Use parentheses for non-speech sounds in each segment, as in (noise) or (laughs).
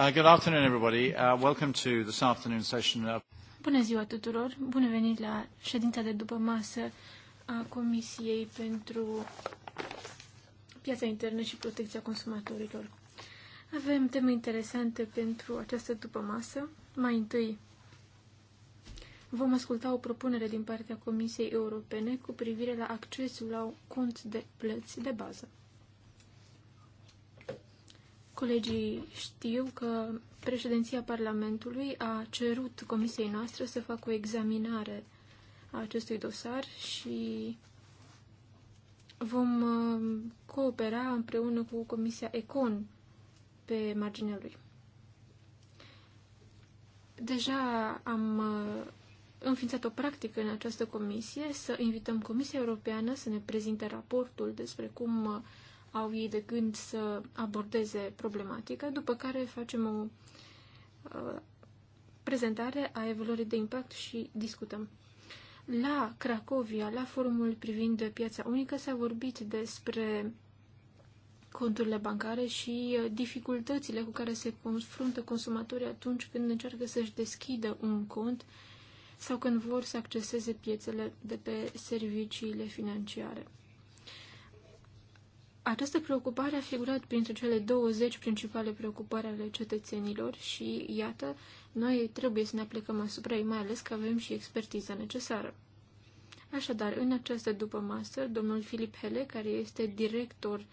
Uh, good afternoon, everybody. Uh, welcome to this afternoon session. Bună ziua tuturor! Bun venit la ședința de după masă a Comisiei pentru Piața Internă și Protecția Consumatorilor. Avem teme interesante pentru această după masă. Mai întâi, vom asculta o propunere din partea Comisiei Europene cu privire la accesul la un cont de plăți de bază. Colegii știu că președinția Parlamentului a cerut comisiei noastre să facă o examinare a acestui dosar și vom uh, coopera împreună cu Comisia Econ pe marginea lui. Deja am uh, înființat o practică în această comisie să invităm Comisia Europeană să ne prezinte raportul despre cum uh, au ei de gând să abordeze problematica, după care facem o uh, prezentare a evaluării de impact și discutăm. La Cracovia, la forumul privind piața unică, s-a vorbit despre conturile bancare și uh, dificultățile cu care se confruntă consumatorii atunci când încearcă să-și deschidă un cont sau când vor să acceseze piețele de pe serviciile financiare. Această preocupare a figurat printre cele 20 principale preocupări ale cetățenilor și, iată, noi trebuie să ne aplicăm asupra ei, mai ales că avem și expertiza necesară. Așadar, în această după masă, domnul Filip Hele, care este director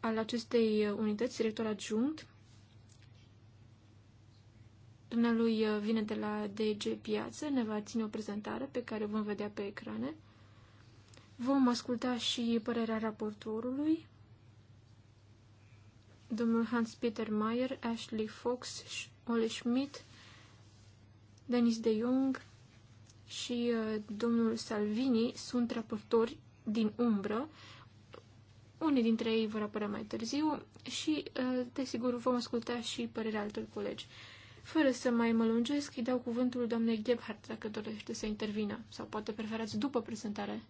al acestei unități, director adjunct, dumnealui vine de la DG Piață, ne va ține o prezentare pe care o vom vedea pe ecrane. Vom asculta și părerea raportorului, domnul Hans-Peter Mayer, Ashley Fox, Ole Schmidt, Denis de Jong și uh, domnul Salvini sunt raportori din umbră. Unii dintre ei vor apărea mai târziu și, uh, desigur, vom asculta și părerea altor colegi. Fără să mai mă lungesc, îi dau cuvântul doamnei Gebhardt dacă dorește să intervină sau poate preferați după prezentare.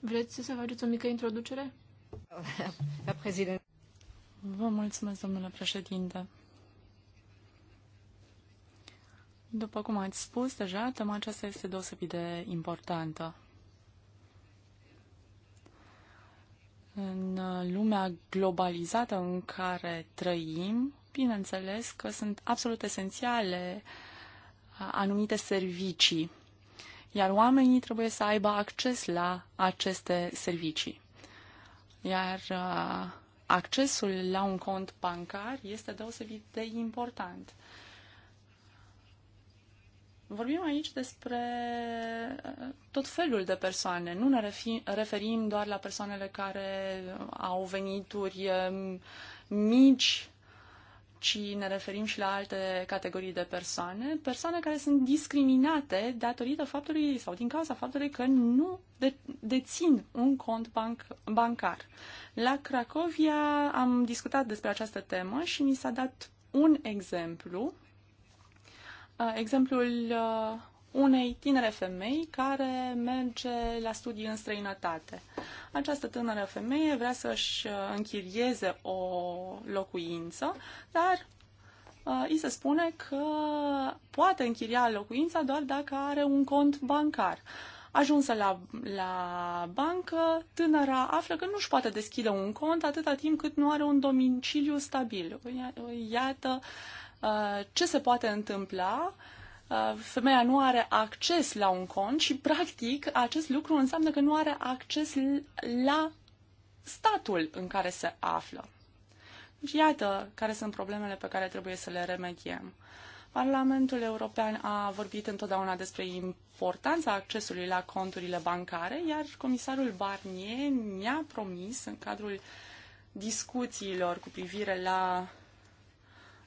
Vreți să faceți o mică introducere? Președinte. Vă mulțumesc, domnule președinte. După cum ați spus deja, tema aceasta este deosebit de importantă. În lumea globalizată în care trăim, bineînțeles că sunt absolut esențiale anumite servicii, iar oamenii trebuie să aibă acces la aceste servicii. Iar accesul la un cont bancar este deosebit de important. Vorbim aici despre uh, tot felul de persoane. Nu ne referim doar la persoanele care au venituri uh, mici ci ne referim și la alte categorii de persoane, persoane care sunt discriminate datorită faptului sau din cauza faptului că nu de, dețin un cont banc, bancar. La Cracovia am discutat despre această temă și mi s-a dat un exemplu, exemplul unei tinere femei care merge la studii în străinătate. Această tânără femeie vrea să-și uh, închirieze o locuință, dar uh, îi se spune că poate închiria locuința doar dacă are un cont bancar. Ajunsă la, la bancă, tânăra află că nu-și poate deschide un cont atâta timp cât nu are un domiciliu stabil. Iată uh, ce se poate întâmpla uh, Uh, femeia nu are acces la un cont și, practic, acest lucru înseamnă că nu are acces la statul în care se află. Și deci, iată care sunt problemele pe care trebuie să le remediem. Parlamentul European a vorbit întotdeauna despre importanța accesului la conturile bancare, iar comisarul Barnier mi a promis în cadrul discuțiilor cu privire la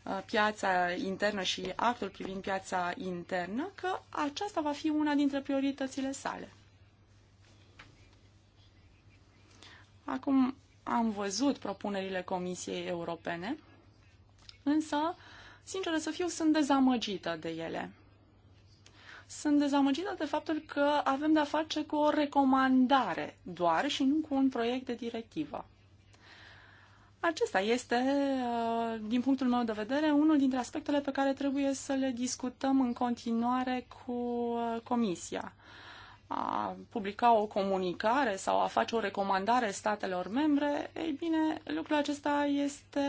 Uh, piața internă și actul privind piața internă că aceasta va fi una dintre prioritățile sale. Acum am văzut propunerile Comisiei Europene, însă, sinceră să fiu, sunt dezamăgită de ele. Sunt dezamăgită de faptul că avem de-a face cu o recomandare doar și nu cu un proiect de directivă. Acesta este, uh, din punctul meu de vedere, unul dintre aspectele pe care trebuie să le discutăm în continuare cu uh, Comisia. A publica o comunicare sau a face o recomandare statelor membre, ei bine, lucrul acesta este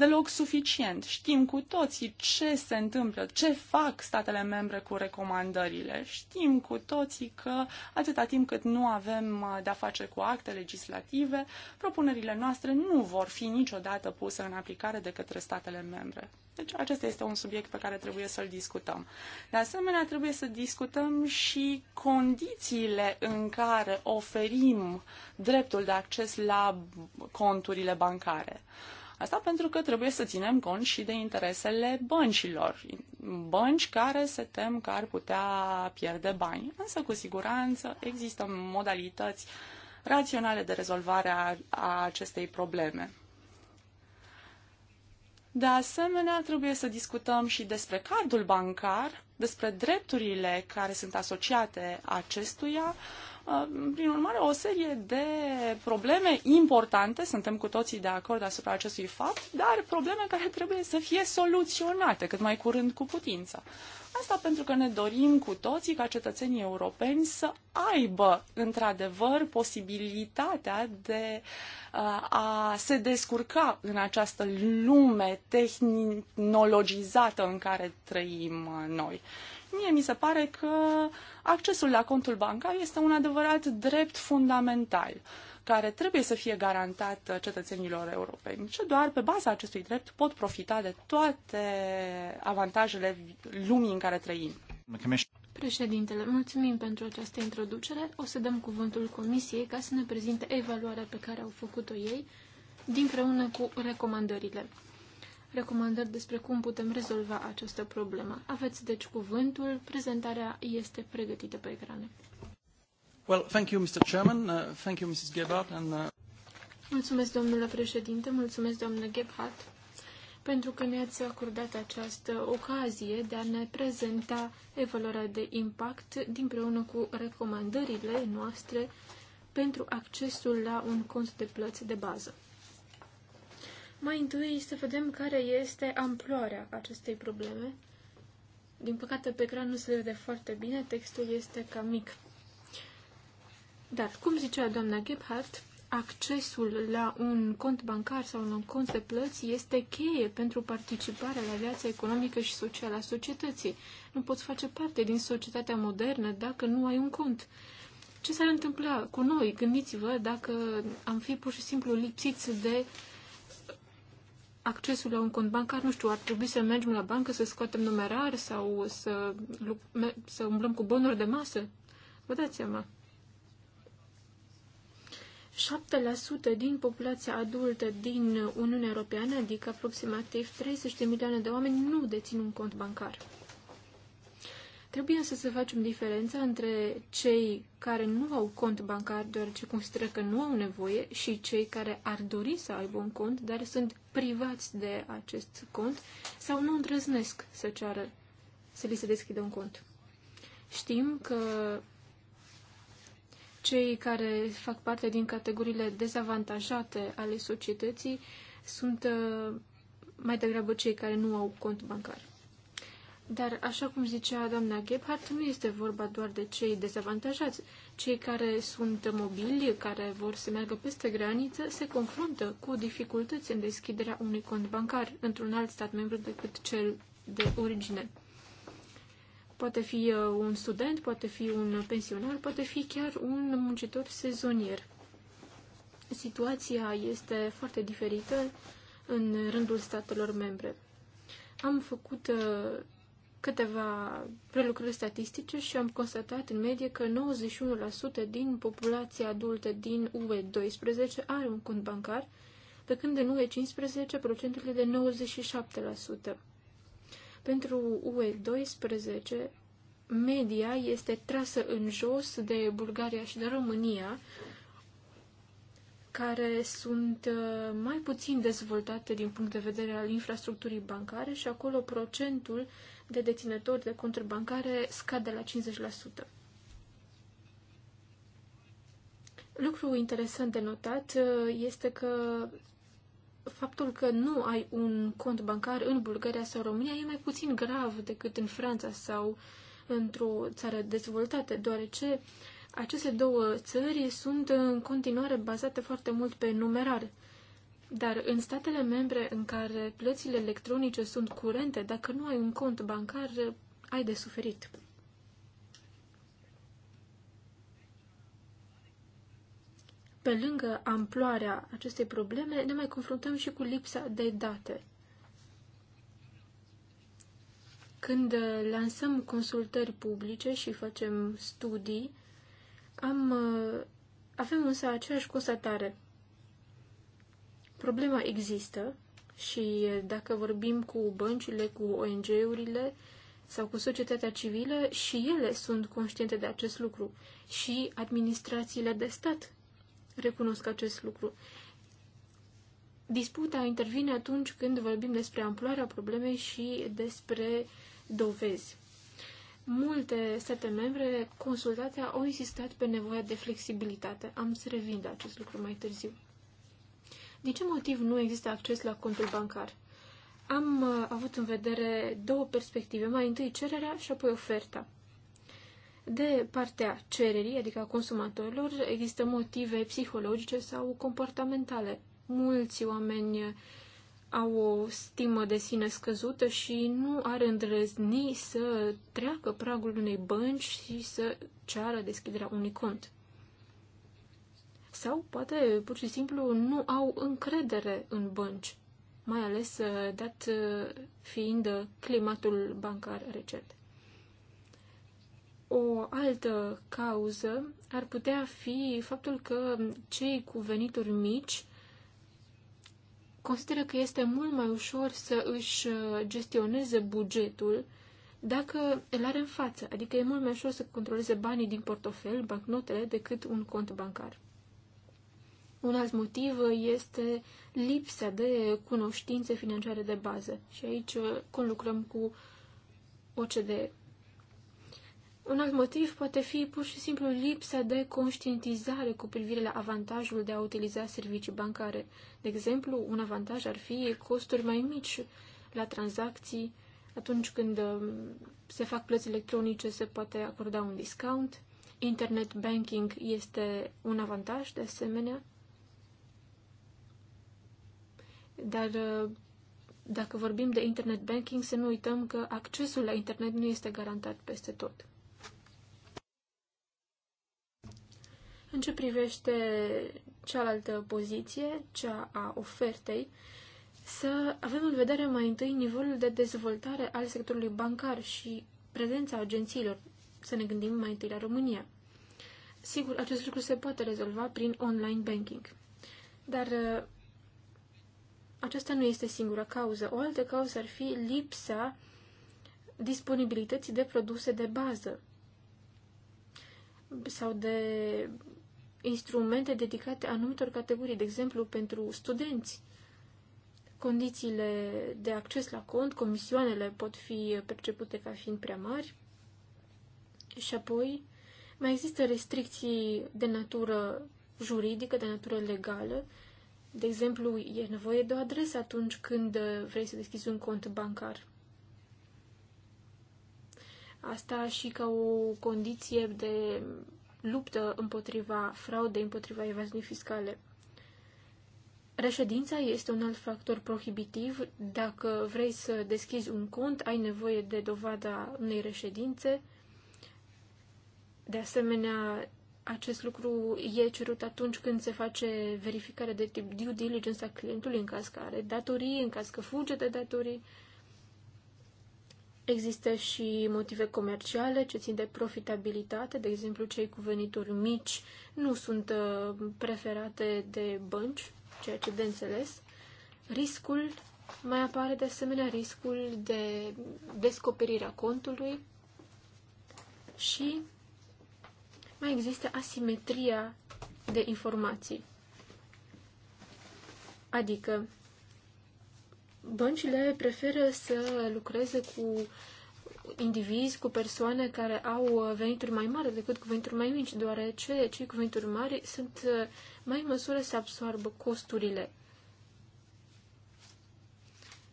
deloc suficient. Știm cu toții ce se întâmplă, ce fac statele membre cu recomandările. Știm cu toții că atâta timp cât nu avem uh, de-a face cu acte legislative, propunerile noastre nu vor fi niciodată puse în aplicare de către statele membre. Deci acesta este un subiect pe care trebuie să-l discutăm. De asemenea, trebuie să discutăm și condițiile în care oferim dreptul de acces la conturile bancare. Asta pentru că trebuie să ținem cont și de interesele băncilor. Bănci care se tem că ar putea pierde bani. Însă, cu siguranță, există modalități raționale de rezolvare a, a acestei probleme. De asemenea, trebuie să discutăm și despre cardul bancar, despre drepturile care sunt asociate acestuia, Uh, prin urmare, o serie de probleme importante, suntem cu toții de acord asupra acestui fapt, dar probleme care trebuie să fie soluționate cât mai curând cu putință. Asta pentru că ne dorim cu toții ca cetățenii europeni să aibă într-adevăr posibilitatea de uh, a se descurca în această lume tehnologizată în care trăim uh, noi. Mie mi se pare că uh, Accesul la contul bancar este un adevărat drept fundamental care trebuie să fie garantat uh, cetățenilor europeni, ce doar pe baza acestui drept pot profita de toate avantajele lumii în care trăim. Președintele, mulțumim pentru această introducere. O să dăm cuvântul Comisiei ca să ne prezinte evaluarea pe care au făcut-o ei, dinpreună cu recomandările recomandări despre cum putem rezolva această problemă. Aveți deci cuvântul, prezentarea este pregătită pe ecrane. Well, thank you, Mr. Chairman. Uh, thank you, Mrs. Gebhardt. And, uh... Mulțumesc, domnule președinte, mulțumesc, domnule Gebhardt, pentru că ne-ați acordat această ocazie de a ne prezenta evaluarea de impact preună cu recomandările noastre pentru accesul la un cont de plăți de bază. Mai întâi să vedem care este amploarea acestei probleme. Din păcate, pe ecran nu se vede foarte bine, textul este cam mic. Dar, cum zicea doamna Gebhardt, accesul la un cont bancar sau la un cont de plăți este cheie pentru participarea la viața economică și socială a societății. Nu poți face parte din societatea modernă dacă nu ai un cont. Ce s-ar întâmpla cu noi? Gândiți-vă dacă am fi pur și simplu lipsiți de uh, accesul la un cont bancar, nu știu, ar trebui să mergem la bancă, să scoatem numerar sau să, să umblăm cu bonuri de masă? Vă dați seama. 7% din populația adultă din Uniunea Europeană, adică aproximativ 30 de milioane de oameni, nu dețin un cont bancar. Trebuie însă să facem diferența între cei care nu au cont bancar deoarece consideră că nu au nevoie și cei care ar dori să aibă un cont, dar sunt privați de acest cont sau nu îndrăznesc să ceară să li se deschidă un cont. Știm că cei care fac parte din categoriile dezavantajate ale societății sunt uh, mai degrabă cei care nu au cont bancar. Dar, așa cum zicea doamna Gebhardt, nu este vorba doar de cei dezavantajați. Cei care sunt mobili, care vor să meargă peste graniță, se confruntă cu dificultăți în deschiderea unui cont bancar într-un alt stat membru decât cel de origine. Poate fi uh, un student, poate fi un pensionar, poate fi chiar un muncitor sezonier. Situația este foarte diferită în rândul statelor membre. Am făcut uh, câteva prelucrări statistice și am constatat în medie că 91% din populația adultă din UE12 are un cont bancar, pe când în UE15 procentul e de 97%. Pentru UE12, media este trasă în jos de Bulgaria și de România, care sunt uh, mai puțin dezvoltate din punct de vedere al infrastructurii bancare și acolo procentul de deținători de conturi bancare scade la 50%. Lucru interesant de notat uh, este că faptul că nu ai un cont bancar în Bulgaria sau România e mai puțin grav decât în Franța sau într-o țară dezvoltată, deoarece aceste două țări sunt în continuare bazate foarte mult pe numerare. Dar în statele membre în care plățile electronice sunt curente, dacă nu ai un cont bancar, ai de suferit. Pe lângă amploarea acestei probleme, ne mai confruntăm și cu lipsa de date. Când lansăm consultări publice și facem studii, am, avem însă aceeași constatare. Problema există și dacă vorbim cu băncile, cu ONG-urile sau cu societatea civilă, și ele sunt conștiente de acest lucru. Și administrațiile de stat recunosc acest lucru. Disputa intervine atunci când vorbim despre amploarea problemei și despre dovezi. Multe state membre consultate au insistat pe nevoia de flexibilitate. Am să revin de acest lucru mai târziu. Din ce motiv nu există acces la contul bancar? Am uh, avut în vedere două perspective, mai întâi cererea și apoi oferta. De partea cererii, adică a consumatorilor, există motive psihologice sau comportamentale. Mulți oameni au o stimă de sine scăzută și nu ar îndrăzni să treacă pragul unei bănci și să ceară deschiderea unui cont sau poate pur și simplu nu au încredere în bănci, mai ales uh, dat uh, fiind climatul bancar recent. O altă cauză ar putea fi faptul că cei cu venituri mici consideră că este mult mai ușor să își uh, gestioneze bugetul dacă îl are în față, adică e mult mai ușor să controleze banii din portofel, bancnotele, decât un cont bancar. Un alt motiv este lipsa de cunoștințe financiare de bază. Și aici uh, conlucrăm cu OCDE. Un alt motiv poate fi pur și simplu lipsa de conștientizare cu privire la avantajul de a utiliza servicii bancare. De exemplu, un avantaj ar fi costuri mai mici la tranzacții. Atunci când um, se fac plăți electronice, se poate acorda un discount. Internet banking este un avantaj, de asemenea. Dar uh, dacă vorbim de internet banking, să nu uităm că accesul la internet nu este garantat peste tot. În ce privește cealaltă poziție, cea a ofertei, să avem în vedere mai întâi nivelul de dezvoltare al sectorului bancar și prezența agențiilor, să ne gândim mai întâi la România. Sigur, acest lucru se poate rezolva prin online banking. Dar uh, aceasta nu este singura cauză. O altă cauză ar fi lipsa disponibilității de produse de bază sau de instrumente dedicate anumitor categorii, de exemplu pentru studenți. Condițiile de acces la cont, comisioanele pot fi percepute ca fiind prea mari și apoi mai există restricții de natură juridică, de natură legală, de exemplu, e nevoie de o adresă atunci când uh, vrei să deschizi un cont bancar. Asta și ca o condiție de luptă împotriva fraudei, împotriva evaziunii fiscale. Reședința este un alt factor prohibitiv. Dacă vrei să deschizi un cont, ai nevoie de dovada unei reședințe. De asemenea, acest lucru e cerut atunci când se face verificare de tip due diligence a clientului în caz că are datorii, în caz că fuge de datorii. Există și motive comerciale ce țin de profitabilitate, de exemplu cei cu venituri mici nu sunt uh, preferate de bănci, ceea ce de înțeles. Riscul, mai apare de asemenea riscul de descoperirea contului și mai există asimetria de informații. Adică băncile preferă să lucreze cu indivizi, cu persoane care au venituri mai mari decât cu venituri mai mici, deoarece cei cu venituri mari sunt uh, mai în măsură să absoarbă costurile.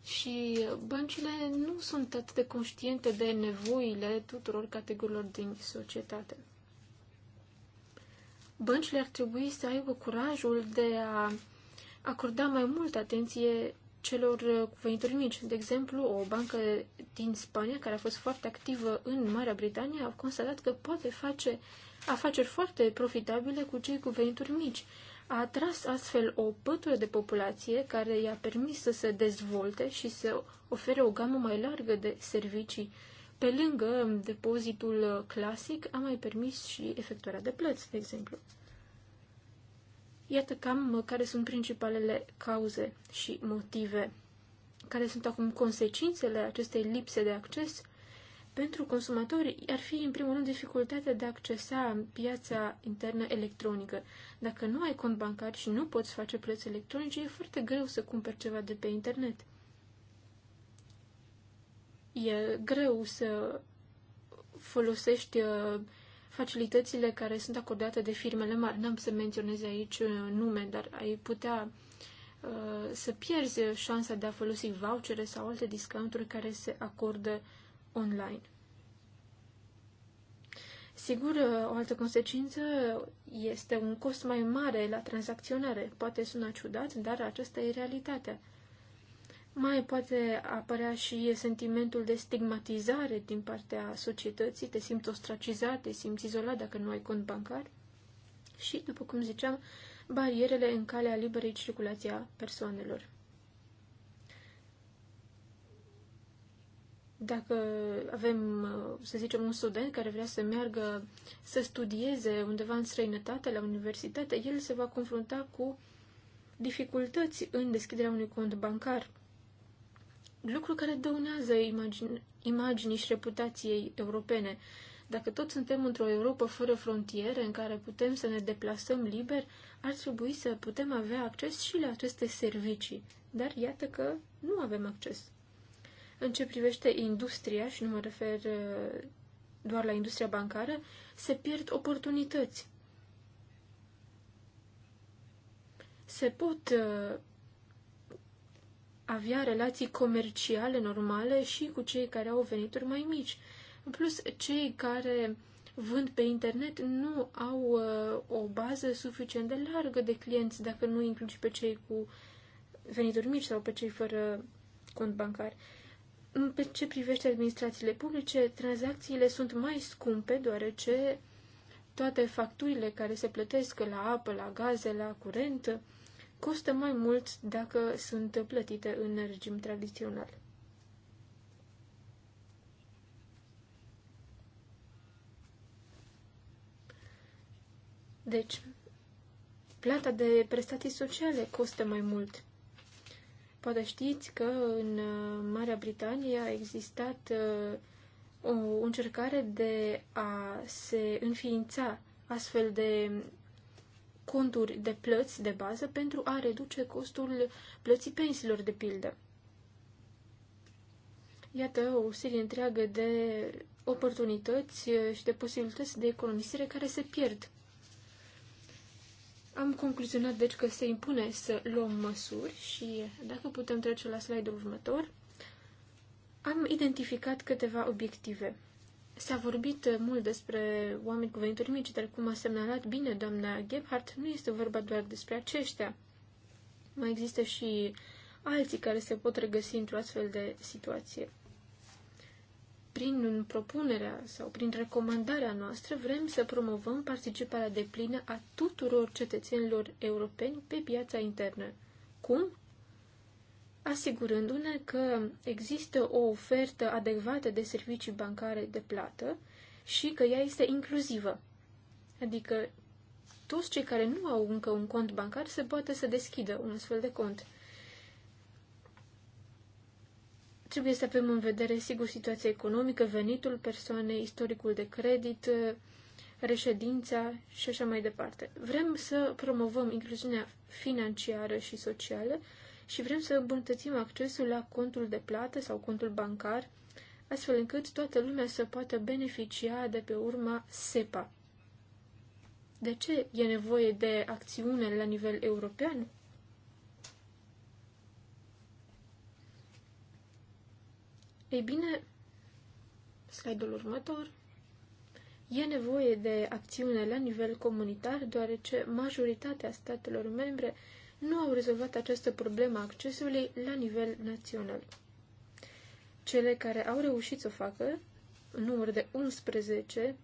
Și băncile nu sunt atât de conștiente de nevoile tuturor categoriilor din societate băncile ar trebui să aibă curajul de a acorda mai multă atenție celor uh, cu venituri mici. De exemplu, o bancă din Spania, care a fost foarte activă în Marea Britanie, a constatat că poate face afaceri foarte profitabile cu cei cu venituri mici. A atras astfel o pătură de populație care i-a permis să se dezvolte și să ofere o gamă mai largă de servicii pe lângă depozitul clasic, a mai permis și efectuarea de plăți, de exemplu. Iată cam uh, care sunt principalele cauze și motive, care sunt acum consecințele acestei lipse de acces pentru consumatori ar fi, în primul rând, dificultatea de a accesa piața internă electronică. Dacă nu ai cont bancar și nu poți face plăți electronice, e foarte greu să cumperi ceva de pe internet. E greu să folosești uh, facilitățile care sunt acordate de firmele mari. N-am să menționez aici uh, nume, dar ai putea uh, să pierzi șansa de a folosi vouchere sau alte discounturi care se acordă online. Sigur, o altă consecință este un cost mai mare la tranzacționare. Poate sună ciudat, dar aceasta e realitatea. Mai poate apărea și sentimentul de stigmatizare din partea societății, te simți ostracizat, te simți izolat dacă nu ai cont bancar și, după cum ziceam, barierele în calea liberei circulații a persoanelor. Dacă avem, să zicem, un student care vrea să meargă să studieze undeva în străinătate, la universitate, el se va confrunta cu dificultăți în deschiderea unui cont bancar lucru care dăunează imagine, imaginii și reputației europene. Dacă tot suntem într-o Europa fără frontiere, în care putem să ne deplasăm liber, ar trebui să putem avea acces și la aceste servicii. Dar iată că nu avem acces. În ce privește industria, și nu mă refer uh, doar la industria bancară, se pierd oportunități. Se pot uh, avea relații comerciale normale și cu cei care au venituri mai mici. În plus, cei care vând pe internet nu au uh, o bază suficient de largă de clienți dacă nu inclui pe cei cu venituri mici sau pe cei fără cont bancar. Pe ce privește administrațiile publice, tranzacțiile sunt mai scumpe deoarece toate facturile care se plătesc la apă, la gaze, la curent, uh, costă mai mult dacă sunt plătite în regim tradițional. Deci, plata de prestații sociale costă mai mult. Poate știți că în uh, Marea Britanie a existat uh, o încercare de a se înființa astfel de conturi de plăți de bază pentru a reduce costul plății pensiilor, de pildă. Iată o serie întreagă de oportunități și de posibilități de economisire care se pierd. Am concluzionat, deci, că se impune să luăm măsuri și, dacă putem trece la slide-ul următor, am identificat câteva obiective. S-a vorbit mult despre oameni cu venituri mici, dar cum a semnalat bine doamna Gebhardt, nu este vorba doar despre aceștia. Mai există și alții care se pot regăsi într-o astfel de situație. Prin propunerea sau prin recomandarea noastră vrem să promovăm participarea deplină a tuturor cetățenilor europeni pe piața internă. Cum? asigurându-ne că există o ofertă adecvată de servicii bancare de plată și că ea este inclusivă. Adică toți cei care nu au încă un cont bancar se poate să deschidă un astfel de cont. Trebuie să avem în vedere, sigur, situația economică, venitul persoanei, istoricul de credit, reședința și așa mai departe. Vrem să promovăm incluziunea financiară și socială, și vrem să îmbunătățim accesul la contul de plată sau contul bancar, astfel încât toată lumea să poată beneficia de pe urma SEPA. De ce e nevoie de acțiune la nivel european? Ei bine, slide-ul următor. E nevoie de acțiune la nivel comunitar, deoarece majoritatea statelor membre nu au rezolvat această problemă a accesului la nivel național. Cele care au reușit să o facă, în număr de 11,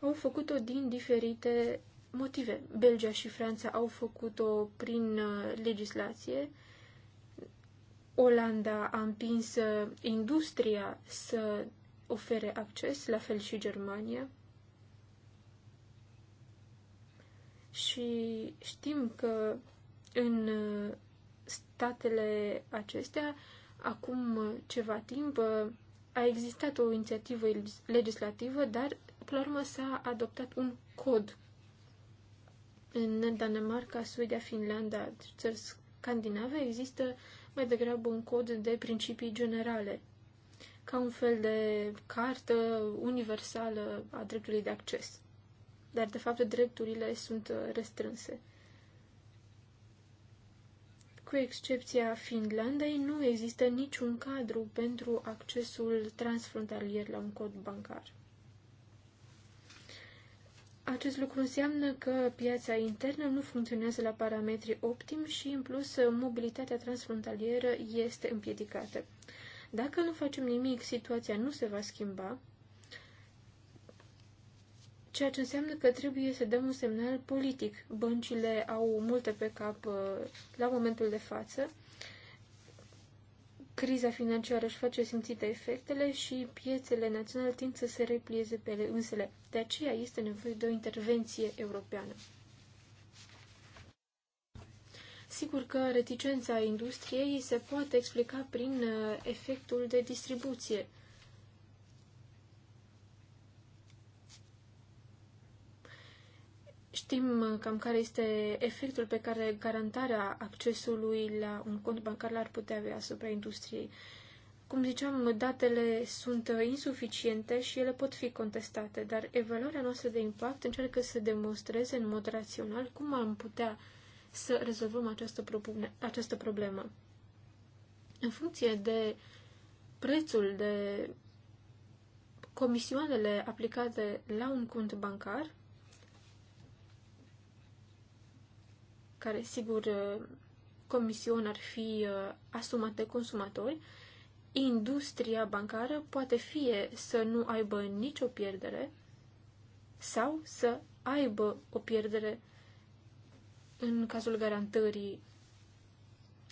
au făcut-o din diferite motive. Belgia și Franța au făcut-o prin uh, legislație, Olanda a împins uh, industria să ofere acces, la fel și Germania. Și știm că în uh, statele acestea, acum uh, ceva timp, uh, a existat o inițiativă legislativă, dar până la urmă s-a adoptat un cod în Danemarca, Suedia, Finlanda, țări scandinave, există mai degrabă un cod de principii generale, ca un fel de cartă universală a dreptului de acces. Dar, de fapt, drepturile sunt restrânse. Cu excepția Finlandei, nu există niciun cadru pentru accesul transfrontalier la un cod bancar. Acest lucru înseamnă că piața internă nu funcționează la parametri optim și, în plus, mobilitatea transfrontalieră este împiedicată. Dacă nu facem nimic, situația nu se va schimba ceea ce înseamnă că trebuie să dăm un semnal politic. Băncile au multe pe cap uh, la momentul de față, criza financiară își face simțite efectele și piețele naționale tind să se replieze pe ele însele. De aceea este nevoie de o intervenție europeană. Sigur că reticența industriei se poate explica prin uh, efectul de distribuție – Știm cam care este efectul pe care garantarea accesului la un cont bancar l-ar putea avea asupra industriei. Cum ziceam, datele sunt insuficiente și ele pot fi contestate, dar evaluarea noastră de impact încearcă să demonstreze în mod rațional cum am putea să rezolvăm această, propune, această problemă. În funcție de prețul, de comisioanele aplicate la un cont bancar, care sigur uh, comisiuni ar fi uh, asumate consumatori, industria bancară poate fie să nu aibă nicio pierdere sau să aibă o pierdere în cazul garantării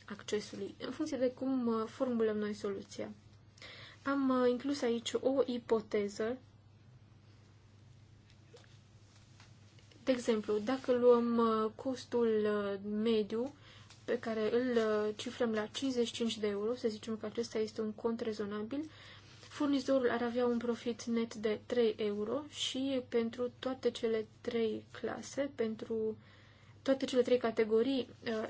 accesului, în funcție de cum uh, formulăm noi soluția. Am inclus aici o ipoteză De exemplu, dacă luăm uh, costul uh, mediu pe care îl uh, cifrăm la 55 de euro, să zicem că acesta este un cont rezonabil, furnizorul ar avea un profit net de 3 euro și pentru toate cele trei clase, pentru toate cele trei categorii,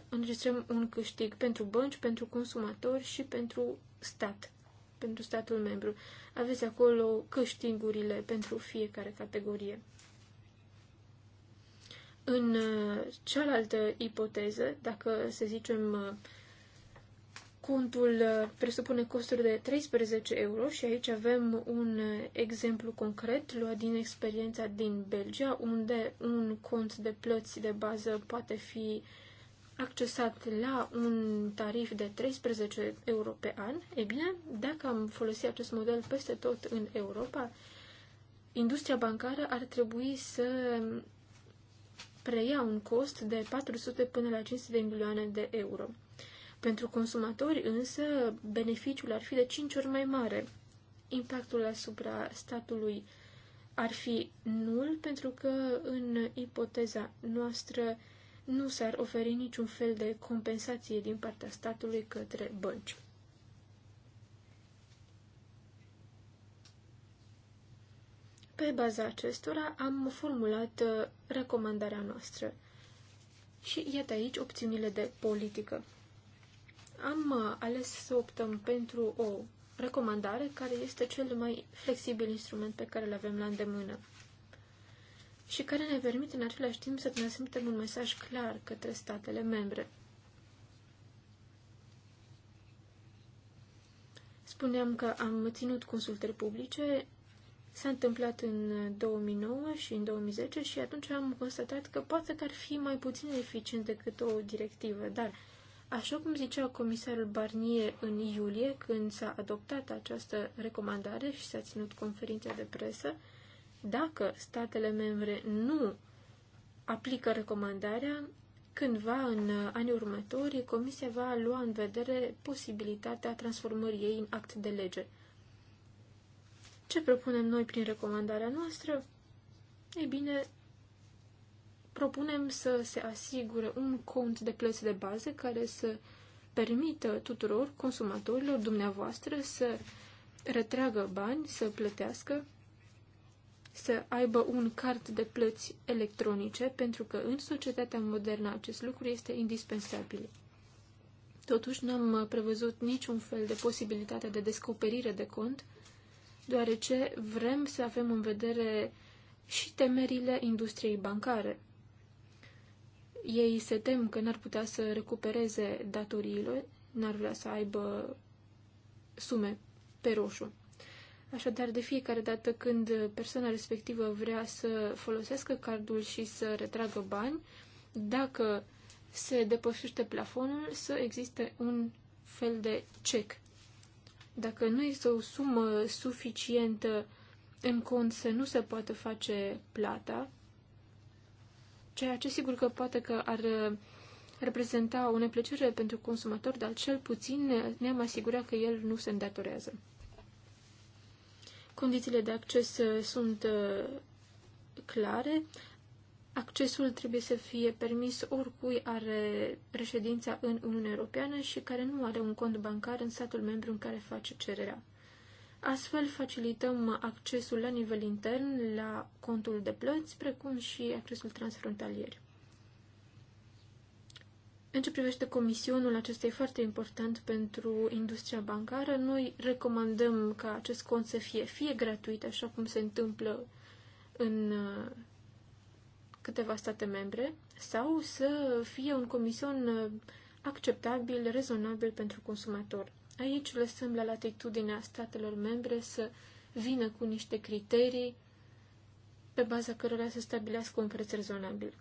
înregistrăm un câștig pentru bănci, pentru consumatori și pentru stat, pentru statul membru. Aveți acolo câștigurile pentru fiecare categorie. În uh, cealaltă ipoteză, dacă să zicem uh, contul uh, presupune costuri de 13 euro și aici avem un exemplu concret luat din experiența din Belgia, unde un cont de plăți de bază poate fi accesat la un tarif de 13 euro pe an, e bine, dacă am folosit acest model peste tot în Europa, industria bancară ar trebui să preia un cost de 400 până la 500 de milioane de euro. Pentru consumatori însă beneficiul ar fi de 5 ori mai mare. Impactul asupra statului ar fi nul pentru că în ipoteza noastră nu s-ar oferi niciun fel de compensație din partea statului către bănci. Pe baza acestora am formulat uh, recomandarea noastră. Și iată aici opțiunile de politică. Am uh, ales să optăm pentru o recomandare care este cel mai flexibil instrument pe care îl avem la îndemână și care ne permite în același timp să transmitem un mesaj clar către statele membre. Spuneam că am ținut consultări publice S-a întâmplat în 2009 și în 2010 și atunci am constatat că poate că ar fi mai puțin eficient decât o directivă, dar Așa cum zicea comisarul Barnier în iulie, când s-a adoptat această recomandare și s-a ținut conferința de presă, dacă statele membre nu aplică recomandarea, cândva în anii următori, Comisia va lua în vedere posibilitatea transformării ei în act de lege. Ce propunem noi prin recomandarea noastră? Ei bine, propunem să se asigure un cont de plăți de bază care să permită tuturor consumatorilor dumneavoastră să retragă bani, să plătească, să aibă un card de plăți electronice, pentru că în societatea modernă acest lucru este indispensabil. Totuși, n-am prevăzut niciun fel de posibilitate de descoperire de cont, deoarece vrem să avem în vedere și temerile industriei bancare. Ei se tem că n-ar putea să recupereze datoriile, n-ar vrea să aibă sume pe roșu. Așadar, de fiecare dată când persoana respectivă vrea să folosească cardul și să retragă bani, dacă se depășește plafonul, să existe un fel de check. Dacă nu este o sumă suficientă în cont să nu se poată face plata, ceea ce sigur că poate că ar uh, reprezenta o neplăcere pentru consumator, dar cel puțin ne-am asigurat că el nu se îndatorează. Condițiile de acces uh, sunt uh, clare, accesul trebuie să fie permis oricui are reședința în Uniunea Europeană și care nu are un cont bancar în statul membru în care face cererea. Astfel facilităm accesul la nivel intern la contul de plăți, precum și accesul transfrontalier. În ce privește comisionul, acesta e foarte important pentru industria bancară. Noi recomandăm ca acest cont să fie fie gratuit, așa cum se întâmplă în câteva state membre sau să fie un comision uh, acceptabil, rezonabil pentru consumator. Aici lăsăm la latitudinea statelor membre să vină cu niște criterii pe baza cărora să stabilească un preț rezonabil.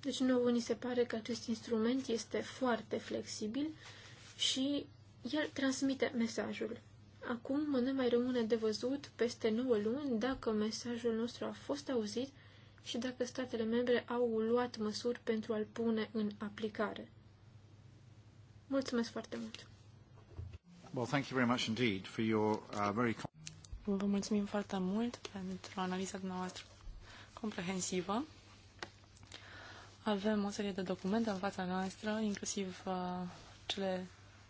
Deci nouă ni se pare că acest instrument este foarte flexibil și el transmite mesajul. Acum ne mai rămâne de văzut peste 9 luni dacă mesajul nostru a fost auzit și dacă statele membre au luat măsuri pentru a-l pune în aplicare. Mulțumesc foarte mult! Well, thank you very much indeed for your uh, very Vă mulțumim foarte mult pentru analiza noastră comprehensivă. Avem o serie de documente în fața noastră, inclusiv uh, cele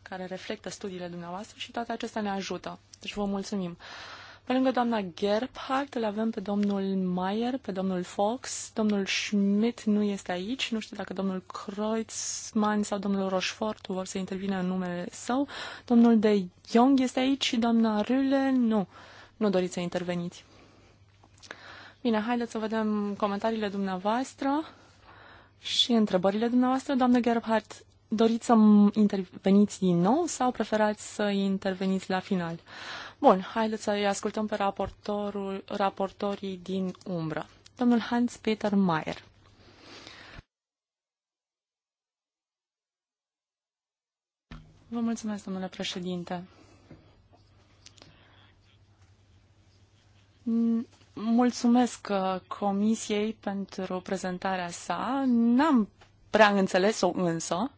care reflectă studiile dumneavoastră și toate acestea ne ajută. Deci vă mulțumim. Pe lângă doamna Gerhardt, îl avem pe domnul Mayer, pe domnul Fox, domnul Schmidt nu este aici, nu știu dacă domnul Kreutzmann sau domnul Rochefort vor să intervină în numele său, domnul de Jong este aici și doamna Rüle nu, nu doriți să interveniți. Bine, haideți să vedem comentariile dumneavoastră și întrebările dumneavoastră. Doamna Gerhardt, Doriți să interveniți din nou sau preferați să interveniți la final? Bun, haideți să-i ascultăm pe raportorul, raportorii din umbră. Domnul Hans-Peter Mayer. Vă mulțumesc, domnule președinte. Mulțumesc uh, Comisiei pentru prezentarea sa. N-am prea înțeles-o însă.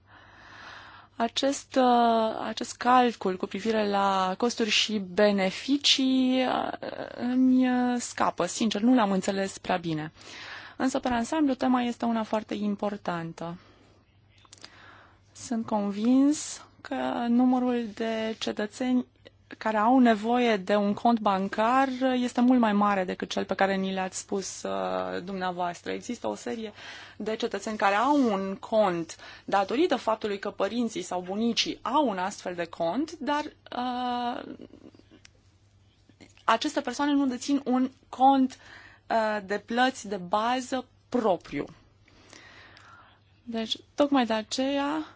Acest, uh, acest calcul cu privire la costuri și beneficii uh, îmi uh, scapă, sincer, nu l-am înțeles prea bine. Însă, pe ansamblu, tema este una foarte importantă. Sunt convins că numărul de cetățeni care au nevoie de un cont bancar este mult mai mare decât cel pe care ni l-ați spus uh, dumneavoastră. Există o serie de cetățeni care au un cont datorită faptului că părinții sau bunicii au un astfel de cont, dar uh, aceste persoane nu dețin un cont uh, de plăți de bază propriu. Deci, tocmai de aceea,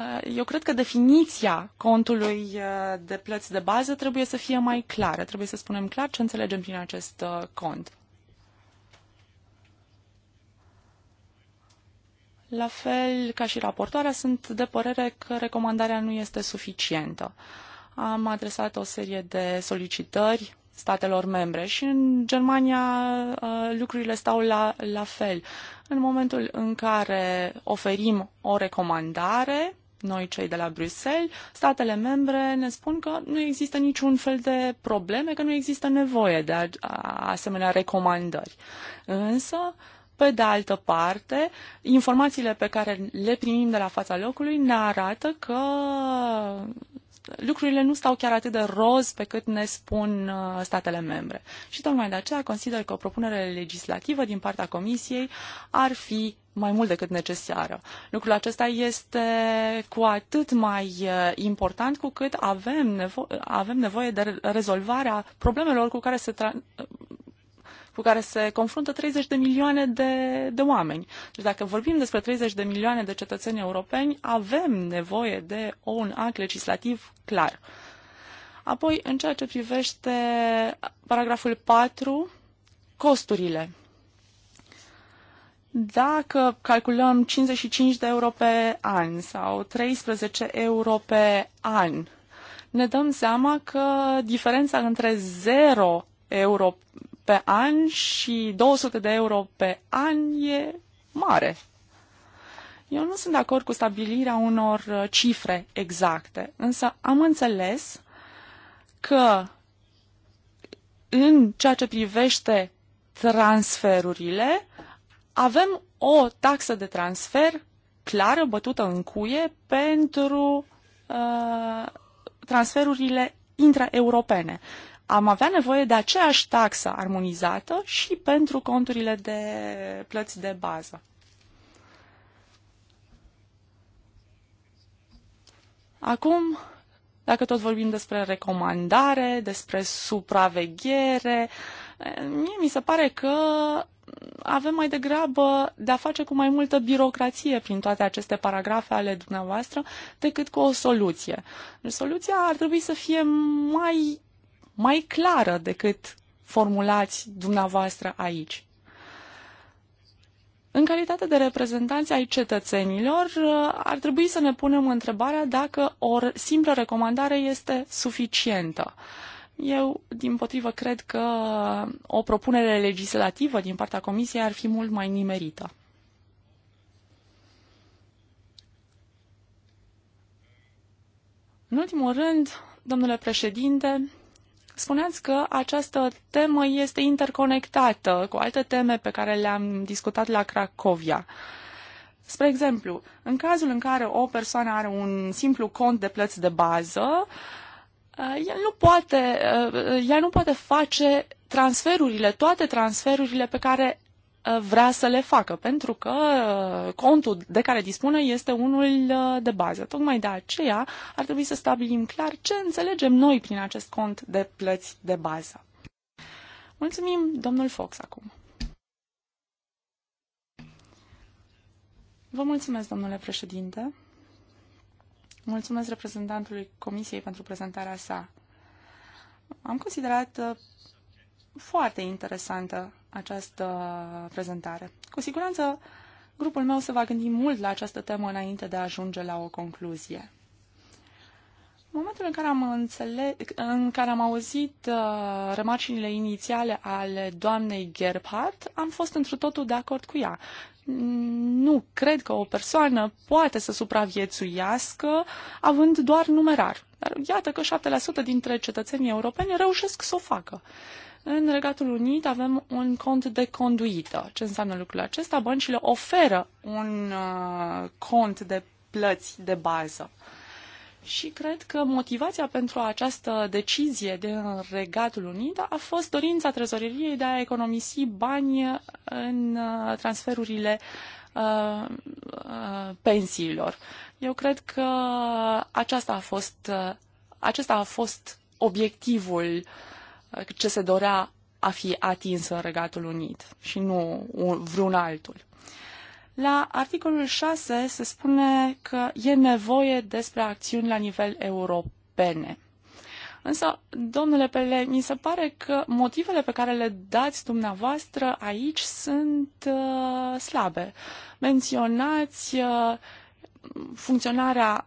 Eh, eu cred că definiția contului eh, de plăți de bază trebuie să fie mai clară. Trebuie să spunem clar ce înțelegem prin acest eh, cont. La fel ca și raportoarea, sunt de părere că recomandarea nu este suficientă. Am adresat o serie de solicitări statelor membre și în Germania lucrurile stau la, la fel. În momentul în care oferim o recomandare, noi cei de la Bruxelles, statele membre ne spun că nu există niciun fel de probleme, că nu există nevoie de asemenea recomandări. Însă, pe de altă parte, informațiile pe care le primim de la fața locului ne arată că lucrurile nu stau chiar atât de roz pe cât ne spun uh, statele membre. Și tocmai de aceea consider că o propunere legislativă din partea Comisiei ar fi mai mult decât necesară. Lucrul acesta este cu atât mai uh, important cu cât avem, nevo- avem nevoie de rezolvarea problemelor cu care se, tra- cu care se confruntă 30 de milioane de, de oameni. Deci dacă vorbim despre 30 de milioane de cetățeni europeni, avem nevoie de un act legislativ clar. Apoi, în ceea ce privește paragraful 4, costurile. Dacă calculăm 55 de euro pe an sau 13 euro pe an, ne dăm seama că diferența între 0 euro pe an și 200 de euro pe an e mare. Eu nu sunt de acord cu stabilirea unor uh, cifre exacte, însă am înțeles că în ceea ce privește transferurile, avem o taxă de transfer clară, bătută în cuie, pentru uh, transferurile intraeuropene am avea nevoie de aceeași taxă armonizată și pentru conturile de plăți de bază. Acum, dacă tot vorbim despre recomandare, despre supraveghere, mie mi se pare că avem mai degrabă de a face cu mai multă birocrație prin toate aceste paragrafe ale dumneavoastră decât cu o soluție. Soluția ar trebui să fie mai mai clară decât formulați dumneavoastră aici. În calitate de reprezentanți ai cetățenilor, ar trebui să ne punem întrebarea dacă o simplă recomandare este suficientă. Eu, din potrivă, cred că o propunere legislativă din partea Comisiei ar fi mult mai nimerită. În ultimul rând, domnule președinte, Spuneați că această temă este interconectată cu alte teme pe care le-am discutat la Cracovia. Spre exemplu, în cazul în care o persoană are un simplu cont de plăți de bază, eh, el nu poate, eh, ea nu poate face transferurile, toate transferurile pe care Uh, vrea să le facă, pentru că uh, contul de care dispune este unul uh, de bază. Tocmai de aceea ar trebui să stabilim clar ce înțelegem noi prin acest cont de plăți de bază. Mulțumim, domnul Fox, acum. Vă mulțumesc, domnule președinte. Mulțumesc reprezentantului Comisiei pentru prezentarea sa. Am considerat foarte interesantă această prezentare. Cu siguranță, grupul meu se va gândi mult la această temă înainte de a ajunge la o concluzie. În momentul în care am, înțeleg, în care am auzit uh, remarcile inițiale ale doamnei Gerhardt, am fost într totul de acord cu ea. Nu cred că o persoană poate să supraviețuiască având doar numerar. Dar iată că 7% dintre cetățenii europeni reușesc să o facă. Uh, în Regatul Unit avem un cont de conduită. Ce înseamnă lucrul acesta? Băncile oferă un uh, cont de plăți de bază. Și cred că motivația pentru această decizie din Regatul Unit a fost dorința trezoreriei de a economisi bani în uh, transferurile uh, pensiilor. Eu cred că aceasta a fost, acesta a fost obiectivul uh, ce se dorea a fi atins în Regatul Unit și nu vreun altul. La articolul 6 se spune că e nevoie despre acțiuni la nivel europene. Însă, domnule Pele, mi se pare că motivele pe care le dați dumneavoastră aici sunt uh, slabe. Menționați uh, funcționarea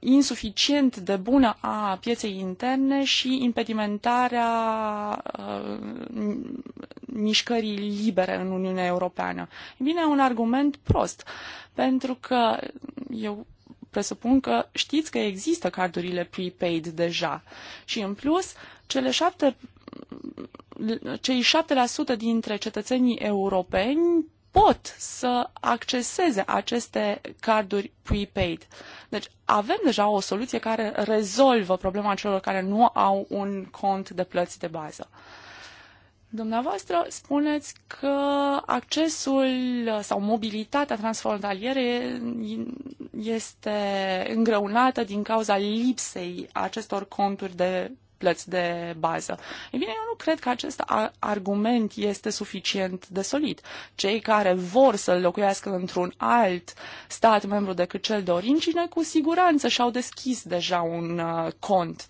insuficient de bună a pieței interne și impedimentarea uh, mișcării libere în Uniunea Europeană. Vine un argument prost, pentru că eu presupun că știți că există cardurile prepaid deja și, în plus, cele șapte cei 7% dintre cetățenii europeni pot să acceseze aceste carduri prepaid. Deci avem deja o soluție care rezolvă problema celor care nu au un cont de plăți de bază. Dumneavoastră spuneți că accesul sau mobilitatea transfrontalieră este îngreunată din cauza lipsei acestor conturi de plăți de bază. Ei bine, eu nu cred că acest argument este suficient de solid. Cei care vor să locuiască într-un alt stat membru decât cel de origine, cu siguranță și-au deschis deja un uh, cont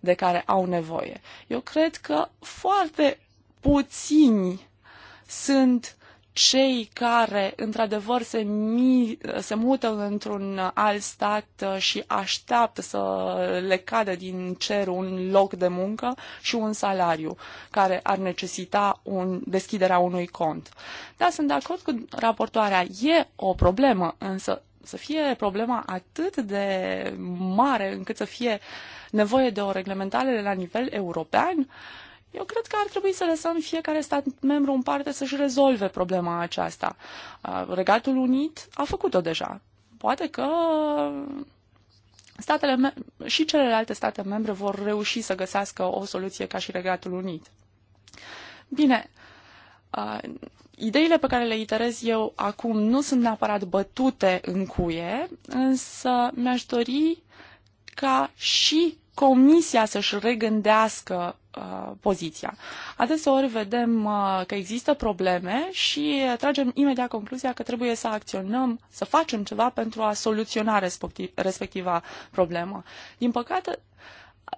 de care au nevoie. Eu cred că foarte puțini sunt cei care, într-adevăr, se, mi- se mută într-un alt stat uh, și așteaptă să le cadă din cer un loc de muncă și un salariu care ar necesita un, deschiderea unui cont. Da, sunt de acord cu raportoarea. E o problemă, însă să fie problema atât de mare încât să fie nevoie de o reglementare la nivel european, uh, eu cred că ar trebui să lăsăm fiecare stat membru în parte să-și rezolve problema aceasta. Regatul Unit a făcut-o deja. Poate că statele și celelalte state membre vor reuși să găsească o soluție ca și Regatul Unit. Bine, ideile pe care le iterez eu acum nu sunt neapărat bătute în cuie, însă mi-aș dori ca și Comisia să-și regândească Uh, poziția. Adeseori vedem uh, că există probleme și tragem imediat concluzia că trebuie să acționăm, să facem ceva pentru a soluționa respectiva problemă. Din păcate,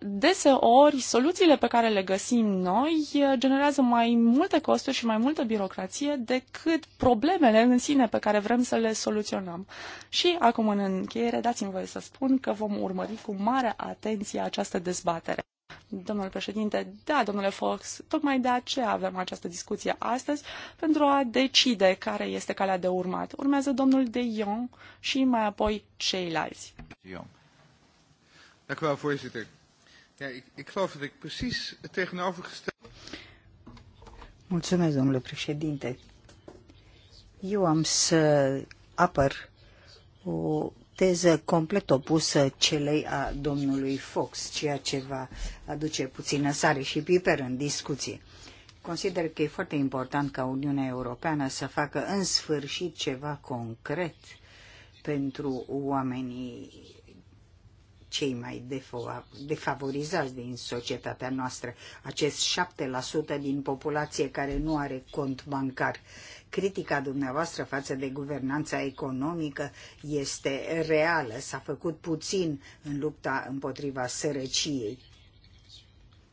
deseori soluțiile pe care le găsim noi uh, generează mai multe costuri și mai multă birocrație decât problemele în sine pe care vrem să le soluționăm. Și acum în încheiere dați-mi voie să spun că vom urmări cu mare atenție această dezbatere. Domnule președinte, da, domnule Fox, tocmai de aceea avem această discuție astăzi, pentru a decide care este calea de urmat. Urmează domnul De Jong și mai apoi ceilalți. De Jong. Mulțumesc, domnule președinte. Eu am să apăr o teză complet opusă celei a domnului Fox, ceea ce va aduce puțină sare și piper în discuție. Consider că e foarte important ca Uniunea Europeană să facă în sfârșit ceva concret pentru oamenii cei mai defavorizați din societatea noastră, acest 7% din populație care nu are cont bancar critica dumneavoastră față de guvernanța economică este reală. S-a făcut puțin în lupta împotriva sărăciei.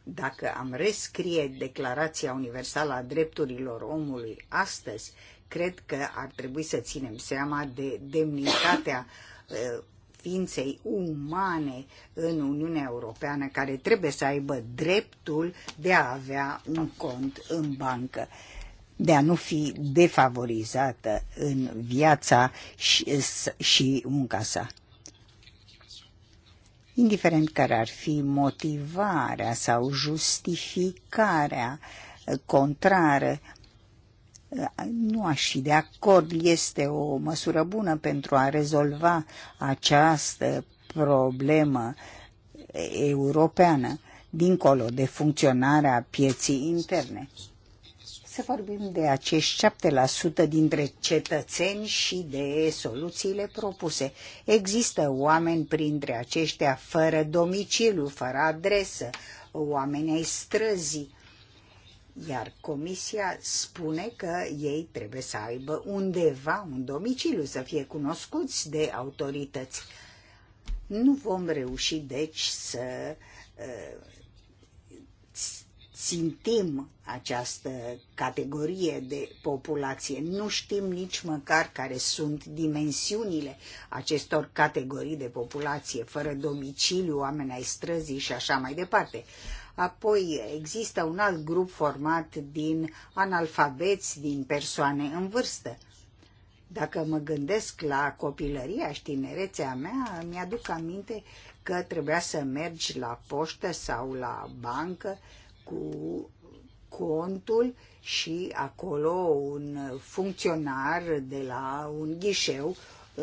Dacă am rescrie Declarația Universală a Drepturilor Omului astăzi, cred că ar trebui să ținem seama de demnitatea eh, ființei umane în Uniunea Europeană care trebuie să aibă dreptul de a avea un cont în bancă de a nu fi defavorizată în viața și, și munca sa. Indiferent care ar fi motivarea sau justificarea contrară, nu aș fi de acord. Este o măsură bună pentru a rezolva această problemă europeană, dincolo de funcționarea pieții interne să vorbim de acești 7% dintre cetățeni și de soluțiile propuse. Există oameni printre aceștia fără domiciliu, fără adresă, oameni ai străzii, iar comisia spune că ei trebuie să aibă undeva un domiciliu, să fie cunoscuți de autorități. Nu vom reuși, deci, să uh, țintim această categorie de populație. Nu știm nici măcar care sunt dimensiunile acestor categorii de populație, fără domiciliu, oameni ai străzii și așa mai departe. Apoi există un alt grup format din analfabeți, din persoane în vârstă. Dacă mă gândesc la copilăria și tinerețea mea, mi-aduc aminte că trebuia să mergi la poștă sau la bancă cu contul și acolo un funcționar de la un ghișeu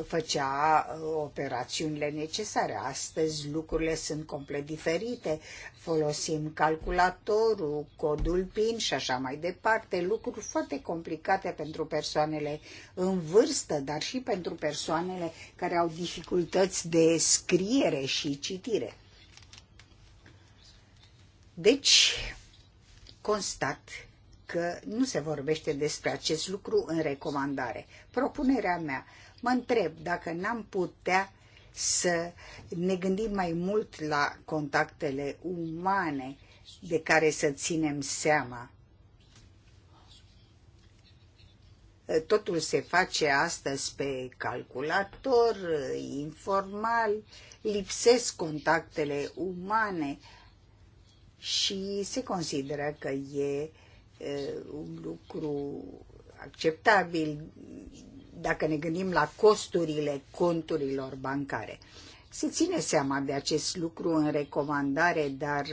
făcea uh, operațiunile necesare. Astăzi lucrurile sunt complet diferite. Folosim calculatorul, codul PIN și așa mai departe. Lucruri foarte complicate pentru persoanele în vârstă, dar și pentru persoanele care au dificultăți de scriere și citire. Deci, constat că nu se vorbește despre acest lucru în recomandare. Propunerea mea, mă întreb dacă n-am putea să ne gândim mai mult la contactele umane de care să ținem seama. Totul se face astăzi pe calculator, informal, lipsesc contactele umane, și se consideră că e un lucru acceptabil dacă ne gândim la costurile conturilor bancare. Se ține seama de acest lucru în recomandare, dar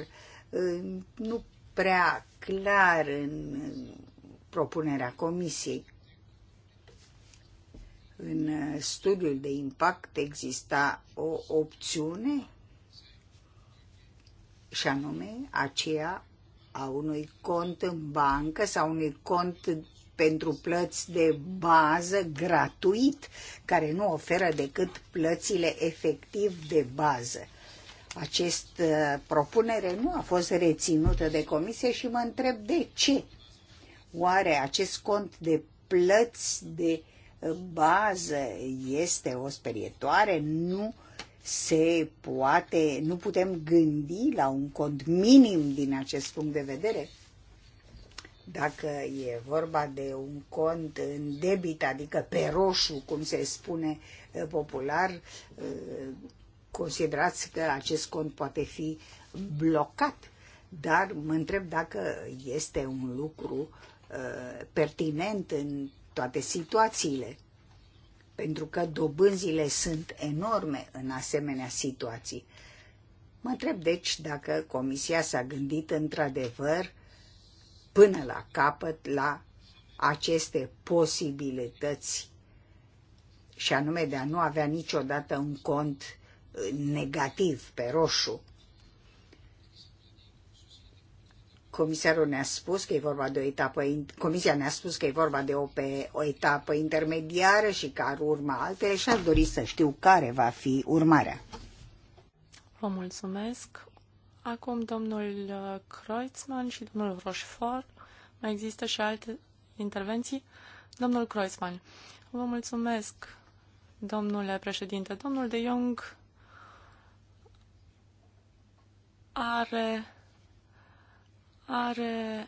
nu prea clar în propunerea comisiei. În studiul de impact exista o opțiune și anume aceea a unui cont în bancă sau unui cont pentru plăți de bază gratuit, care nu oferă decât plățile efectiv de bază. Această uh, propunere nu a fost reținută de comisie și mă întreb de ce. Oare acest cont de plăți de bază este o sperietoare? Nu se poate, nu putem gândi la un cont minim din acest punct de vedere? Dacă e vorba de un cont în debit, adică pe roșu, cum se spune eh, popular, eh, considerați că acest cont poate fi blocat, dar mă întreb dacă este un lucru eh, pertinent în toate situațiile pentru că dobânzile sunt enorme în asemenea situații. Mă întreb deci dacă Comisia s-a gândit într-adevăr până la capăt la aceste posibilități și anume de a nu avea niciodată un cont negativ pe roșu Comisarul ne-a spus că e vorba de o etapă, comisia ne-a spus că e vorba de o, pe, o etapă intermediară și că ar urma altele și ar dori să știu care va fi urmarea. Vă mulțumesc. Acum domnul uh, Kreuzmann și domnul Rochefort. Mai există și alte intervenții? Domnul Kreuzmann, vă mulțumesc, domnule președinte. Domnul de Jong are are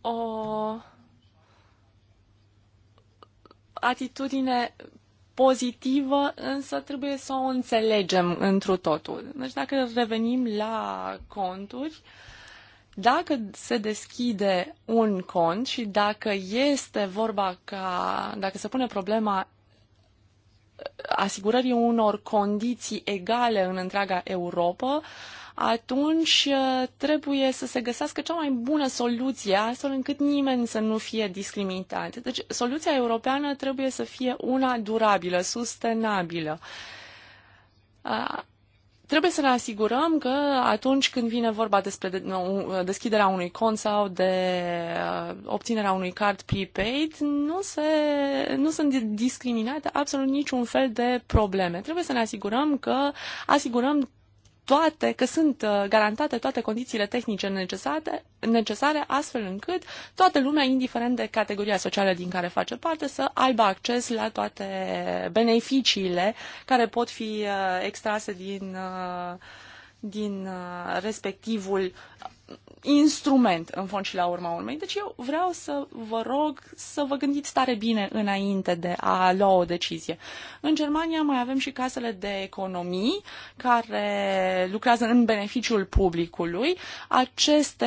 o atitudine pozitivă, însă trebuie să o înțelegem întru totul. Deci dacă revenim la conturi, dacă se deschide un cont și dacă este vorba ca, dacă se pune problema asigurării unor condiții egale în întreaga Europa, atunci uh, trebuie să se găsească cea mai bună soluție, astfel încât nimeni să nu fie discriminat. Deci soluția europeană trebuie să fie una durabilă, sustenabilă uh, trebuie să ne asigurăm că atunci când vine vorba despre uh, deschiderea unui cont sau de obținerea unui card prepaid, nu, se, nu sunt discriminate absolut niciun fel de probleme. Trebuie să ne asigurăm că asigurăm toate, că sunt uh, garantate toate condițiile tehnice necesare, necesare, astfel încât toată lumea, indiferent de categoria socială din care face parte, să aibă acces la toate beneficiile care pot fi uh, extrase din, uh, din respectivul instrument în fond și la urma urmei. Deci eu vreau să vă rog să vă gândiți tare bine înainte de a lua o decizie. În Germania mai avem și casele de economii care lucrează în beneficiul publicului. Aceste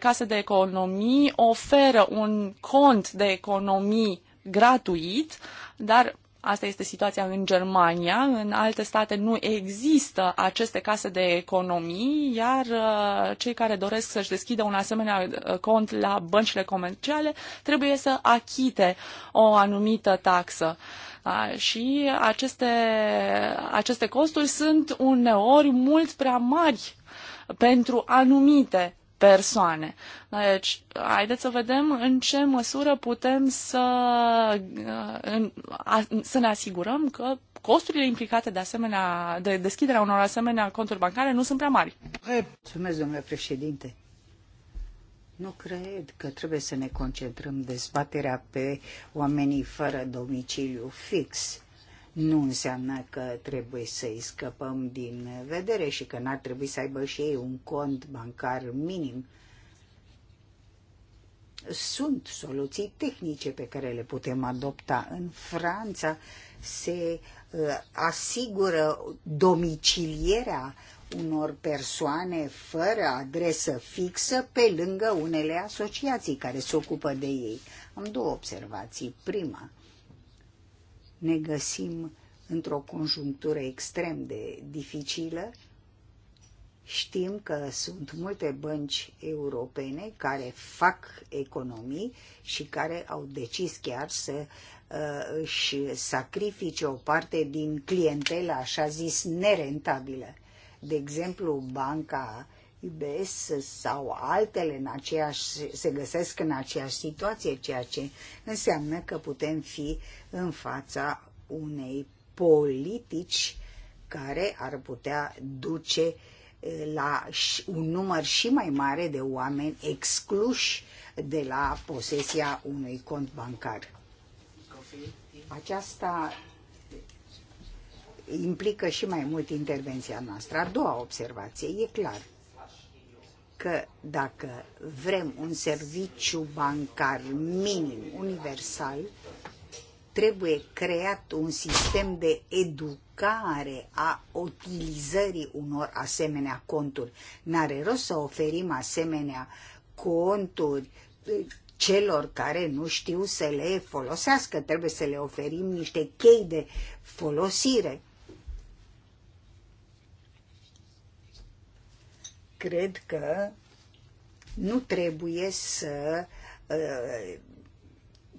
case de economii oferă un cont de economii gratuit, dar Asta este situația în Germania. În alte state nu există aceste case de economii, iar uh, cei care doresc să-și deschidă un asemenea uh, cont la băncile comerciale trebuie să achite o anumită taxă. Da? Și aceste, aceste costuri sunt uneori mult prea mari pentru anumite persoane. Deci, haideți să vedem în ce măsură putem să, uh, în, a, să ne asigurăm că costurile implicate de, asemenea, de deschiderea unor asemenea conturi bancare nu sunt prea mari. Mulțumesc, domnule președinte. Nu cred că trebuie să ne concentrăm dezbaterea pe oamenii fără domiciliu fix nu înseamnă că trebuie să-i scăpăm din vedere și că n-ar trebui să aibă și ei un cont bancar minim. Sunt soluții tehnice pe care le putem adopta. În Franța se uh, asigură domicilierea unor persoane fără adresă fixă pe lângă unele asociații care se ocupă de ei. Am două observații. Prima, ne găsim într-o conjunctură extrem de dificilă. Știm că sunt multe bănci europene care fac economii și care au decis chiar să uh, își sacrifice o parte din clientela așa zis nerentabilă. De exemplu, Banca IBS sau altele în aceeași, se găsesc în aceeași situație, ceea ce înseamnă că putem fi în fața unei politici care ar putea duce eh, la un număr și mai mare de oameni excluși de la posesia unui cont bancar. Aceasta implică și mai mult intervenția noastră. A doua observație, e clar că dacă vrem un serviciu bancar minim, universal, trebuie creat un sistem de educare a utilizării unor asemenea conturi. N-are rost să oferim asemenea conturi eh, celor care nu știu să le folosească. Trebuie să le oferim niște chei de folosire cred că nu trebuie să uh,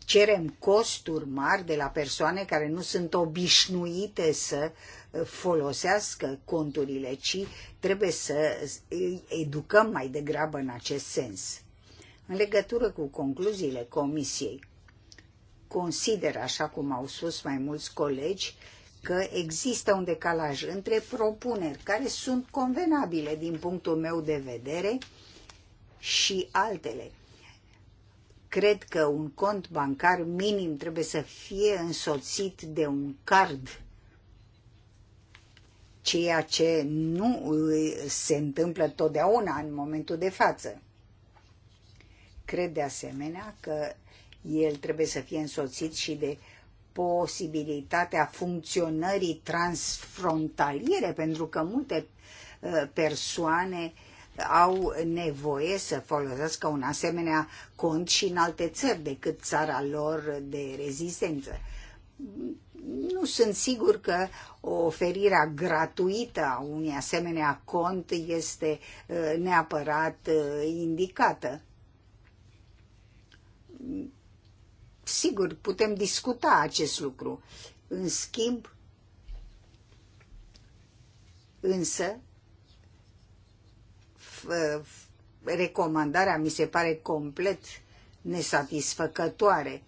cerem costuri mari de la persoane care nu sunt obișnuite să uh, folosească conturile, ci trebuie să uh, îi educăm mai degrabă în acest sens. În legătură cu concluziile comisiei, consider, așa cum au spus mai mulți colegi, că există un decalaj între propuneri care sunt convenabile din punctul meu de vedere și altele. Cred că un cont bancar minim trebuie să fie însoțit de un card, ceea ce nu se întâmplă totdeauna în momentul de față. Cred de asemenea că el trebuie să fie însoțit și de posibilitatea funcționării transfrontaliere, pentru că multe uh, persoane au nevoie să folosească un asemenea cont și în alte țări decât țara lor de rezistență. Nu sunt sigur că oferirea gratuită a unui asemenea cont este uh, neapărat uh, indicată sigur, putem discuta acest lucru. În schimb, însă, recomandarea mi se pare complet nesatisfăcătoare.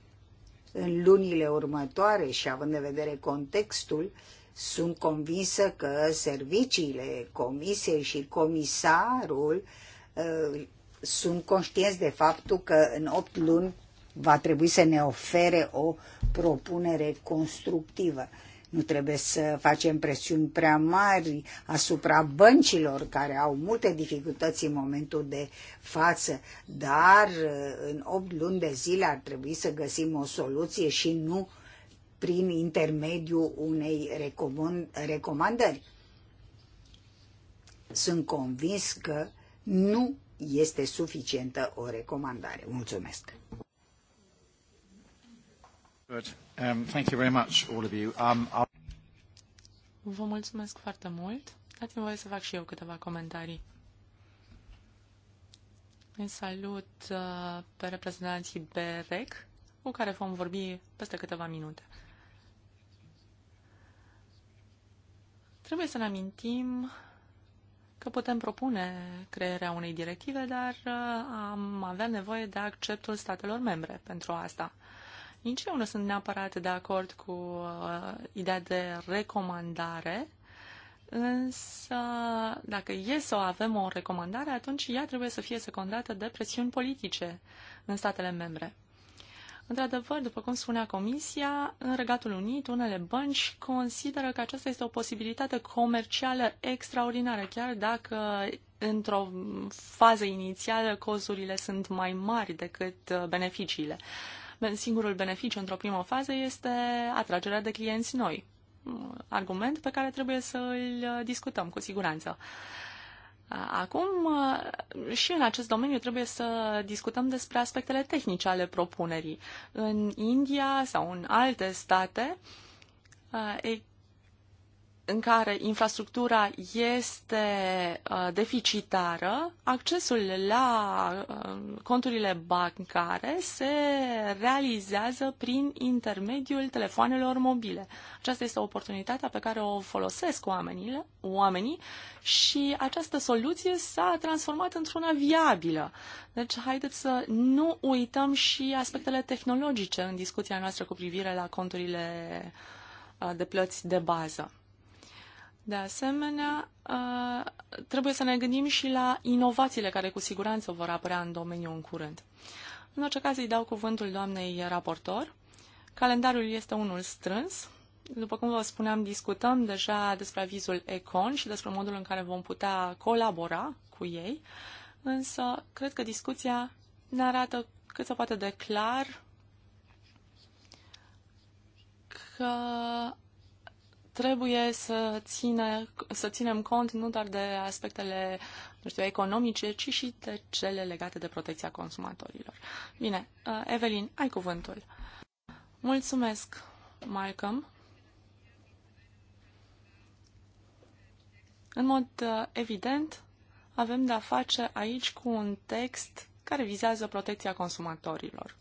În lunile următoare și având în vedere contextul, sunt convinsă că serviciile comisiei și comisarul uh, sunt conștienți de faptul că în 8 luni va trebui să ne ofere o propunere constructivă. Nu trebuie să facem presiuni prea mari asupra băncilor care au multe dificultăți în momentul de față, dar în 8 luni de zile ar trebui să găsim o soluție și nu prin intermediul unei recomandări. Sunt convins că nu este suficientă o recomandare. Mulțumesc! Good. Um, thank you very much, all of you. Um, Vă mulțumesc foarte mult. Dați-mi voie să fac și eu câteva comentarii. Îi salut uh, pe reprezentanții BREC, cu care vom vorbi peste câteva minute. Trebuie să ne amintim că putem propune crearea unei directive, dar uh, am avea nevoie de acceptul statelor membre pentru asta. Nici eu nu sunt neapărat de acord cu uh, ideea de recomandare, însă dacă e să avem o recomandare, atunci ea trebuie să fie secundată de presiuni politice în statele membre. Într-adevăr, după cum spunea Comisia, în Regatul Unit, unele bănci consideră că aceasta este o posibilitate comercială extraordinară, chiar dacă într-o fază inițială costurile sunt mai mari decât uh, beneficiile. Uh, Singurul beneficiu într-o primă fază este atragerea de clienți noi. Argument pe care trebuie să îl uh, discutăm cu siguranță. Acum, uh, și în acest domeniu trebuie să discutăm despre aspectele tehnice ale propunerii. În India sau în alte state, uh, în care infrastructura este uh, deficitară, accesul la uh, conturile bancare se realizează prin intermediul telefoanelor mobile. Aceasta este oportunitatea pe care o folosesc oamenile, oamenii și această soluție s-a transformat într-una viabilă. Deci haideți să nu uităm și aspectele tehnologice în discuția noastră cu privire la conturile uh, de plăți de bază. De asemenea, trebuie să ne gândim și la inovațiile care cu siguranță vor apărea în domeniu în curând. În orice caz îi dau cuvântul doamnei raportor. Calendarul este unul strâns. După cum vă spuneam, discutăm deja despre avizul ECON și despre modul în care vom putea colabora cu ei, însă cred că discuția ne arată cât se poate de clar că Trebuie să, ține, să ținem cont nu doar de aspectele nu știu, economice, ci și de cele legate de protecția consumatorilor. Bine, uh, Evelin, ai cuvântul. Mulțumesc, Malcolm. În mod uh, evident, avem de-a face aici cu un text care vizează protecția consumatorilor.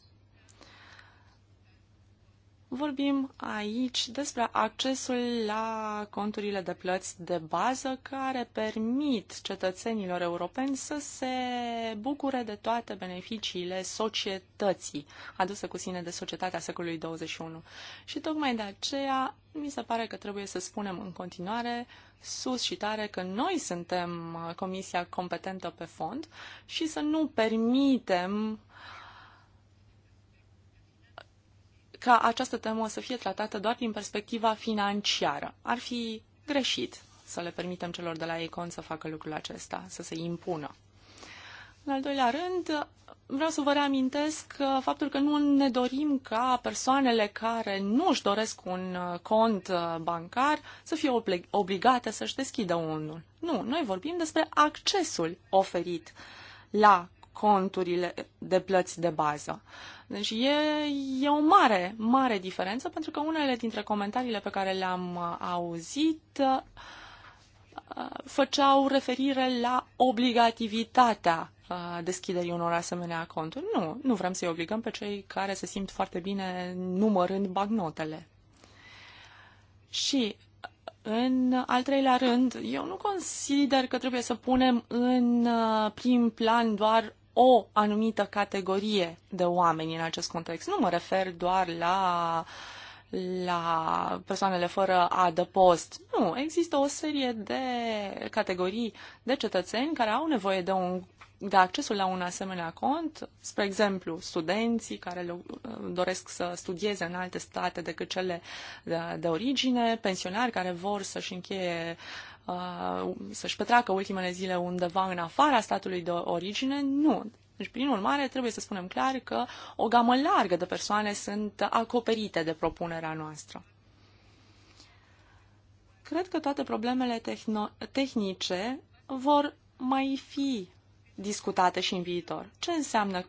Vorbim aici despre accesul la conturile de plăți de bază care permit cetățenilor europeni să se bucure de toate beneficiile societății aduse cu sine de societatea secolului 21. Și tocmai de aceea mi se pare că trebuie să spunem în continuare sus și tare că noi suntem comisia competentă pe fond și să nu permitem uh, ca această temă să fie tratată doar din perspectiva financiară. Ar fi greșit să le permitem celor de la Econ să facă lucrul acesta, să se impună. În al doilea rând, vreau să vă reamintesc faptul că nu ne dorim ca persoanele care nu își doresc un uh, cont uh, bancar să fie obligate să-și deschidă unul. Nu, noi vorbim despre accesul oferit la conturile de plăți de bază. Deci e, e o mare, mare diferență pentru că unele dintre comentariile pe care le-am uh, auzit uh, făceau referire la obligativitatea uh, deschiderii unor asemenea conturi. Nu, nu vrem să-i obligăm pe cei care se simt foarte bine numărând bagnotele. Și în al treilea rând, eu nu consider că trebuie să punem în prim plan doar o anumită categorie de oameni în acest context. Nu mă refer doar la la persoanele fără adăpost. Nu, există o serie de categorii de cetățeni care au nevoie de un de accesul la un asemenea cont, spre exemplu, studenții care uh, doresc să studieze în alte state decât cele de, de origine, pensionari care vor să-și încheie uh, Uh, să-și petreacă ultimele zile undeva în afara statului de origine, nu. Deci, prin urmare, trebuie să spunem clar că o gamă largă de persoane sunt acoperite de propunerea noastră. Cred că toate problemele tehnice vor mai fi discutate și în viitor. Ce înseamnă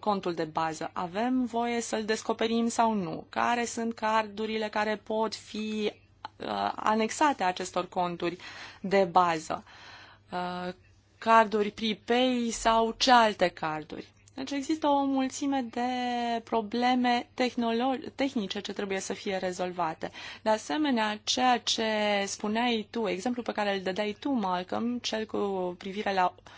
contul de bază? Avem voie să-l descoperim sau nu? Care sunt cardurile care pot fi Uh, anexate acestor conturi de bază, uh, carduri prepay sau ce alte carduri. Deci există o mulțime de probleme tehnice ce trebuie să fie rezolvate. De asemenea, ceea ce spuneai tu, exemplul pe care îl dădeai tu, Malcolm, cel cu privire la uh,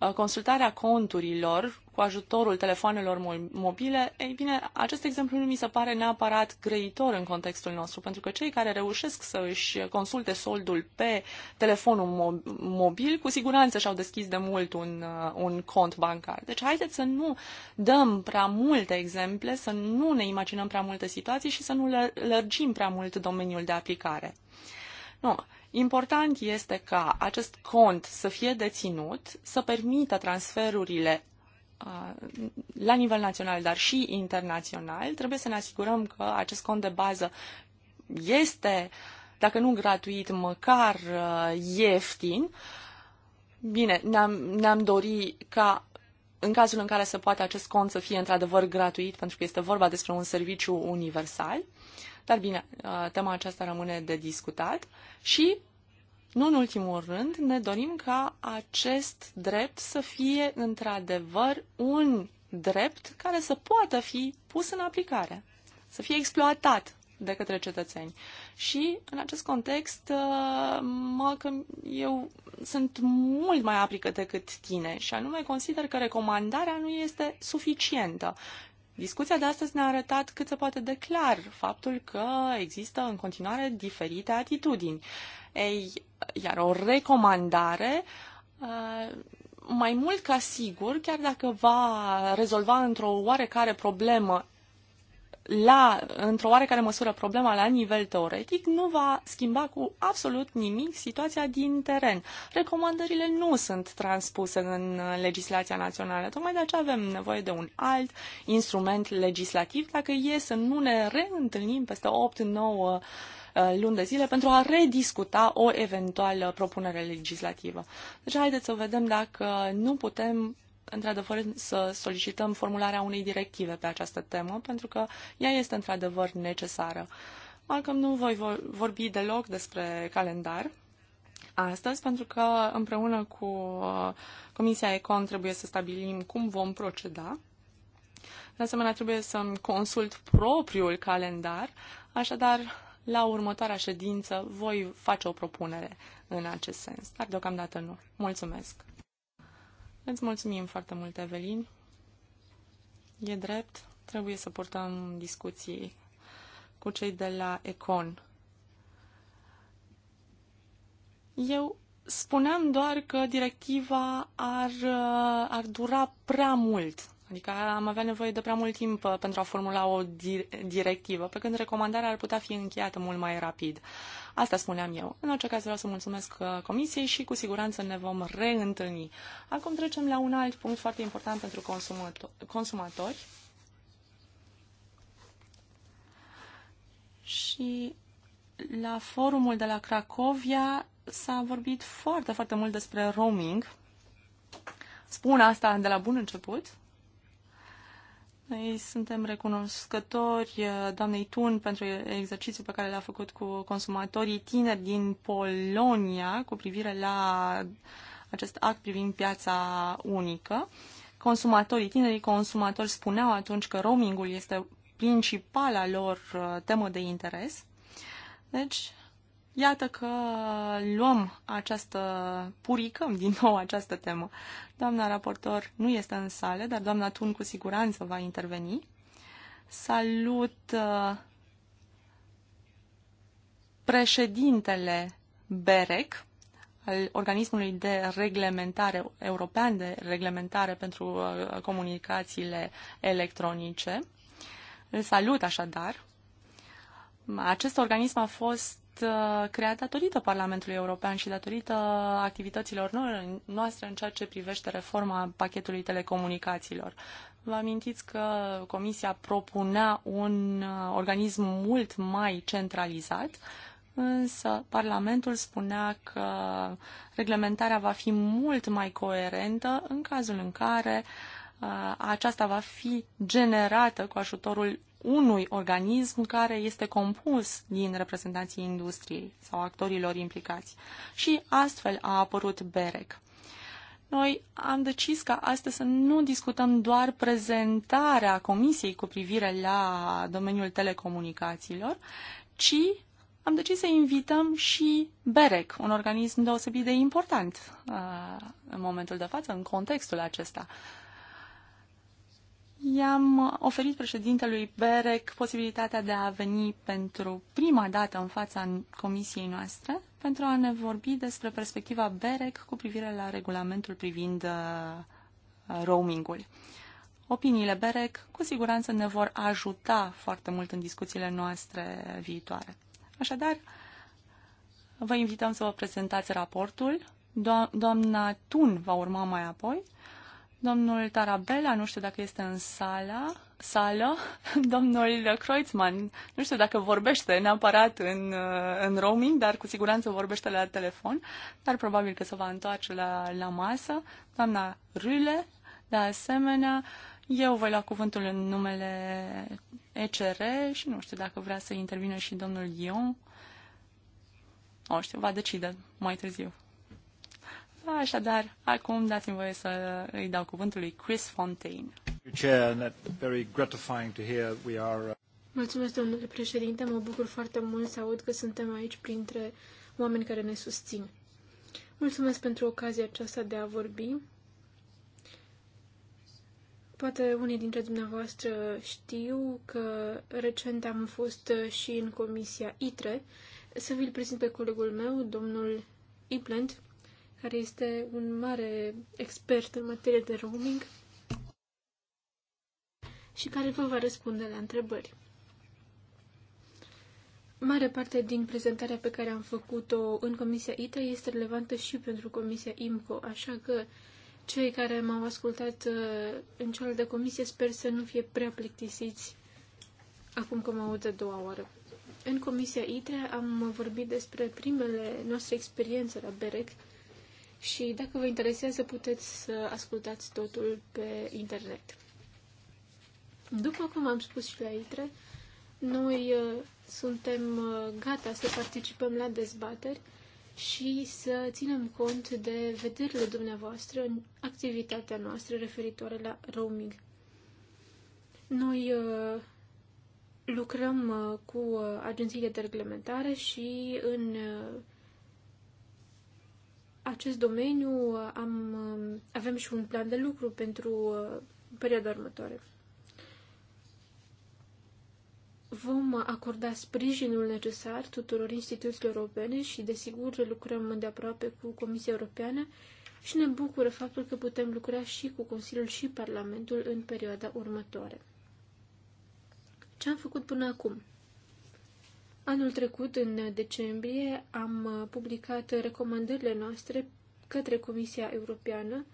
Uh, consultarea conturilor cu ajutorul telefoanelor mobile, ei bine, acest exemplu nu mi se pare neapărat grăitor în contextul nostru, pentru că cei care reușesc să își consulte soldul pe telefonul mobil, cu siguranță și-au deschis de mult un, uh, un cont bancar. Deci haideți să nu dăm prea multe exemple, să nu ne imaginăm prea multe situații și să nu lărgim prea mult domeniul de aplicare. Nu. Important este ca acest cont să fie deținut, să permită transferurile uh, la nivel național, dar și internațional, trebuie să ne asigurăm că acest cont de bază este, dacă nu gratuit, măcar uh, ieftin. Bine, ne-am, ne-am dori ca în cazul în care se poate acest cont să fie într-adevăr gratuit, pentru că este vorba despre un serviciu universal, dar bine, tema aceasta rămâne de discutat și, nu în ultimul rând, ne dorim ca acest drept să fie într-adevăr un drept care să poată fi pus în aplicare, să fie exploatat de către cetățeni. Și în acest context, mă, că eu sunt mult mai aplică decât tine și anume consider că recomandarea nu este suficientă. Discuția de astăzi ne-a arătat cât se poate de clar faptul că există în continuare diferite atitudini. Ei, iar o recomandare uh, mai mult ca sigur, chiar dacă va rezolva într-o oarecare problemă la, într-o oarecare măsură, problema la nivel teoretic, nu va schimba cu absolut nimic situația din teren. Recomandările nu sunt transpuse în legislația națională. Tocmai de aceea avem nevoie de un alt instrument legislativ dacă e să nu ne reîntâlnim peste 8-9 uh, luni de zile pentru a rediscuta o eventuală propunere legislativă. Deci haideți să vedem dacă nu putem într-adevăr, să solicităm formularea unei directive pe această temă, pentru că ea este într-adevăr necesară. Malcolm, nu voi vorbi deloc despre calendar astăzi, pentru că împreună cu uh, Comisia Econ trebuie să stabilim cum vom proceda. De asemenea, trebuie să-mi consult propriul calendar, așadar, la următoarea ședință voi face o propunere în acest sens, dar deocamdată nu. Mulțumesc! Îți mulțumim foarte mult, Evelin. E drept, trebuie să purtăm discuții cu cei de la Econ. Eu spuneam doar că directiva ar, uh, ar dura prea mult. Adică am avea nevoie de prea mult timp uh, pentru a formula o directivă, pe când recomandarea ar putea fi încheiată mult mai rapid. Asta spuneam eu. În orice caz vreau să mulțumesc uh, Comisiei și cu siguranță ne vom reîntâlni. Acum trecem la un alt punct foarte important pentru consumator. consumatori. Și la forumul de la Cracovia s-a vorbit foarte, foarte mult despre roaming. Spun asta de la bun început, noi suntem recunoscători uh, doamnei Tun pentru exercițiul pe care l-a făcut cu consumatorii tineri din Polonia cu privire la acest act privind piața unică. Consumatorii, tinerii consumatori spuneau atunci că roamingul este principala lor uh, temă de interes. Deci, iată că luăm această, puricăm din nou această temă. Doamna raportor nu este în sală, dar doamna Tun cu siguranță va interveni. Salut uh, președintele BEREC, al organismului de reglementare european de reglementare pentru uh, comunicațiile electronice. Îl salut așadar. Acest organism a fost Uh, creat datorită Parlamentului European și datorită activităților noastre în ceea ce privește reforma pachetului telecomunicațiilor. Vă amintiți că Comisia propunea un uh, organism mult mai centralizat, însă Parlamentul spunea că reglementarea va fi mult mai coerentă în cazul în care uh, aceasta va fi generată cu ajutorul unui organism care este compus din reprezentanții industriei sau actorilor implicați. Și astfel a apărut BEREC. Noi am decis ca astăzi să nu discutăm doar prezentarea Comisiei cu privire la domeniul telecomunicațiilor, ci am decis să invităm și BEREC, un organism deosebit de important uh, în momentul de față, în contextul acesta i-am oferit președintelui Berec posibilitatea de a veni pentru prima dată în fața comisiei noastre pentru a ne vorbi despre perspectiva Berec cu privire la regulamentul privind uh, roamingul. Opiniile Berec cu siguranță ne vor ajuta foarte mult în discuțiile noastre viitoare. Așadar, vă invităm să vă prezentați raportul. Do- doamna Tun va urma mai apoi Domnul Tarabella, nu știu dacă este în sala, sală. (laughs) Domnul Kreutzmann, nu știu dacă vorbește neapărat în, uh, în roaming, dar cu siguranță vorbește la telefon, dar probabil că se va întoarce la, la masă. Doamna Rüle, de asemenea, eu voi lua cuvântul în numele ECR și nu știu dacă vrea să intervină și domnul Ion. Nu știu, va decide mai târziu. Așadar, acum dați-mi voie să îi dau cuvântul lui Chris Fontaine. Uh, Mulțumesc, domnule președinte. Mă bucur foarte mult să aud că suntem aici printre oameni care ne susțin. Mulțumesc pentru ocazia aceasta de a vorbi. Poate unii dintre dumneavoastră știu că recent am fost și în comisia ITRE. Să vi-l prezint pe colegul meu, domnul Iplant, care este un mare expert în materie de roaming și care vă va răspunde la întrebări. Mare parte din prezentarea pe care am făcut-o în Comisia ITA este relevantă și pentru Comisia IMCO, așa că cei care m-au ascultat uh, în cealaltă comisie sper să nu fie prea plictisiți acum că mă aud de doua oară. În Comisia ITRE am vorbit despre primele noastre experiențe la BEREC și dacă vă interesează puteți să ascultați totul pe internet. După cum am spus și la ITRE, noi uh, suntem uh, gata să participăm la dezbateri și să ținem cont de vederile dumneavoastră în activitatea noastră referitoare la roaming. Noi uh, lucrăm cu agențiile de reglementare și în acest domeniu uh, am, uh, avem și un plan de lucru pentru uh, perioada următoare. Vom acorda sprijinul necesar tuturor instituțiilor europene și, desigur, lucrăm de aproape cu Comisia Europeană și ne bucură faptul că putem lucra și cu Consiliul și Parlamentul în perioada următoare. Ce am făcut până acum? Anul trecut, în decembrie, am publicat recomandările noastre către Comisia Europeană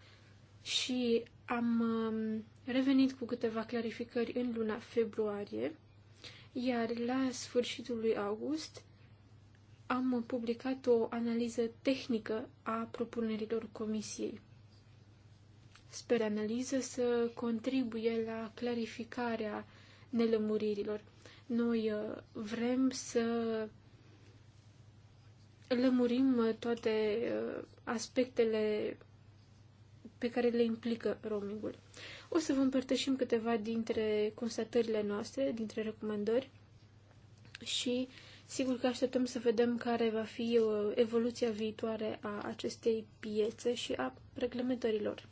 și am um, revenit cu câteva clarificări în luna februarie, iar la sfârșitul lui august am publicat o analiză tehnică a propunerilor Comisiei. Sper analiză să contribuie la clarificarea nelămuririlor. Noi uh, vrem să lămurim uh, toate uh, aspectele pe care le implică roamingul. O să vă împărtășim câteva dintre constatările noastre, dintre recomandări și sigur că așteptăm să vedem care va fi evoluția viitoare a acestei piețe și a reglementărilor.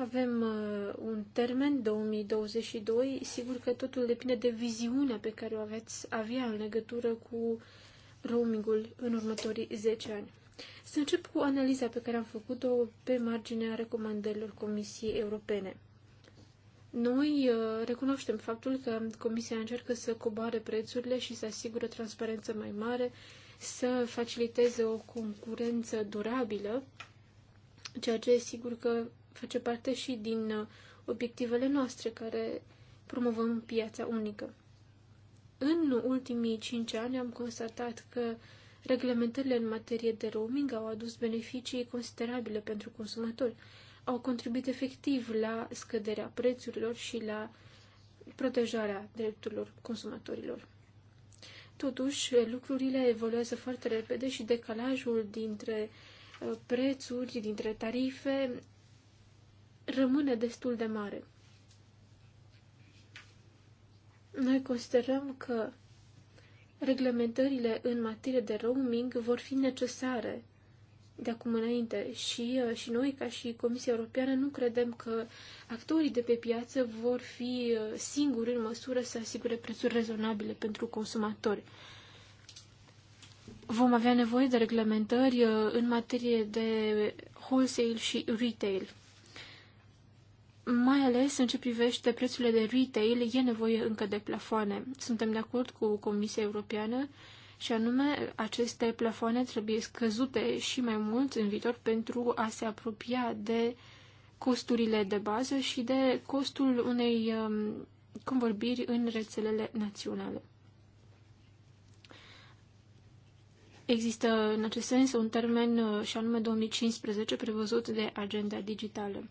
Avem uh, un termen, 2022. Sigur că totul depinde de viziunea pe care o aveți avea în legătură cu roamingul în următorii 10 ani. Să încep cu analiza pe care am făcut-o pe marginea recomandărilor Comisiei Europene. Noi uh, recunoaștem faptul că Comisia încearcă să coboare prețurile și să asigură transparență mai mare, să faciliteze o concurență durabilă, ceea ce sigur că face parte și din uh, obiectivele noastre care promovăm piața unică. În ultimii cinci ani am constatat că reglementările în materie de roaming au adus beneficii considerabile pentru consumatori. Au contribuit efectiv la scăderea prețurilor și la protejarea drepturilor consumatorilor. Totuși, lucrurile evoluează foarte repede și decalajul dintre uh, prețuri, dintre tarife, rămâne destul de mare. Noi considerăm că reglementările în materie de roaming vor fi necesare de acum înainte și, uh, și noi, ca și Comisia Europeană, nu credem că actorii de pe piață vor fi uh, singuri în măsură să asigure prețuri rezonabile pentru consumatori. Vom avea nevoie de reglementări uh, în materie de wholesale și retail mai ales în ce privește prețurile de retail, e nevoie încă de plafoane. Suntem de acord cu Comisia Europeană și anume aceste plafoane trebuie scăzute și mai mult în viitor pentru a se apropia de costurile de bază și de costul unei um, convorbiri în rețelele naționale. Există în acest sens un termen uh, și anume 2015 prevăzut de agenda digitală.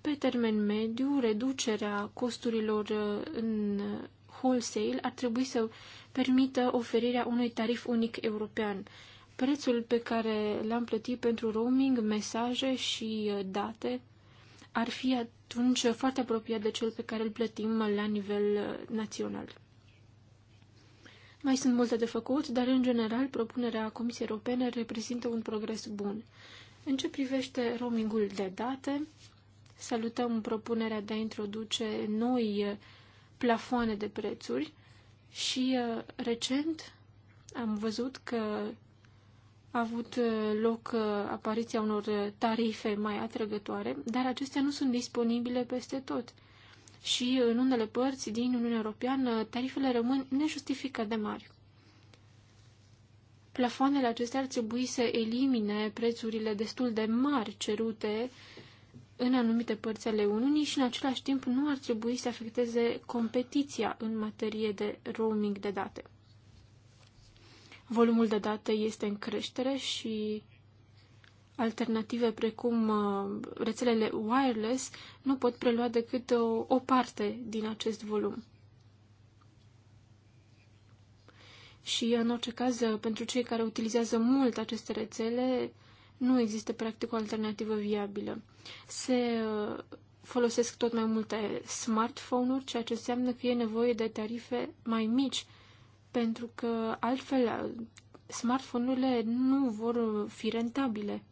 Pe termen mediu, reducerea costurilor uh, în uh, wholesale ar trebui să permită oferirea unui tarif unic european. Prețul pe care l-am plătit pentru roaming, mesaje și uh, date ar fi atunci foarte apropiat de cel pe care îl plătim la nivel național. Mai sunt multe de făcut, dar în general propunerea Comisiei Europene reprezintă un progres bun. În ce privește roamingul de date, Salutăm propunerea de a introduce noi uh, plafoane de prețuri și uh, recent am văzut că a avut uh, loc apariția unor tarife mai atrăgătoare, dar acestea nu sunt disponibile peste tot. Și în unele părți din Uniunea Europeană tarifele rămân nejustificat de mari. Plafoanele acestea ar trebui să elimine prețurile destul de mari cerute în anumite părți ale Uniunii și în același timp nu ar trebui să afecteze competiția în materie de roaming de date. Volumul de date este în creștere și alternative precum uh, rețelele wireless nu pot prelua decât o, uh, o parte din acest volum. Și, în orice caz, uh, pentru cei care utilizează mult aceste rețele, nu există practic o alternativă viabilă. Se uh, folosesc tot mai multe smartphone-uri, ceea ce înseamnă că e nevoie de tarife mai mici, pentru că altfel uh, smartphone-urile nu vor fi rentabile.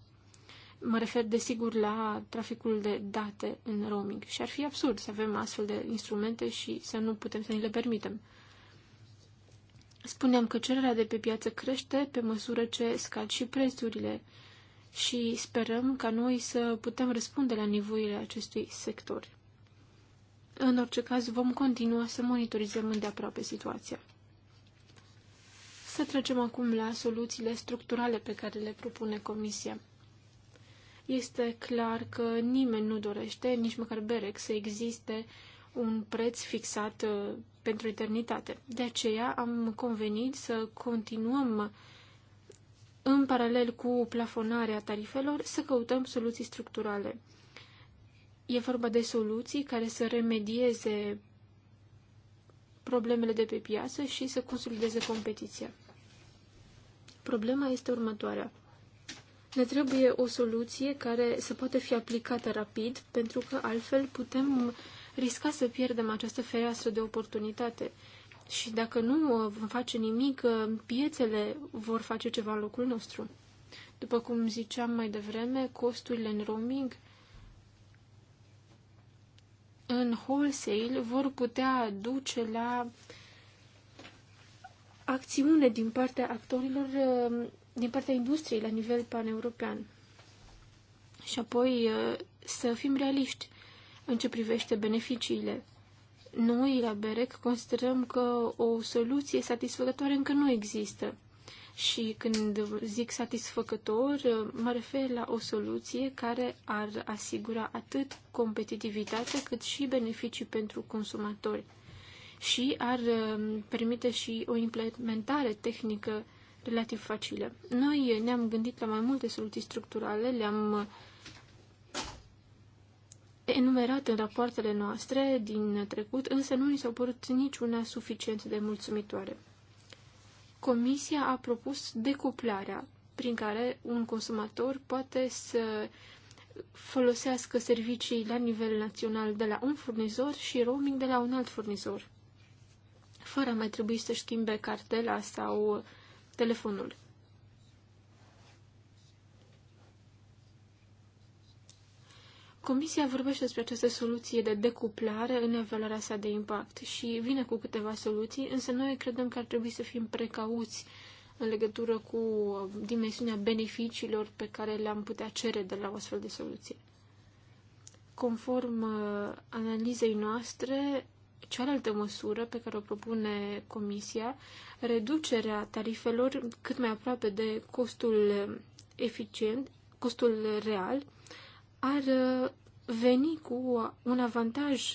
Mă refer, desigur, la traficul de date în roaming și ar fi absurd să avem astfel de instrumente și să nu putem să ni le permitem. Spuneam că cererea de pe piață crește pe măsură ce scad și prețurile și sperăm ca noi să putem răspunde la nevoile acestui sector. În orice caz, vom continua să monitorizăm îndeaproape situația. Să trecem acum la soluțiile structurale pe care le propune Comisia. Este clar că nimeni nu dorește, nici măcar Berec, să existe un preț fixat uh, pentru eternitate. De aceea am convenit să continuăm uh, în paralel cu plafonarea tarifelor, să căutăm soluții structurale. E vorba de soluții care să remedieze problemele de pe piață și să consolideze competiția. Problema este următoarea. Ne trebuie o soluție care să poată fi aplicată rapid, pentru că altfel putem risca să pierdem această fereastră de oportunitate. Și dacă nu uh, vom face nimic, uh, piețele vor face ceva în locul nostru. După cum ziceam mai devreme, costurile în roaming în wholesale vor putea duce la acțiune din partea actorilor, uh, din partea industriei la nivel paneuropean. Și apoi să fim realiști în ce privește beneficiile. Noi, la BEREC, considerăm că o soluție satisfăcătoare încă nu există. Și când zic satisfăcător, mă refer la o soluție care ar asigura atât competitivitatea cât și beneficii pentru consumatori și ar um, permite și o implementare tehnică relativ facilă. Noi ne-am gândit la mai multe soluții structurale, le-am enumerate în rapoartele noastre din trecut, însă nu ni s-au părut niciuna suficient de mulțumitoare. Comisia a propus decuplarea, prin care un consumator poate să folosească servicii la nivel național de la un furnizor și roaming de la un alt furnizor, fără a mai trebui să schimbe cartela sau telefonul. Comisia vorbește despre această soluție de decuplare în evaluarea sa de impact și vine cu câteva soluții, însă noi credem că ar trebui să fim precauți în legătură cu uh, dimensiunea beneficiilor pe care le-am putea cere de la o astfel de soluție. Conform uh, analizei noastre, cealaltă măsură pe care o propune Comisia, reducerea tarifelor cât mai aproape de costul eficient, costul real, ar uh, veni cu un avantaj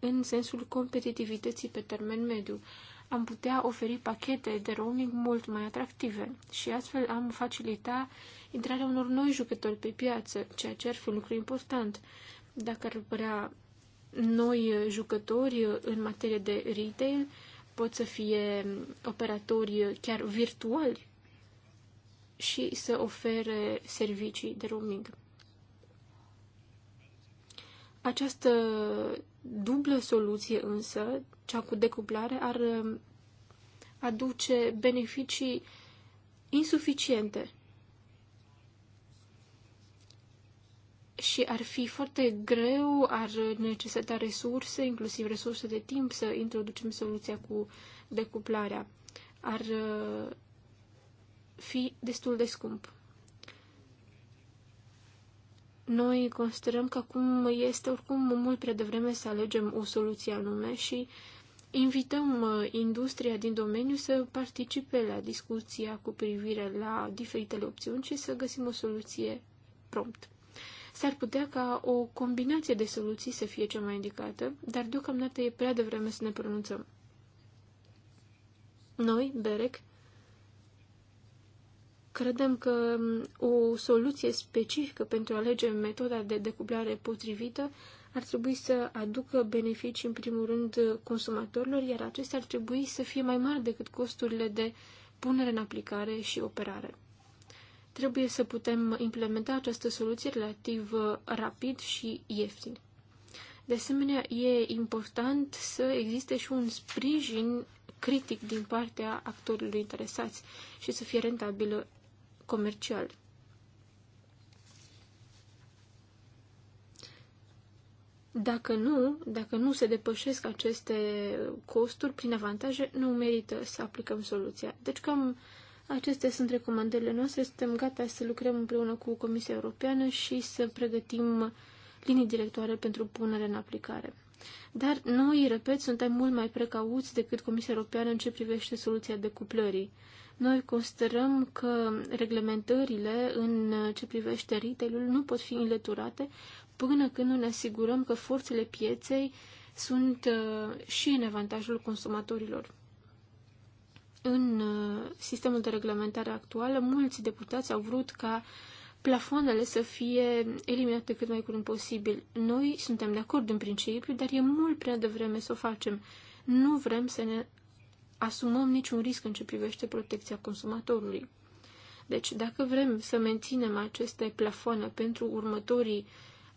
în sensul competitivității pe termen mediu. Am putea oferi pachete de roaming mult mai atractive și astfel am facilita intrarea unor noi jucători pe piață, ceea ce ar fi un lucru important. Dacă ar părea noi jucători în materie de retail, pot să fie operatori chiar virtuali și să ofere servicii de roaming. Această dublă soluție însă, cea cu decuplare, ar um, aduce beneficii insuficiente și ar fi foarte greu, ar necesita resurse, inclusiv resurse de timp, să introducem soluția cu decuplarea. Ar uh, fi destul de scump. Noi considerăm că acum este oricum mult prea devreme să alegem o soluție anume și invităm uh, industria din domeniu să participe la discuția cu privire la diferitele opțiuni și să găsim o soluție prompt. S-ar putea ca o combinație de soluții să fie cea mai indicată, dar deocamdată e prea devreme să ne pronunțăm. Noi, BEREC, Credem că mm, o soluție specifică pentru a alege metoda de decuplare potrivită ar trebui să aducă beneficii, în primul rând, consumatorilor, iar acestea ar trebui să fie mai mari decât costurile de punere în aplicare și operare. Trebuie să putem implementa această soluție relativ uh, rapid și ieftin. De asemenea, e important să existe și un sprijin critic din partea actorilor interesați și să fie rentabilă comercial. Dacă nu, dacă nu se depășesc aceste costuri prin avantaje, nu merită să aplicăm soluția. Deci cam acestea sunt recomandările noastre. Suntem gata să lucrăm împreună cu Comisia Europeană și să pregătim linii directoare pentru punere în aplicare. Dar noi, repet, suntem mult mai precauți decât Comisia Europeană în ce privește soluția decuplării. Noi considerăm că reglementările în ce privește retail nu pot fi înlăturate până când nu ne asigurăm că forțele pieței sunt uh, și în avantajul consumatorilor. În uh, sistemul de reglementare actuală, mulți deputați au vrut ca plafoanele să fie eliminate cât mai curând posibil. Noi suntem de acord în principiu, dar e mult prea devreme să o facem. Nu vrem să ne asumăm niciun risc în ce privește protecția consumatorului. Deci, dacă vrem să menținem aceste plafoane pentru următorii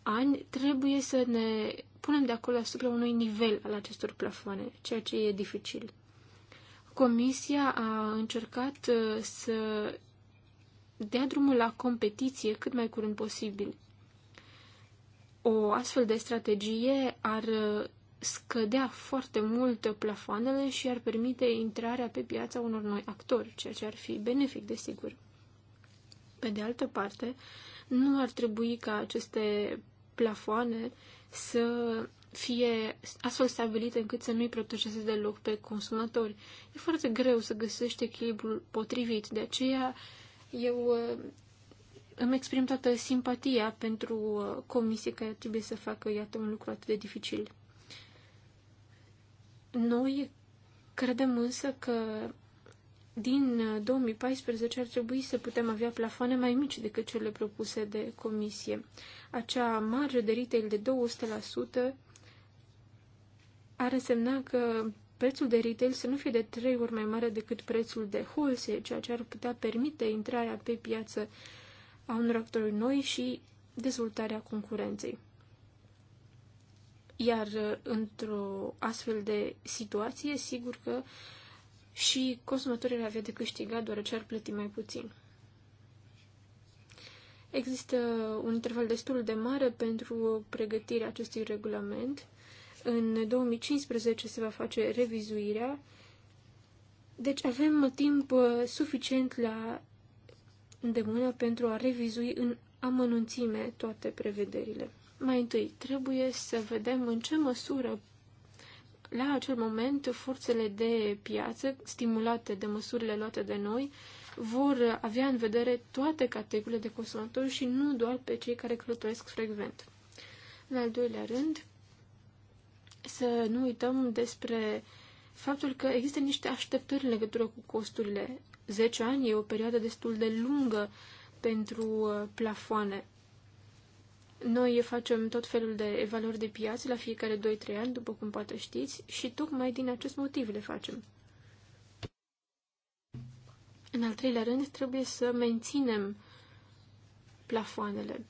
ani, trebuie să ne punem de acolo asupra unui nivel al acestor plafoane, ceea ce e dificil. Comisia a încercat uh, să dea drumul la competiție cât mai curând posibil. O astfel de strategie ar uh, scădea foarte mult plafoanele și ar permite intrarea pe piața unor noi actori, ceea ce ar fi benefic, desigur. Pe de altă parte, nu ar trebui ca aceste plafoane să fie astfel stabilite încât să nu-i protejeze deloc pe consumatori. E foarte greu să găsești echilibrul potrivit, de aceea eu uh, îmi exprim toată simpatia pentru uh, comisie care trebuie să facă, iată, un lucru atât de dificil. Noi credem însă că din 2014 uh, ar trebui să putem avea plafoane mai mici decât cele propuse de comisie. Acea marge de retail de 200% ar însemna că prețul de retail să nu fie de trei ori mai mare decât prețul de wholesale, ceea ce ar putea permite intrarea pe piață a unor actori noi și dezvoltarea concurenței. Iar uh, într-o astfel de situație, sigur că și consumatorii avea de câștigat, deoarece ar plăti mai puțin. Există un interval destul de mare pentru pregătirea acestui regulament. În 2015 se va face revizuirea, deci avem timp uh, suficient la îndemână pentru a revizui în amănunțime toate prevederile. Mai întâi, trebuie să vedem în ce măsură la acel moment forțele de piață, stimulate de măsurile luate de noi, vor avea în vedere toate categoriile de consumatori și nu doar pe cei care călătoresc frecvent. În al doilea rând, să nu uităm despre faptul că există niște așteptări în legătură cu costurile. 10 ani e o perioadă destul de lungă pentru uh, plafoane. Noi facem tot felul de evaluări de piață la fiecare 2-3 ani, după cum poate știți, și tocmai din acest motiv le facem. În al treilea rând, trebuie să menținem plafoanele.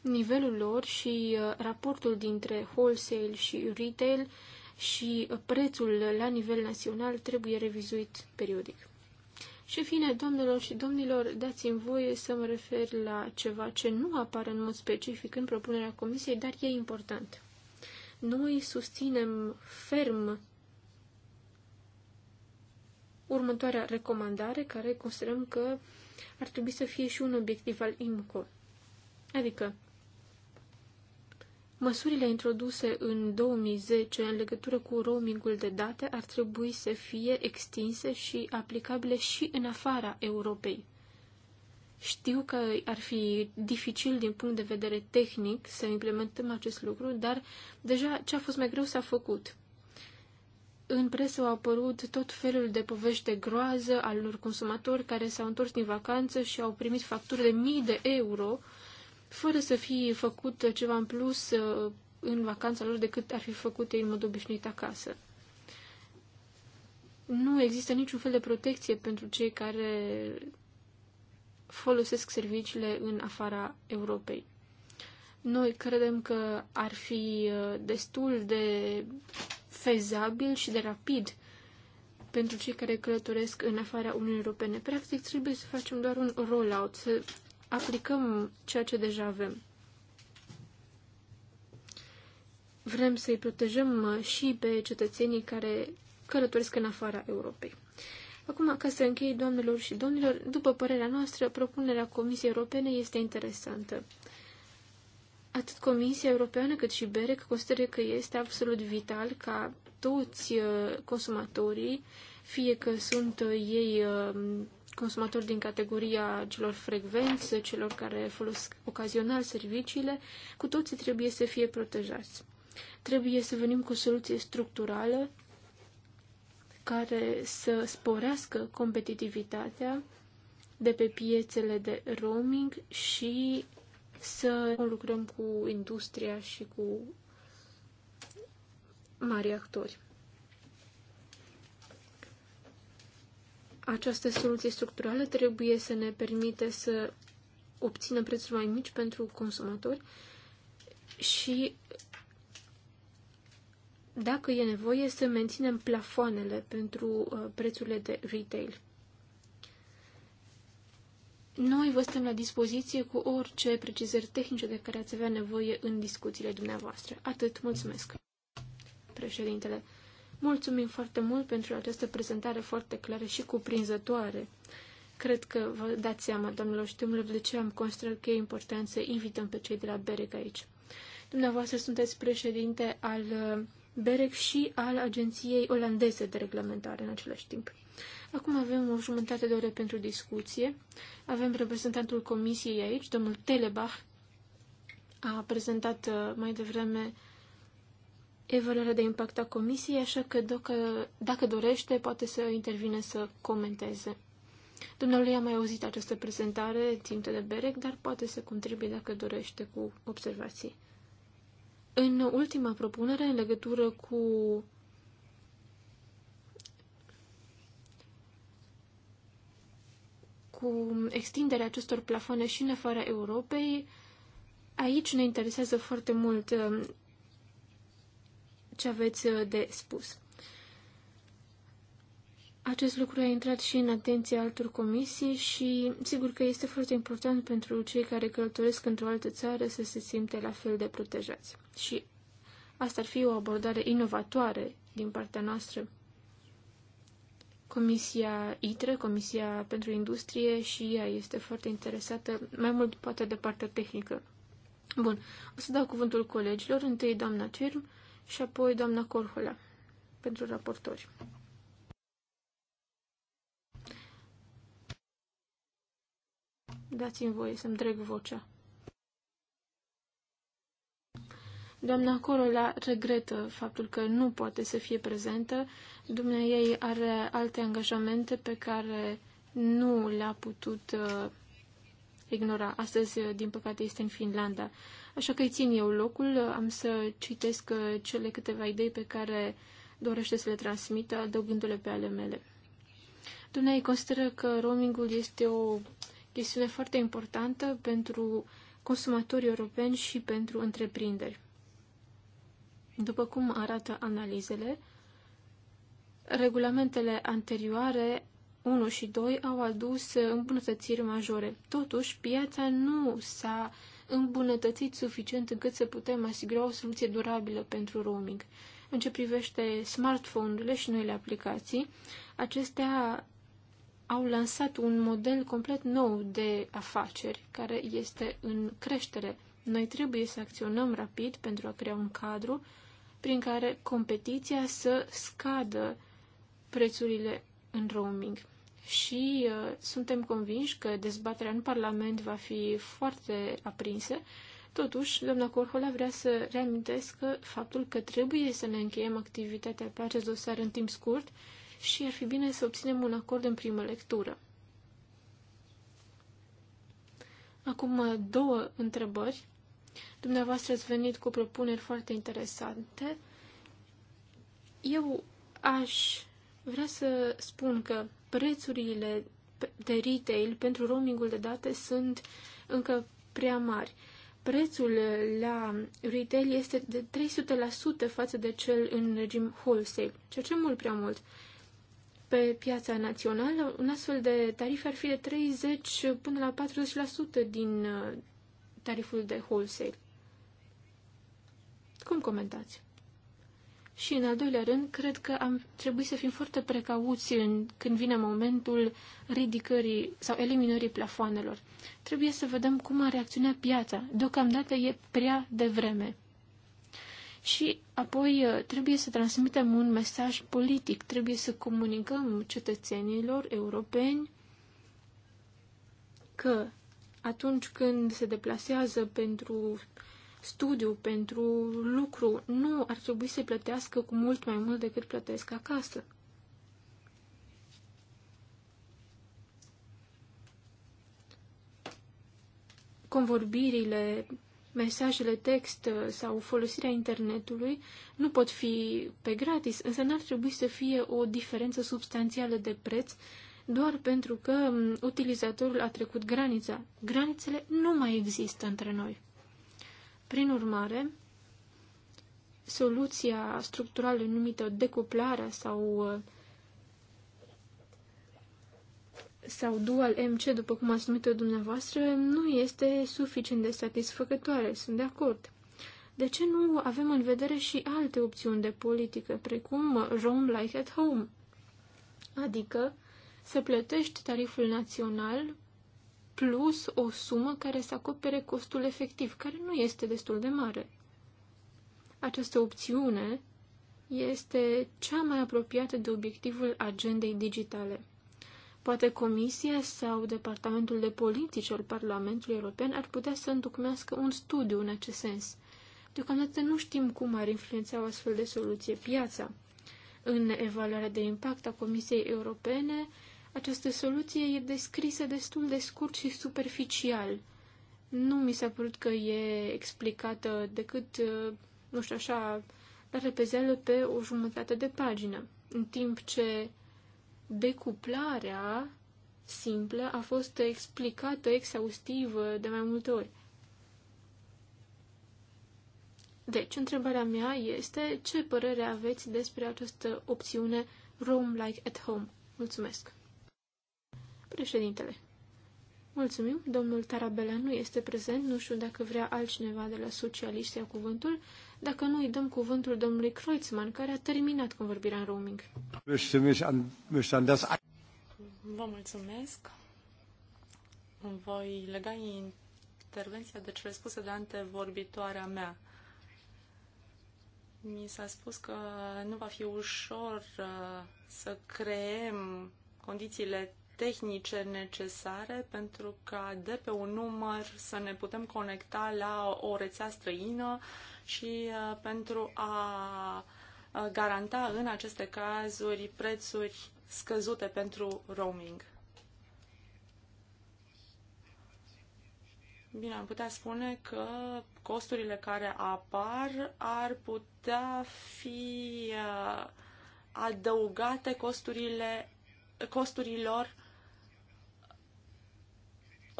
Nivelul lor și uh, raportul dintre wholesale și retail și uh, prețul la nivel național trebuie revizuit periodic. Și, fine, domnilor și domnilor, dați-mi voie să mă refer la ceva ce nu apare în mod specific în propunerea Comisiei, dar e important. Noi susținem ferm următoarea recomandare, care considerăm că ar trebui să fie și un obiectiv al IMCO. Adică, Măsurile introduse în 2010 în legătură cu roamingul de date ar trebui să fie extinse și aplicabile și în afara Europei. Știu că ar fi dificil din punct de vedere tehnic să implementăm acest lucru, dar deja ce a fost mai greu s-a făcut. În presă au apărut tot felul de povești de groază al unor consumatori care s-au întors din vacanță și au primit facturi de mii de euro fără să fie făcut ceva în plus uh, în vacanța lor decât ar fi făcut ei în mod obișnuit acasă. Nu există niciun fel de protecție pentru cei care folosesc serviciile în afara Europei. Noi credem că ar fi uh, destul de fezabil și de rapid pentru cei care călătoresc în afara Uniunii Europene. Practic, trebuie să facem doar un rollout, să aplicăm ceea ce deja avem. Vrem să-i protejăm uh, și pe cetățenii care călătoresc în afara Europei. Acum, ca să închei, doamnelor și domnilor, după părerea noastră, propunerea Comisiei Europene este interesantă. Atât Comisia Europeană cât și BEREC consideră că este absolut vital ca toți uh, consumatorii, fie că sunt uh, ei consumatori din categoria celor frecvenți, celor care folosesc ocazional serviciile, cu toții trebuie să fie protejați. Trebuie să venim cu o soluție structurală care să sporească competitivitatea de pe piețele de roaming și să lucrăm cu industria și cu mari actori. Această soluție structurală trebuie să ne permite să obțină prețuri mai mici pentru consumatori și dacă e nevoie să menținem plafoanele pentru uh, prețurile de retail. Noi vă stăm la dispoziție cu orice precizări tehnice de care ați avea nevoie în discuțiile dumneavoastră. Atât, mulțumesc. Președintele, Mulțumim foarte mult pentru această prezentare foarte clară și cuprinzătoare. Cred că vă dați seama, domnilor și domnilor, de ce am considerat că e important să invităm pe cei de la BEREC aici. Dumneavoastră sunteți președinte al uh, BEREC și al Agenției Olandeze de Reglementare în același timp. Acum avem o jumătate de oră pentru discuție. Avem reprezentantul comisiei aici, domnul Telebach, a prezentat uh, mai devreme uh, evaluarea de impact a comisiei, așa că dacă, dacă dorește, poate să intervine să comenteze. Dumnealui a mai auzit această prezentare timp de berec, dar poate să contribuie dacă dorește cu observații. În ultima propunere, în legătură cu cu extinderea acestor plafone și în afara Europei, aici ne interesează foarte mult ce aveți uh, de spus. Acest lucru a intrat și în atenția altor comisii și sigur că este foarte important pentru cei care călătoresc într-o altă țară să se simte la fel de protejați. Și asta ar fi o abordare inovatoare din partea noastră. Comisia ITRE, Comisia pentru Industrie și ea este foarte interesată, mai mult poate de partea tehnică. Bun, o să dau cuvântul colegilor, întâi doamna Cirm, și apoi doamna Corhola pentru raportori. Dați-mi voie să-mi dreg vocea. Doamna Corola regretă faptul că nu poate să fie prezentă. Dumnea ei are alte angajamente pe care nu le-a putut uh, ignora. Astăzi, uh, din păcate, este în Finlanda. Așa că îi țin eu locul, am să citesc uh, cele câteva idei pe care dorește să le transmită, adăugându-le pe ale mele. Dumnezeu consideră că roamingul este o chestiune foarte importantă pentru consumatorii europeni și pentru întreprinderi. După cum arată analizele, regulamentele anterioare 1 și 2 au adus îmbunătățiri majore. Totuși, piața nu s-a îmbunătățit suficient încât să putem asigura o soluție durabilă pentru roaming. În ce privește smartphone-urile și noile aplicații, acestea au lansat un model complet nou de afaceri care este în creștere. Noi trebuie să acționăm rapid pentru a crea un cadru prin care competiția să scadă prețurile în roaming și uh, suntem convinși că dezbaterea în Parlament va fi foarte aprinsă. Totuși, doamna Corhola vrea să reamintesc faptul că trebuie să ne încheiem activitatea pe acest dosar în timp scurt și ar fi bine să obținem un acord în primă lectură. Acum uh, două întrebări. Dumneavoastră ați venit cu propuneri foarte interesante. Eu aș Vreau să spun că prețurile de retail pentru roamingul de date sunt încă prea mari. Prețul la retail este de 300% față de cel în regim wholesale, ceea ce mult prea mult. Pe piața națională, un astfel de tarif ar fi de 30 până la 40% din uh, tariful de wholesale. Cum comentați? Și, în al doilea rând, cred că am trebuit să fim foarte precauți în, când vine momentul ridicării sau eliminării plafoanelor. Trebuie să vedem cum a reacționat piața. Deocamdată e prea devreme. Și apoi uh, trebuie să transmitem un mesaj politic, trebuie să comunicăm cetățenilor europeni că atunci când se deplasează pentru studiu, pentru lucru, nu ar trebui să plătească cu mult mai mult decât plătesc acasă. Convorbirile, mesajele text sau folosirea internetului nu pot fi pe gratis, însă n-ar trebui să fie o diferență substanțială de preț doar pentru că utilizatorul a trecut granița. Granițele nu mai există între noi. Prin urmare, soluția structurală numită decuplarea sau uh, sau dual MC, după cum ați numit-o dumneavoastră, nu este suficient de satisfăcătoare, sunt de acord. De ce nu avem în vedere și alte opțiuni de politică, precum Roam Like at Home? Adică să plătești tariful național plus o sumă care să acopere costul efectiv, care nu este destul de mare. Această opțiune este cea mai apropiată de obiectivul agendei digitale. Poate Comisia sau Departamentul de Politici al Parlamentului European ar putea să înducmească un studiu în acest sens. Deocamdată nu știm cum ar influența o astfel de soluție piața. În evaluarea de impact a Comisiei Europene, această soluție e descrisă destul de scurt și superficial. Nu mi s-a părut că e explicată decât, uh, nu știu așa, la repezeală pe o jumătate de pagină, în timp ce decuplarea simplă a fost explicată exhaustivă uh, de mai multe ori. Deci, întrebarea mea este ce părere aveți despre această opțiune Roam Like at Home? Mulțumesc! Președintele. Mulțumim, domnul Tarabela nu este prezent, nu știu dacă vrea altcineva de la socialiștia cuvântul, dacă nu îi dăm cuvântul domnului Kreutzmann, care a terminat convorbirea în roaming. Vă mulțumesc. Voi lega intervenția de cele spuse de antevorbitoarea mea. Mi s-a spus că nu va fi ușor uh, să creem condițiile tehnice necesare pentru ca de pe un număr să ne putem conecta la o rețea străină și uh, pentru a uh, garanta în aceste cazuri prețuri scăzute pentru roaming. Bine, am putea spune că costurile care apar ar putea fi uh, adăugate costurile, costurilor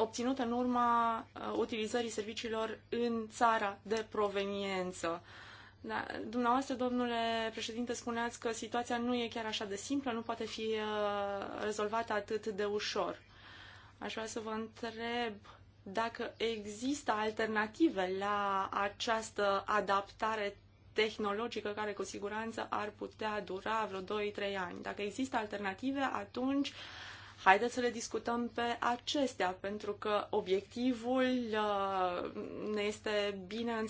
obținute în urma uh, utilizării serviciilor în țara de proveniență. Da. Dumneavoastră, domnule președinte, spuneați că situația nu e chiar așa de simplă, nu poate fi uh, rezolvată atât de ușor. Aș vrea să vă întreb dacă există alternative la această adaptare tehnologică care cu siguranță ar putea dura vreo 2-3 ani. Dacă există alternative, atunci uh, Haideți să le discutăm pe acestea, pentru că obiectivul uh, ne este bine,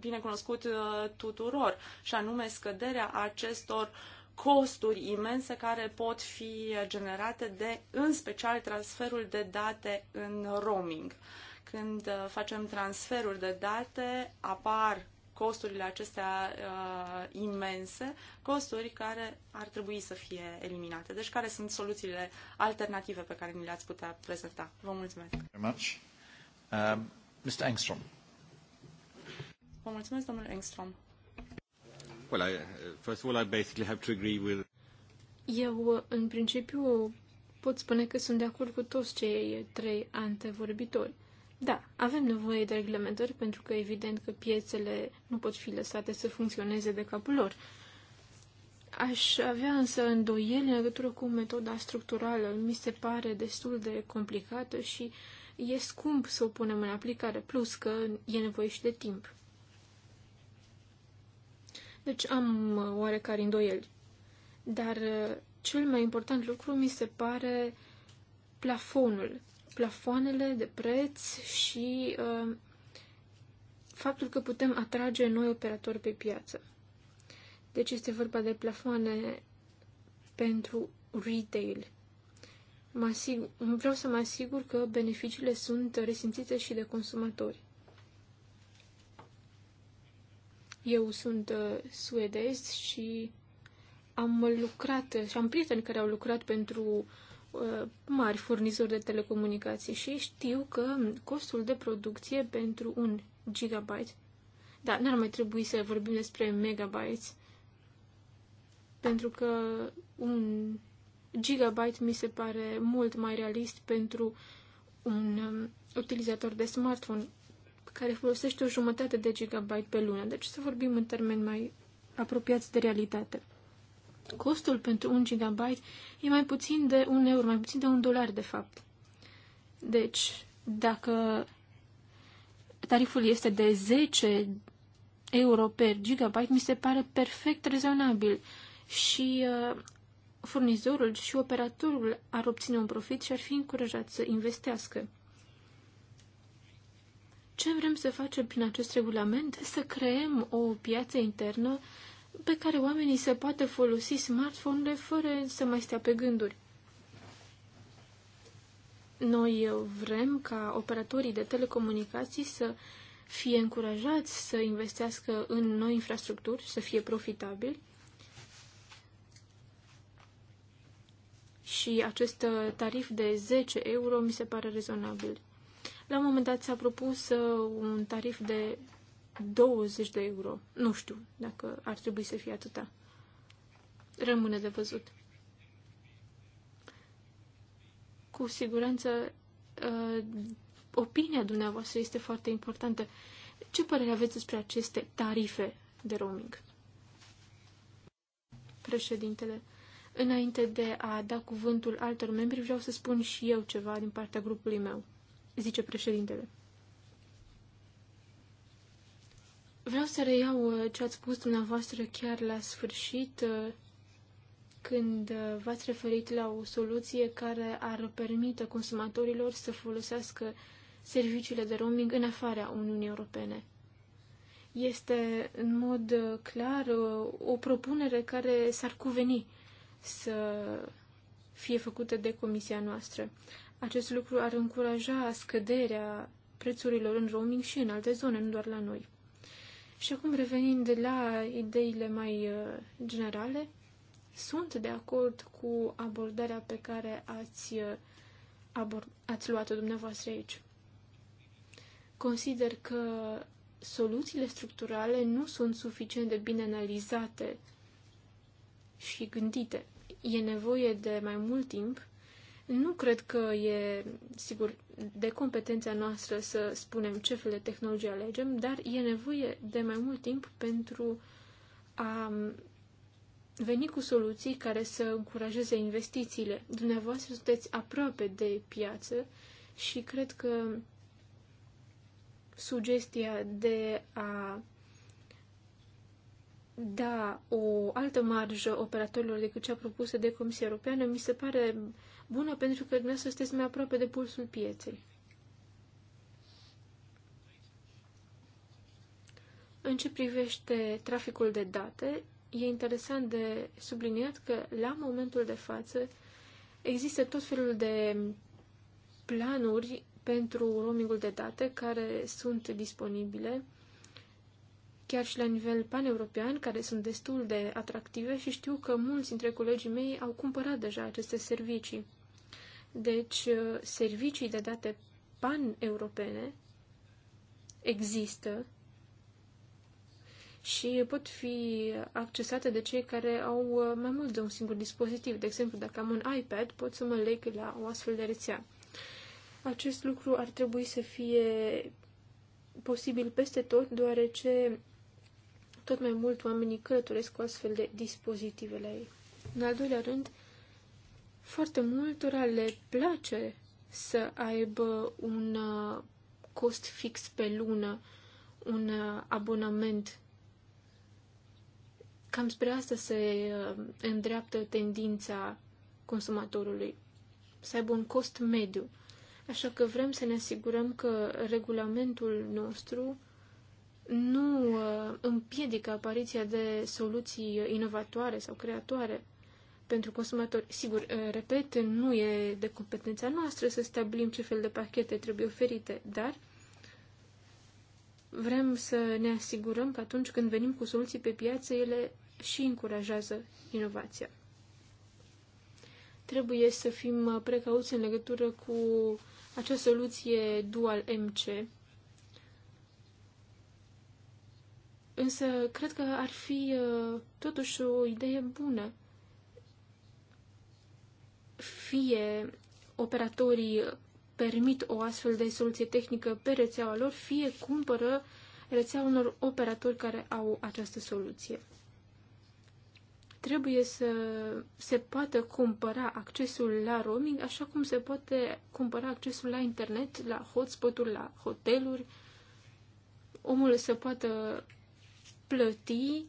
bine cunoscut uh, tuturor, și anume scăderea acestor costuri imense care pot fi generate de, în special, transferul de date în roaming. Când uh, facem transferuri de date, apar costurile acestea uh, imense, costuri care ar trebui să fie eliminate. Deci care sunt soluțiile alternative pe care ni le-ați putea prezenta? Vă mulțumesc. Very much. Uh, Mr. Engstrom. Vă mulțumesc, domnul Engstrom. Well, I, uh, first of all, I basically have to agree with... Eu, uh, în principiu, pot spune că sunt de acord cu toți cei trei antevorbitori. Uh, da, avem nevoie de reglementări pentru că evident că piețele nu pot fi lăsate să funcționeze de capul lor. Aș avea însă îndoieli în legătură cu metoda structurală. Mi se pare destul de complicată și e scump să o punem în aplicare, plus că e nevoie și de timp. Deci am uh, oarecare îndoieli. Dar uh, cel mai important lucru mi se pare plafonul plafoanele de preț și uh, faptul că putem atrage noi operatori pe piață. Deci este vorba de plafoane pentru retail. Mă asigur, vreau să mă asigur că beneficiile sunt resimțite și de consumatori. Eu sunt uh, suedez și am lucrat și am prieteni care au lucrat pentru uh, Uh, mari furnizori de telecomunicații și știu că costul de producție pentru un gigabyte, da, n-ar mai trebui să vorbim despre megabytes, pentru că un gigabyte mi se pare mult mai realist pentru un um, utilizator de smartphone care folosește o jumătate de gigabyte pe lună. Deci să vorbim în termeni mai apropiați de realitate. Costul pentru un gigabyte e mai puțin de un euro, mai puțin de un dolar, de fapt. Deci, dacă tariful este de 10 euro per gigabyte, mi se pare perfect rezonabil și uh, furnizorul și operatorul ar obține un profit și ar fi încurajat să investească. Ce vrem să facem prin acest regulament? Să creăm o piață internă pe care oamenii se poate folosi smartphone-urile fără să mai stea pe gânduri. Noi uh, vrem ca operatorii de telecomunicații să fie încurajați să investească în noi infrastructuri, să fie profitabili. Și acest uh, tarif de 10 euro mi se pare rezonabil. La un moment dat s-a propus uh, un tarif de 20 de euro. Nu știu dacă ar trebui să fie atâta. Rămâne de văzut. Cu siguranță, uh, opinia dumneavoastră este foarte importantă. Ce părere aveți despre aceste tarife de roaming? Președintele, înainte de a da cuvântul altor membri, vreau să spun și eu ceva din partea grupului meu, zice președintele. Vreau să reiau uh, ce ați spus dumneavoastră chiar la sfârșit, uh, când uh, v-ați referit la o soluție care ar permite consumatorilor să folosească serviciile de roaming în afara Uniunii Europene. Este în mod clar o propunere care s-ar cuveni să fie făcută de comisia noastră. Acest lucru ar încuraja scăderea prețurilor în roaming și în alte zone, nu doar la noi. Și acum revenind la ideile mai uh, generale, sunt de acord cu abordarea pe care ați, uh, abord, ați luat-o dumneavoastră aici. Consider că soluțiile structurale nu sunt suficient de bine analizate și gândite. E nevoie de mai mult timp nu cred că e, sigur, de competența noastră să spunem ce fel de tehnologie alegem, dar e nevoie de mai mult timp pentru a veni cu soluții care să încurajeze investițiile. Dumneavoastră sunteți aproape de piață și cred că sugestia de a da o altă marjă operatorilor decât cea propusă de Comisia Europeană mi se pare bună pentru că dumneavoastră sunteți mai aproape de pulsul pieței. În ce privește traficul de date, e interesant de subliniat că la momentul de față există tot felul de planuri pentru roamingul de date care sunt disponibile chiar și la nivel paneuropean, care sunt destul de atractive și știu că mulți dintre colegii mei au cumpărat deja aceste servicii. Deci, uh, servicii de date pan-europene există și pot fi accesate de cei care au uh, mai mult de un singur dispozitiv. De exemplu, dacă am un iPad, pot să mă leg la o astfel de rețea. Acest lucru ar trebui să fie posibil peste tot, deoarece tot mai mult oamenii călătoresc cu astfel de dispozitive la ei. În al doilea rând, foarte multora le place să aibă un uh, cost fix pe lună, un uh, abonament. Cam spre asta se uh, îndreaptă tendința consumatorului, să aibă un cost mediu. Așa că vrem să ne asigurăm că regulamentul nostru nu împiedică apariția de soluții inovatoare sau creatoare pentru consumatori. Sigur, eh, repet, nu e de competența noastră să stabilim ce fel de pachete trebuie oferite, dar vrem să ne asigurăm că atunci când venim cu soluții pe piață, ele și încurajează inovația. Trebuie să fim eh, precauți în legătură cu acea soluție dual MC. Însă, cred că ar fi eh, totuși o idee bună fie operatorii permit o astfel de soluție tehnică pe rețeaua lor, fie cumpără rețeaua unor operatori care au această soluție. Trebuie să se poată cumpăra accesul la roaming așa cum se poate cumpăra accesul la internet, la hotspot-uri, la hoteluri. Omul să poată plăti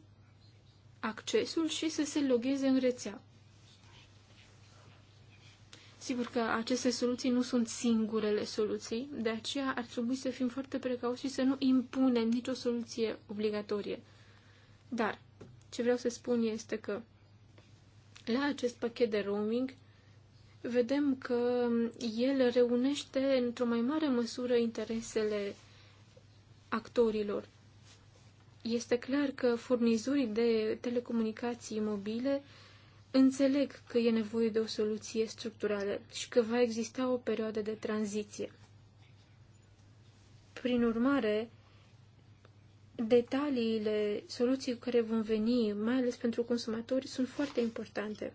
accesul și să se logheze în rețea. Sigur că aceste soluții nu sunt singurele soluții, de aceea ar trebui să fim foarte precauți și să nu impunem nicio soluție obligatorie. Dar ce vreau să spun este că la acest pachet de roaming vedem că el reunește într-o mai mare măsură interesele actorilor. Este clar că furnizorii de telecomunicații mobile uh, Înțeleg că e nevoie de o soluție structurală și că va exista o perioadă de tranziție. Prin urmare, detaliile soluții care vom veni, mai ales pentru consumatori, sunt foarte importante.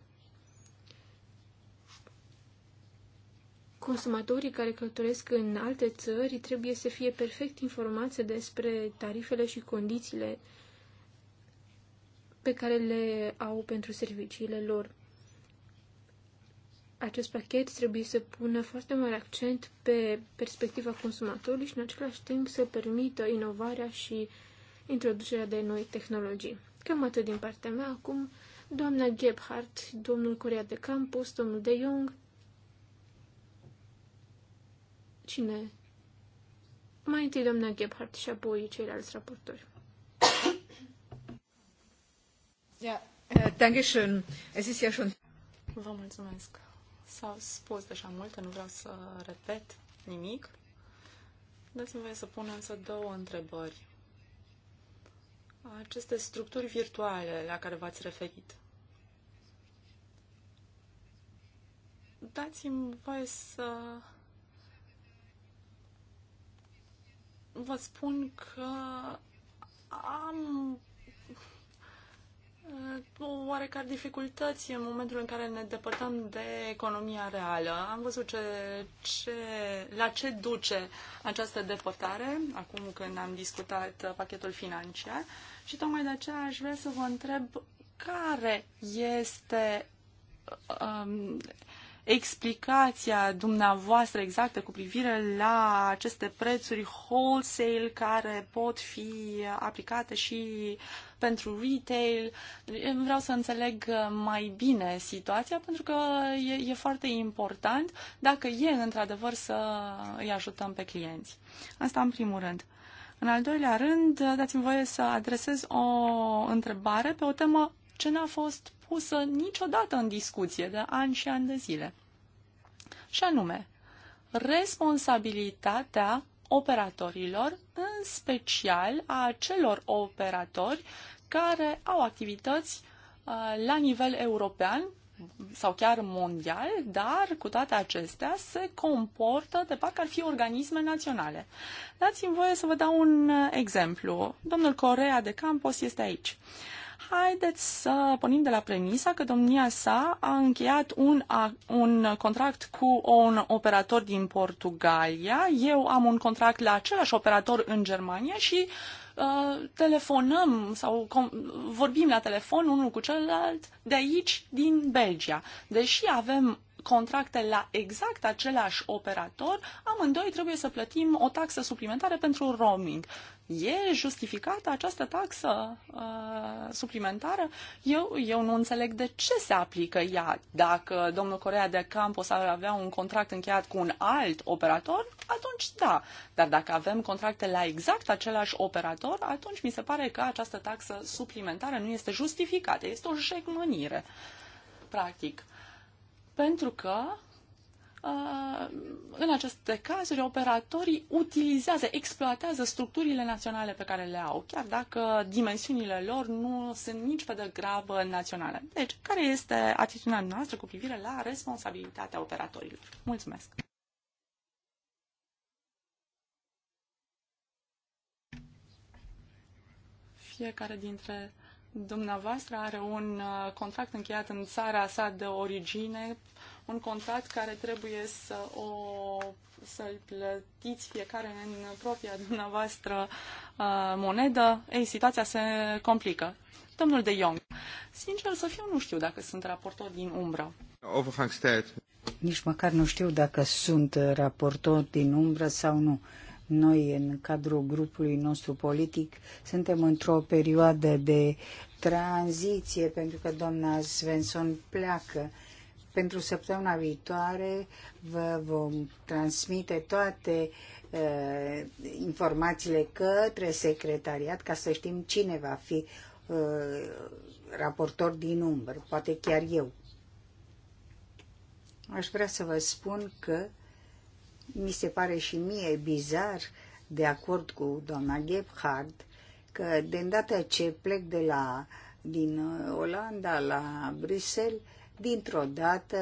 Consumatorii care călătoresc în alte țări trebuie să fie perfect informați despre tarifele și condițiile pe care le au pentru serviciile lor. Acest pachet trebuie să pună foarte mare accent pe perspectiva consumatorului și în același timp să permită inovarea și introducerea de noi tehnologii. Cam atât din partea mea. Acum, doamna Gebhardt, domnul Corea de Campus, domnul De Jong. Cine? Mai întâi doamna Gebhardt și apoi ceilalți raportori. Yeah. Äh, uh, ja schon... Vă mulțumesc. S-au spus deja multe, nu vreau să repet nimic. Dați-mi voie să pun însă două întrebări. Aceste structuri virtuale la care v-ați referit, dați-mi voie să vă spun că am Uh, o oarecare dificultăți în momentul în care ne depărtăm de economia reală. Am văzut ce, ce, la ce duce această depărtare, acum când am discutat pachetul financiar, și tocmai de aceea aș vrea să vă întreb care este um, explicația dumneavoastră exactă cu privire la aceste prețuri wholesale care pot fi aplicate și uh, pentru retail. Deci, vreau să înțeleg uh, mai bine situația pentru că e, e foarte important dacă e într-adevăr să îi ajutăm pe clienți. Asta în primul rând. În al doilea rând, uh, dați-mi voie să adresez o întrebare pe o temă ce n-a fost pusă niciodată în discuție de ani și ani de zile. Și anume, responsabilitatea operatorilor, în special a celor operatori care au activități uh, la nivel european sau chiar mondial, dar cu toate acestea se comportă de parcă ar fi organisme naționale. Dați-mi voie să vă dau un uh, exemplu. Domnul Corea de Campos este aici. Uh, Haideți să pornim de la premisa că domnia sa a încheiat un, a, un contract cu un operator din Portugalia, eu am un contract la același operator în Germania și uh, telefonăm sau vorbim la telefon unul cu celălalt de aici, din Belgia. Deși avem contracte la exact același operator, amândoi trebuie să plătim o taxă suplimentară pentru roaming. E justificată această taxă uh, suplimentară? Eu, eu nu înțeleg de ce se aplică ea. Dacă domnul Corea de Campos ar avea un contract încheiat cu un alt operator, atunci da. Dar dacă avem contracte la exact același operator, atunci mi se pare că această taxă suplimentară nu este justificată. Este o jegmănire, practic. Pentru că Uh, în aceste cazuri, operatorii utilizează, exploatează structurile naționale pe care le au, chiar dacă dimensiunile lor nu sunt nici pe de grabă naționale. Deci, care este atitudinea noastră cu privire la responsabilitatea operatorilor? Mulțumesc! Fiecare dintre dumneavoastră are un uh, contract încheiat în țara sa de origine uh, un contact care trebuie să o, să-l plătiți fiecare în propria dumneavoastră uh, monedă, ei, situația se complică. Domnul de Jong, sincer să fiu, nu știu dacă sunt raportor din umbră. Nici măcar nu știu dacă sunt raportor din umbră sau nu. Noi, în cadrul grupului nostru politic, suntem într-o perioadă de tranziție, pentru că doamna Svensson pleacă pentru săptămâna viitoare vă vom transmite toate uh, informațiile către secretariat ca să știm cine va fi uh, raportor din număr, poate chiar eu. Aș vrea să vă spun că mi se pare și mie bizar, de acord cu doamna Gebhard, că de îndată ce plec de la, din Olanda la Bruxelles, dintr-o dată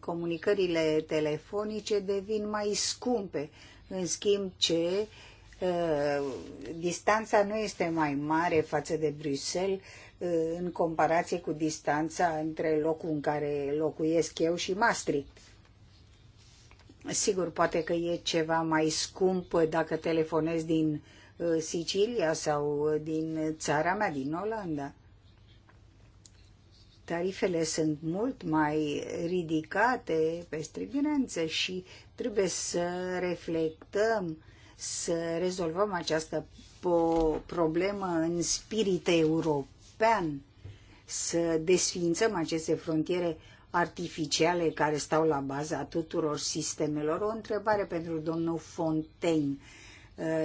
comunicările telefonice devin mai scumpe, în schimb ce uh, distanța nu este mai mare față de Bruxelles uh, în comparație cu distanța între locul în care locuiesc eu și Maastricht. Sigur, poate că e ceva mai scump dacă telefonez din ă, Sicilia sau din țara mea, din Olanda tarifele sunt mult mai ridicate pe striguranță și trebuie să reflectăm, să rezolvăm această problemă în spirit european, să desfințăm aceste frontiere artificiale care stau la baza tuturor sistemelor. O întrebare pentru domnul Fontaine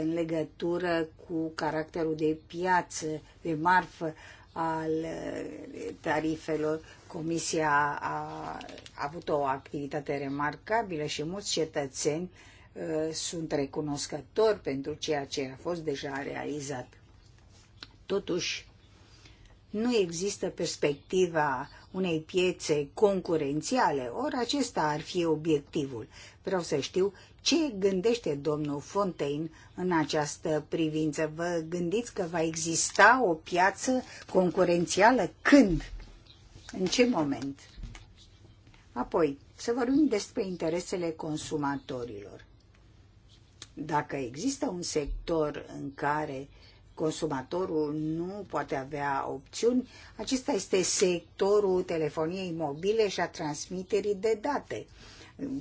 în legătură cu caracterul de piață, de marfă al eh, tarifelor. Comisia a avut o activitate remarcabilă și mulți cetățeni eh, sunt recunoscători pentru ceea ce a fost deja realizat. Totuși, nu există perspectiva unei piețe concurențiale, ori acesta ar fi obiectivul. Vreau să știu ce gândește domnul Fontaine în această privință. Vă gândiți că va exista o piață concurențială? Când? În ce moment? Apoi, să vorbim despre interesele consumatorilor. Dacă există un sector în care uh, consumatorul nu poate avea opțiuni. Acesta este sectorul telefoniei mobile și a transmiterii de date.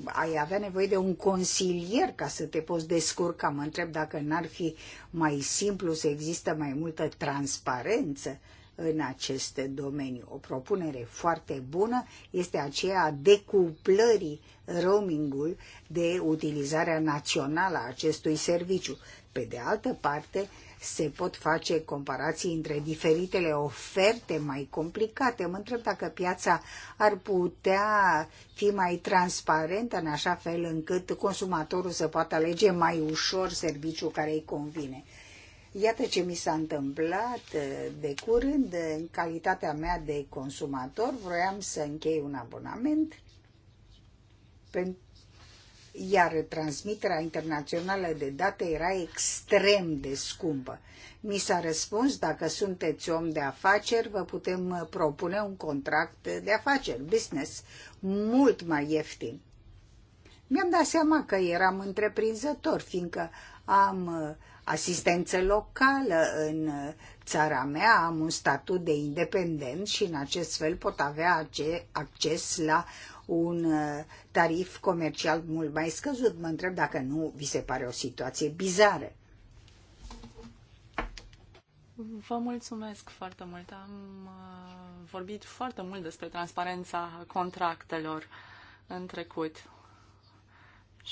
Ai avea nevoie de un consilier ca să te poți descurca. Mă întreb dacă n-ar fi mai simplu să există mai multă transparență în acest domeniu. O propunere foarte bună este aceea a decuplării roamingul de utilizarea națională a acestui serviciu. Pe de altă parte, se pot face comparații între diferitele oferte mai complicate. Mă întreb dacă piața ar putea fi mai transparentă în așa fel încât consumatorul să poată alege mai ușor serviciul care îi convine. Iată ce mi s-a întâmplat uh, de curând în calitatea mea de consumator. Vroiam să închei un abonament pentru iar transmiterea internațională de date era extrem de scumpă. Mi s-a răspuns, dacă sunteți om de afaceri, vă putem uh, propune un contract de afaceri, business, mult mai ieftin. Mi-am dat seama că eram întreprinzător, fiindcă am uh, asistență locală în uh, țara mea, am un statut de independent și în acest fel pot avea acces la un uh, tarif comercial mult mai scăzut. Mă întreb dacă nu vi se pare o situație bizară. Vă mulțumesc foarte mult. Am uh, vorbit foarte mult despre transparența contractelor în trecut.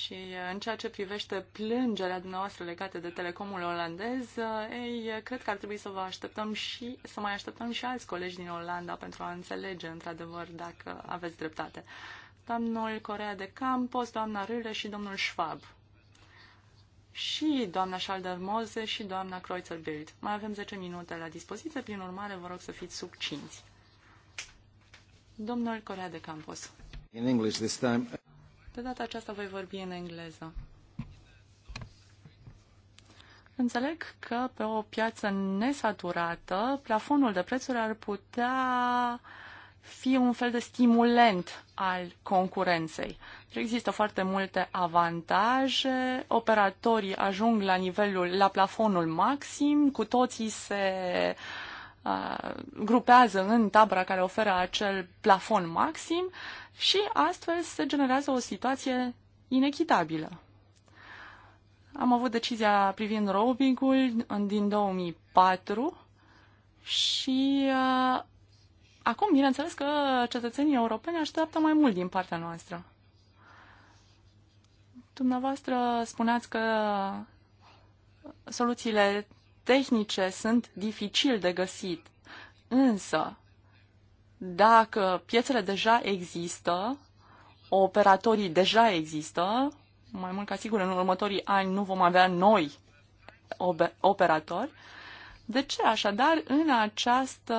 Și uh, în ceea ce privește plângerea dumneavoastră legată de telecomul olandez, uh, ei, uh, cred că ar trebui să vă așteptăm și să mai așteptăm și alți colegi din Olanda pentru a înțelege într-adevăr dacă aveți dreptate. Domnul Corea de Campos, doamna Râle și domnul Schwab. Și doamna Schalder-Moze și doamna kreuzer bild Mai avem 10 minute la dispoziție, prin urmare vă rog să fiți succinți. Domnul Corea de Campos. In English this time. De data aceasta voi vorbi în engleză. Înțeleg că pe o piață nesaturată, plafonul de prețuri ar putea fi un fel de stimulent al concurenței. Există foarte multe avantaje, operatorii ajung la nivelul, la plafonul maxim, cu toții se uh, Uh, grupează în tabăra care oferă acel plafon maxim și astfel se generează o situație inechitabilă. Am avut decizia privind roaming-ul din 2004 și uh, acum, bineînțeles că cetățenii europeni așteaptă mai mult din partea noastră. Dumneavoastră spuneați că soluțiile tehnice sunt dificil de găsit. Însă, dacă piețele deja există, operatorii deja există, mai mult ca sigur în următorii ani nu vom avea noi operatori, de ce așadar în, această,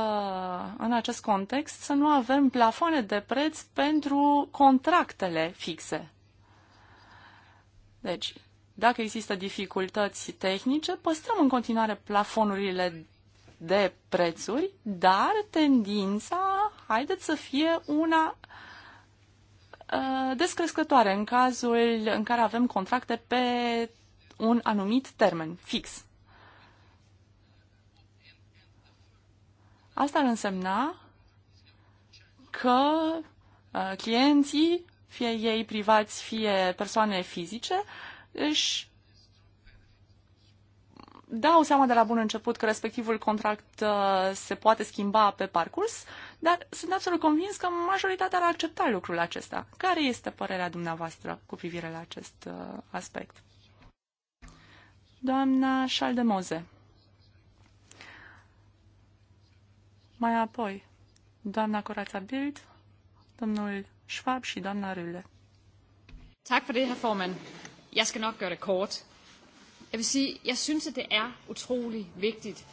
în acest context să nu avem plafoane de preț pentru contractele fixe? Deci, dacă există dificultăți tehnice, păstrăm în continuare plafonurile de prețuri, dar tendința, haideți să fie una uh, descrescătoare în cazul în care avem contracte pe un anumit termen fix. Asta ar însemna că uh, clienții, fie ei privați, fie persoane fizice, își dau seama de la bun început că respectivul contract uh, se poate schimba pe parcurs, dar sunt absolut convins că majoritatea ar accepta lucrul acesta. Care este părerea dumneavoastră cu privire la acest uh, aspect? Doamna Șaldemoze. Mai apoi, doamna Corața Bild, domnul Schwab și doamna Rüle. Tak for det, herr formand. Jeg skal nok gøre det kort. Jeg vil sige, jeg synes, at det er utrolig vigtigt.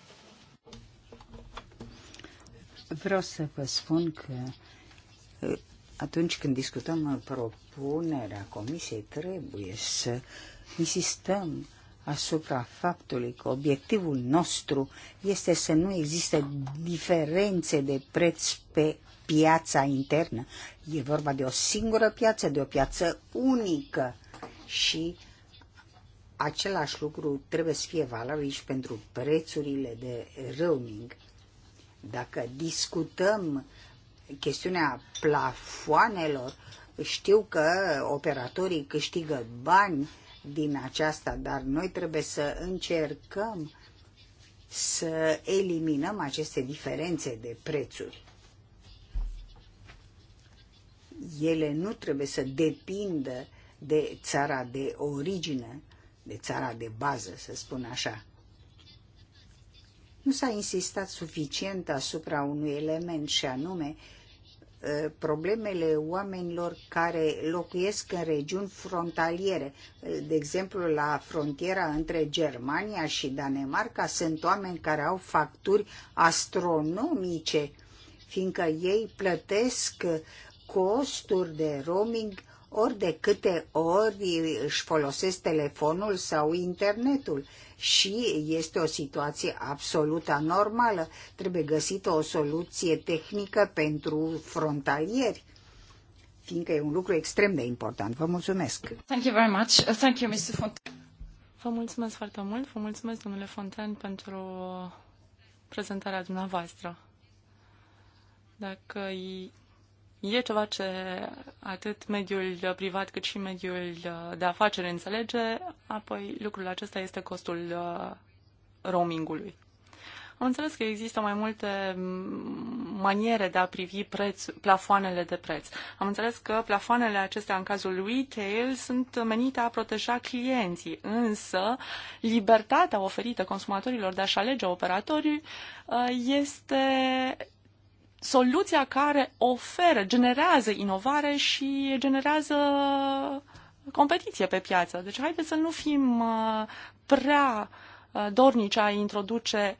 Vreau să vă spun că atunci când discutăm propunerea Comisiei, trebuie să insistăm asupra faptului că obiectivul nostru este să nu existe diferențe de preț pe piața internă. E vorba de o singură piață, de o piață unică și același lucru trebuie să fie valabil și pentru prețurile de roaming. Dacă discutăm chestiunea plafoanelor, știu că operatorii câștigă bani din aceasta, dar noi trebuie să încercăm să eliminăm aceste diferențe de prețuri. Ele nu trebuie să depindă de țara de origine, de țara de bază, să spun așa. Nu s-a insistat suficient asupra unui element și anume ă, problemele oamenilor care locuiesc în regiuni frontaliere. De exemplu, la frontiera între Germania și Danemarca sunt oameni care au facturi astronomice, fiindcă ei plătesc costuri de roaming ori de câte ori își folosesc telefonul sau internetul și este o situație absolut anormală. Trebuie găsită o soluție tehnică pentru frontalieri fiindcă e un lucru extrem de important. Vă mulțumesc. Thank you very much. Thank you, Mr. Fontaine. Vă mulțumesc foarte mult. Vă mulțumesc, domnule Fontaine pentru prezentarea dumneavoastră. Dacă E ceva ce atât mediul privat cât și mediul de afaceri înțelege, apoi lucrul acesta este costul uh, roamingului. Am înțeles că există mai multe maniere de a privi preț, plafoanele de preț. Am înțeles că plafoanele acestea în cazul retail sunt menite a proteja clienții, însă libertatea oferită consumatorilor de a-și alege operatorii uh, este soluția care oferă, generează inovare și generează competiție pe piață. Deci haideți să nu fim uh, prea uh, dornici a introduce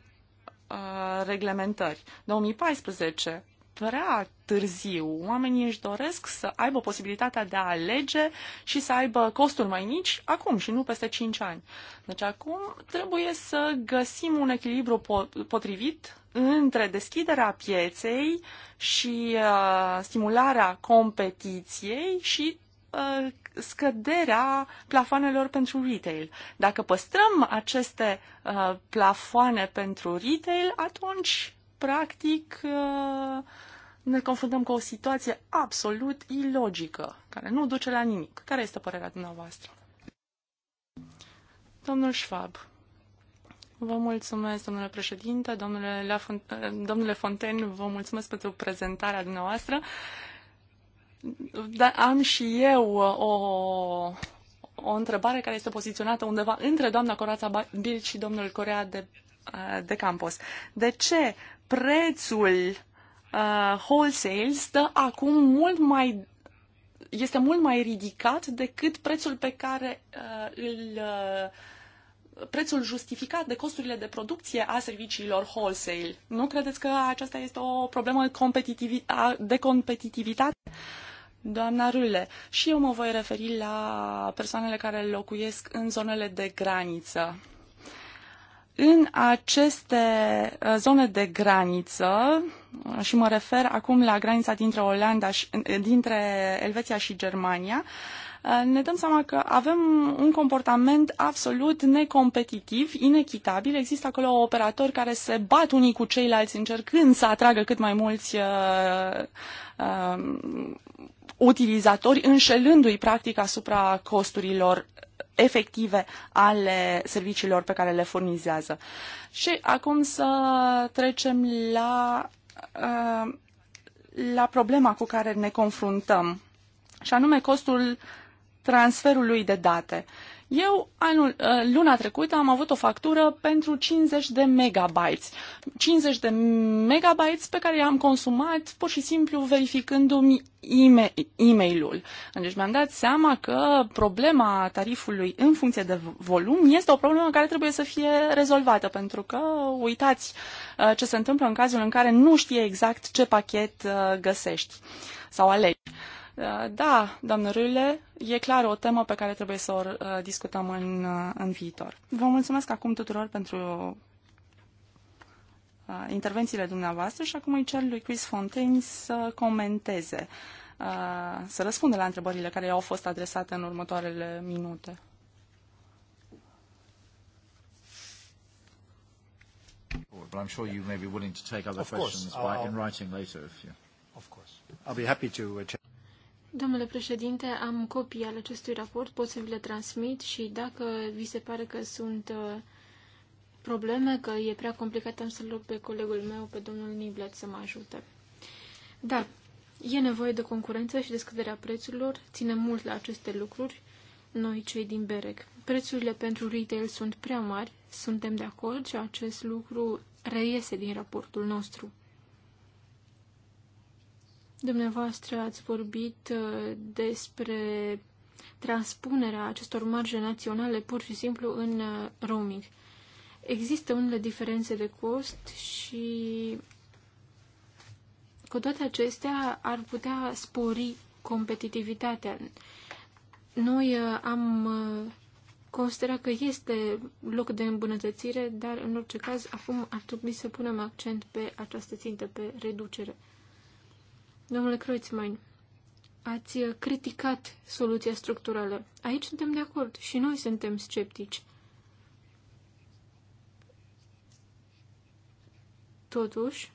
uh, reglementări. 2014 prea târziu. Oamenii își doresc să aibă posibilitatea de a alege și să aibă costuri mai mici acum și nu peste 5 ani. Deci acum trebuie să găsim un echilibru potrivit între deschiderea pieței și uh, stimularea competiției și uh, scăderea plafoanelor pentru retail. Dacă păstrăm aceste uh, plafoane pentru retail, atunci practic, uh, ne confruntăm cu o situație absolut ilogică, care nu duce la nimic. Care este părerea dumneavoastră? Domnul Schwab. Vă mulțumesc, domnule președinte, domnule, Lafont- eh, domnule Fonten, vă mulțumesc pentru prezentarea dumneavoastră. Dar am și eu uh, o, o întrebare care este poziționată undeva între doamna Corața Bil și domnul Corea de, eh, de Campos. De ce prețul uh, wholesale stă acum mult mai este mult mai ridicat decât prețul pe care uh, îl uh, prețul justificat de costurile de producție a serviciilor wholesale. Nu credeți că aceasta este o problemă de competitivitate? Doamna Râle, și eu mă voi referi la persoanele care locuiesc în zonele de graniță. În aceste uh, zone de graniță, uh, și mă refer acum la granița dintre Olanda și, uh, dintre Elveția și Germania, ne dăm seama că avem un comportament absolut necompetitiv, inechitabil. Există acolo operatori care se bat unii cu ceilalți încercând să atragă cât mai mulți uh, uh, utilizatori, înșelându-i practic asupra costurilor efective ale serviciilor pe care le furnizează. Și acum să trecem la, uh, la problema cu care ne confruntăm, și anume costul transferului de date. Uh, eu, anul, uh, luna trecută, am avut o factură pentru 50 de megabytes. 50 de megabytes pe care i-am consumat pur și simplu verificându-mi e mail Deci mi-am dat seama că problema tarifului în funcție de volum este o problemă care trebuie să fie rezolvată, pentru că uitați uh, ce se întâmplă în cazul în care nu știe exact ce pachet uh, găsești sau alegi. Uh, da, doamnă Râle, e clar o temă pe care trebuie să o uh, discutăm în, uh, în viitor. Vă mulțumesc acum tuturor pentru intervențiile dumneavoastră și acum îi cer lui Chris Fontaine să comenteze, să răspundă la întrebările care i-au fost adresate în următoarele minute. But I'm sure you may be willing to take other of questions course. by, I'll, in writing later. If you... Of course. I'll be happy to... Uh, Domnule președinte, am copii al acestui raport, pot să vi le transmit și dacă vi se pare că sunt uh, probleme, că e prea complicat, am să-l rog pe colegul meu, pe domnul Niblet, să mă ajute. Da, e nevoie de concurență și de scăderea prețurilor, ținem mult la aceste lucruri, noi cei din BEREC. Prețurile pentru retail sunt prea mari, suntem de acord și acest lucru reiese din raportul nostru. Dumneavoastră ați vorbit uh, despre transpunerea acestor marje naționale pur și simplu în uh, roaming. Există unele diferențe de cost și cu toate acestea ar putea spori competitivitatea. Noi uh, am considerat că este loc de îmbunătățire, dar în orice caz acum ar trebui să punem accent pe această țintă, pe reducere. Domnule Kreutzmann, ați uh, criticat soluția structurală. Aici suntem de acord și noi suntem sceptici. Totuși,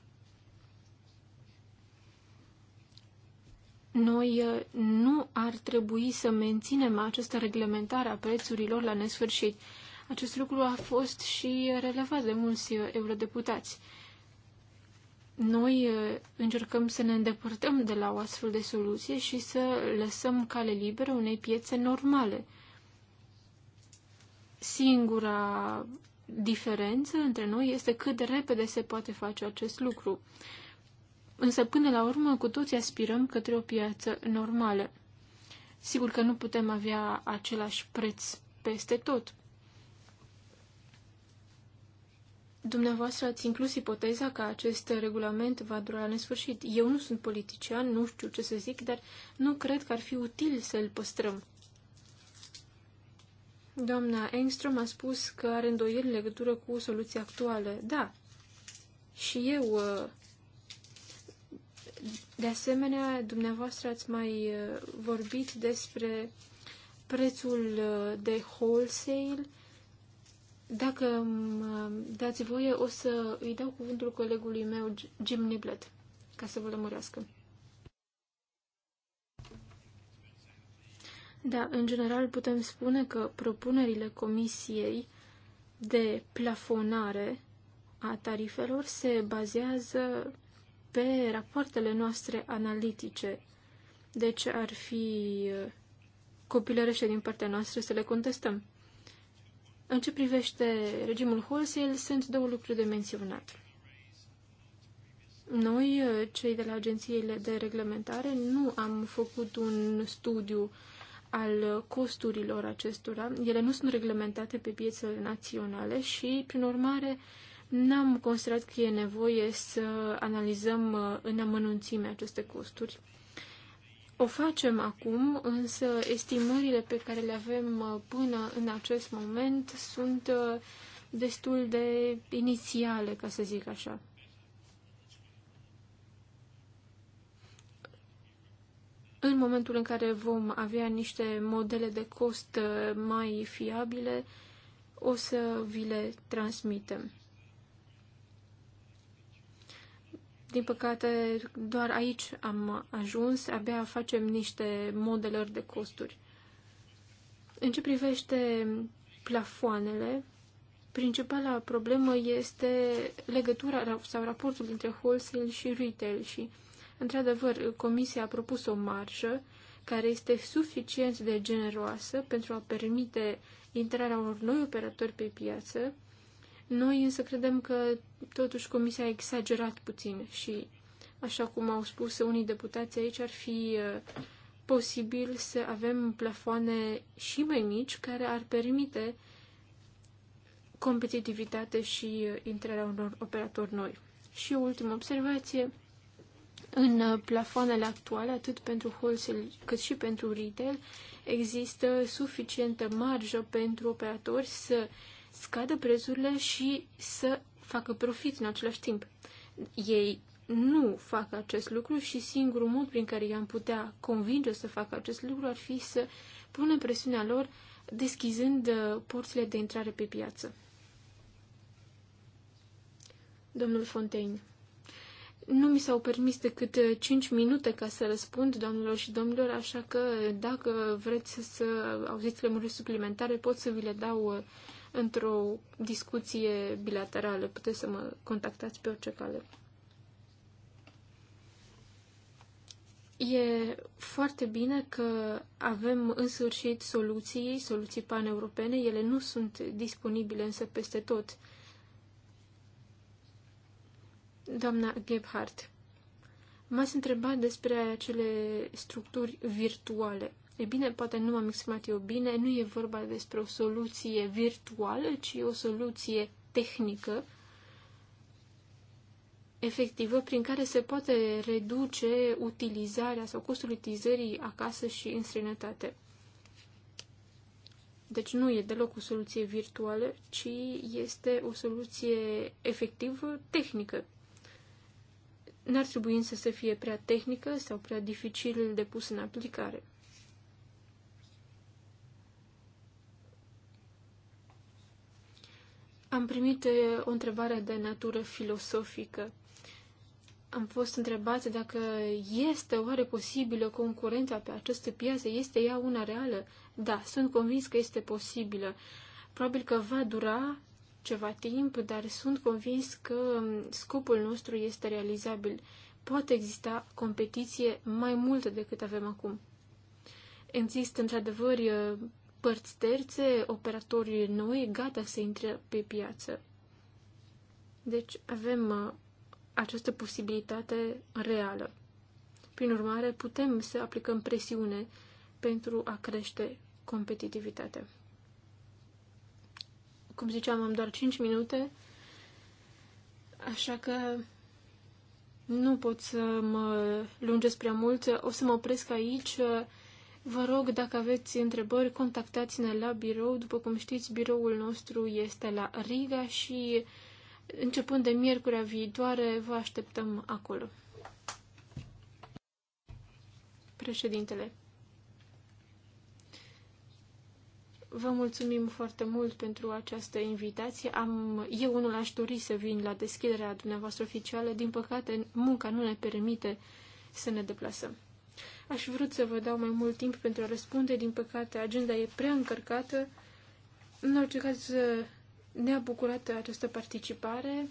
noi uh, nu ar trebui să menținem această reglementare a prețurilor la nesfârșit. Acest lucru a fost și relevat de mulți uh, eurodeputați. Noi încercăm să ne îndepărtăm de la o astfel de soluție și să lăsăm cale liberă unei piețe normale. Singura diferență între noi este cât de repede se poate face acest lucru. Însă, până la urmă, cu toți aspirăm către o piață normală. Sigur că nu putem avea același preț peste tot. Dumneavoastră ați inclus ipoteza că acest regulament va dura la nesfârșit. Eu nu sunt politician, nu știu ce să zic, dar nu cred că ar fi util să-l păstrăm. Doamna Engstrom a spus că are îndoieli în legătură cu soluția actuală. Da. Și eu. Uh, de asemenea, dumneavoastră ați mai uh, vorbit despre prețul uh, de wholesale dacă dați voie, o să îi dau cuvântul colegului meu, Jim Niblet, ca să vă lămurească. Da, în general putem spune că propunerile Comisiei de plafonare a tarifelor se bazează pe rapoartele noastre analitice. Deci ar fi copilărește din partea noastră să le contestăm. În ce privește regimul wholesale, sunt două lucruri de menționat. Noi, cei de la agențiile de reglementare, nu am făcut un studiu al costurilor acestora. Ele nu sunt reglementate pe piețele naționale și, prin urmare, n-am considerat că e nevoie să analizăm uh, în amănunțime aceste costuri. O facem acum, însă estimările pe care le avem uh, până în acest moment sunt uh, destul de inițiale, ca să zic așa. În momentul în care vom avea niște modele de cost uh, mai fiabile, o să vi le transmitem. Din păcate, doar aici am ajuns, abia facem niște modelări de costuri. În ce privește plafoanele, principala problemă este legătura sau raportul dintre wholesale și retail și, într-adevăr, Comisia a propus o marjă care este suficient de generoasă pentru a permite intrarea unor noi operatori pe piață, noi însă credem că totuși Comisia a exagerat puțin și, așa cum au spus unii deputați aici, ar fi uh, posibil să avem plafoane și mai mici care ar permite competitivitate și uh, intrarea unor operatori noi. Și o ultimă observație. În uh, plafoanele actuale, atât pentru wholesale cât și pentru retail, există suficientă marjă pentru operatori să scadă prețurile și să facă profit în același timp. Ei nu fac acest lucru și singurul mod prin care i-am putea convinge să facă acest lucru ar fi să punem presiunea lor deschizând uh, porțile de intrare pe piață. Domnul Fontaine. Nu mi s-au permis decât 5 uh, minute ca să răspund, doamnelor și domnilor, așa că dacă vreți să auziți lămuriri suplimentare, pot să vi le dau uh, într-o discuție bilaterală. Puteți să mă contactați pe orice cale. E foarte bine că avem în sfârșit soluții, soluții paneuropene. Ele nu sunt disponibile însă peste tot. Doamna Gebhardt, m-ați întrebat despre acele structuri virtuale. E bine, poate nu m-am exprimat eu bine, nu e vorba despre o soluție virtuală, ci o soluție tehnică efectivă prin care se poate reduce utilizarea sau costul utilizării acasă și în străinătate. Deci nu e deloc o soluție virtuală, ci este o soluție efectivă tehnică. N-ar trebui însă să fie prea tehnică sau prea dificil de pus în aplicare. Am primit o întrebare de natură filosofică. Am fost întrebat dacă este oare posibilă concurența pe această piață, este ea una reală? Da, sunt convins că este posibilă. Probabil că va dura ceva timp, dar sunt convins că scopul nostru este realizabil. Poate exista competiție mai multă decât avem acum. Există, într-adevăr, părți terțe, operatori noi, gata să intre pe piață. Deci avem uh, această posibilitate reală. Prin urmare, putem să aplicăm presiune pentru a crește competitivitatea. Cum ziceam, am doar 5 minute, așa că nu pot să mă lungesc prea mult. O să mă opresc aici. Uh, Vă rog, dacă aveți întrebări, contactați-ne la birou. După cum știți, biroul nostru este la Riga și începând de miercurea viitoare vă așteptăm acolo. Președintele. Vă mulțumim foarte mult pentru această invitație. Am, eu unul aș dori să vin la deschiderea dumneavoastră oficială. Din păcate, munca nu ne permite să ne deplasăm. Aș vrut să vă dau mai mult timp pentru a răspunde, din păcate agenda e prea încărcată. În orice caz, ne-a bucurat această participare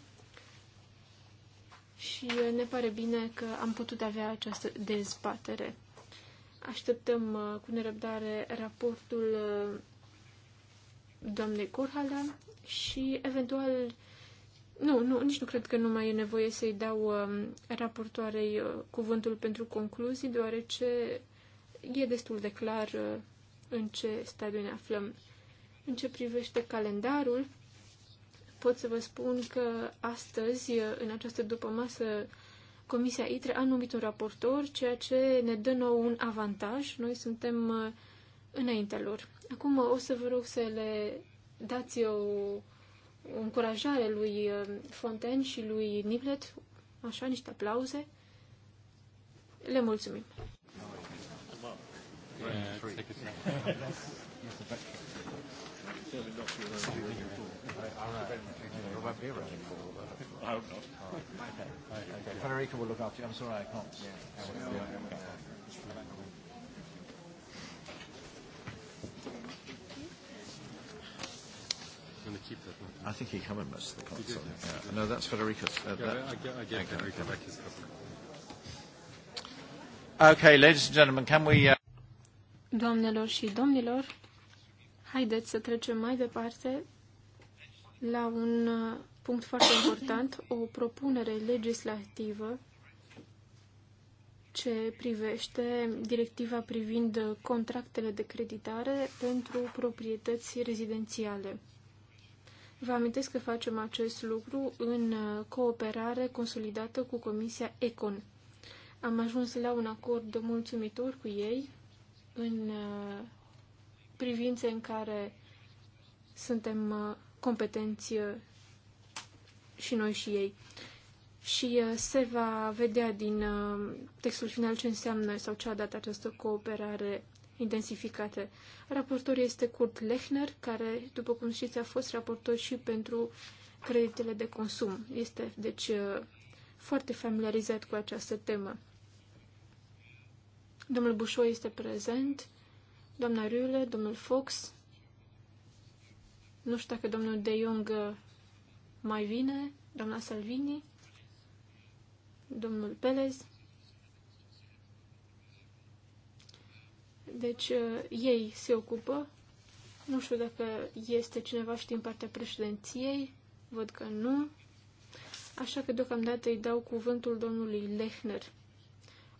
și ne pare bine că am putut avea această dezbatere. Așteptăm uh, cu nerăbdare raportul uh, doamnei Corhala și eventual nu, nu, nici nu cred că nu mai e nevoie să-i dau um, raportoarei uh, cuvântul pentru concluzii, deoarece e destul de clar uh, în ce stadiu ne aflăm. În ce privește calendarul, pot să vă spun că astăzi, uh, în această dupămasă, Comisia ITRE a numit un raportor, ceea ce ne dă nou un avantaj. Noi suntem uh, înaintea lor. Acum uh, o să vă rog să le dați o încurajare lui uh, Fontaine și lui Niblet, așa, niște aplauze. Le mulțumim. Federica will look after you. I'm sorry, I can't. Yeah. Yeah. Yeah. Yeah. Yeah. Yeah. Yeah. keep that one. I think he covered most of the points. Did, yes, Yeah. No, that's Federica's. Uh, yeah, that, I, I, I gave okay, Federica back his cover. Okay, ladies and gentlemen, can we... Uh... Doamnelor și domnilor, haideți să trecem mai departe la un uh, punct foarte important, o propunere legislativă ce privește directiva privind contractele de creditare pentru proprietăți rezidențiale. Vă amintesc că facem acest lucru în uh, cooperare consolidată cu Comisia ECON. Am ajuns la un acord mulțumitor cu ei în uh, privințe în care suntem uh, competenți și noi și ei. Și se va vedea din textul final ce înseamnă sau ce a dat această cooperare intensificate. Raportor este Kurt Lechner, care, după cum știți, a fost raportor și pentru creditele de consum. Este, deci, uh, foarte familiarizat cu această temă. Domnul Bușo este prezent, doamna Riule, domnul Fox. Nu știu dacă domnul De Jong uh, mai vine, doamna Salvini, domnul Pelez. Deci uh, ei se ocupă. Nu știu dacă este cineva și din partea președinției. Văd că nu. Așa că deocamdată îi dau cuvântul domnului Lechner.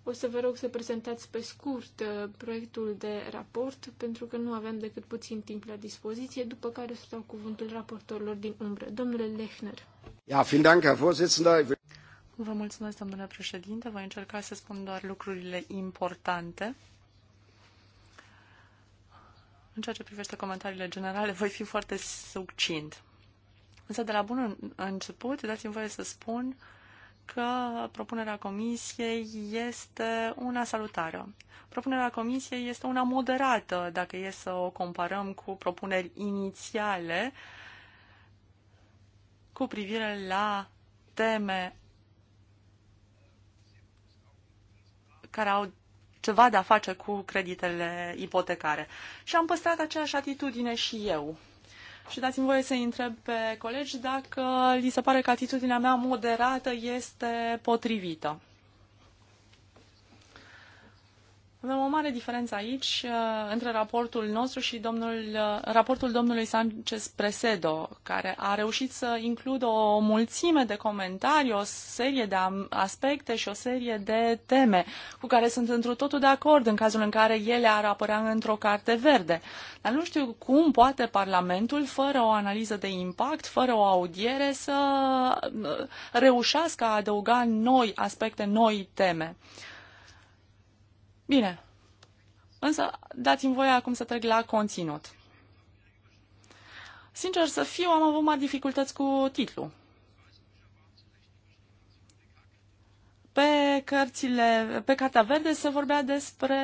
O să vă rog să prezentați pe scurt uh, proiectul de raport, pentru că nu avem decât puțin timp la dispoziție, după care o să dau cuvântul raportorilor din umbră. Domnule Lechner. Ja, vielen Dank, Herr Vorsitzender. Vă mulțumesc, domnule președinte. Voi încerca să spun doar lucrurile importante. În ceea ce privește comentariile generale, voi fi foarte succint. Însă, de la bun început, dați-mi voie să spun că propunerea comisiei este una salutară. Propunerea comisiei este una moderată, dacă e să o comparăm cu propuneri inițiale cu privire la teme care au ceva de a face cu creditele ipotecare. Și am păstrat aceeași atitudine și eu. Și dați-mi voie să întreb pe colegi dacă li se pare că atitudinea mea moderată este potrivită. Avem o mare diferență aici uh, între raportul nostru și domnul, uh, raportul domnului Sanchez Presedo, care a reușit să includă o mulțime de comentarii, o serie de aspecte și o serie de teme cu care sunt într totul de acord în cazul în care ele ar apărea într-o carte verde. Dar nu știu cum poate Parlamentul, fără o analiză de impact, fără o audiere, să uh, reușească a adăuga noi aspecte, noi teme. Bine. Însă, dați-mi voie acum să trec la conținut. Sincer să fiu, am avut mari dificultăți cu titlul. Pe cărțile, pe Cartea Verde se vorbea despre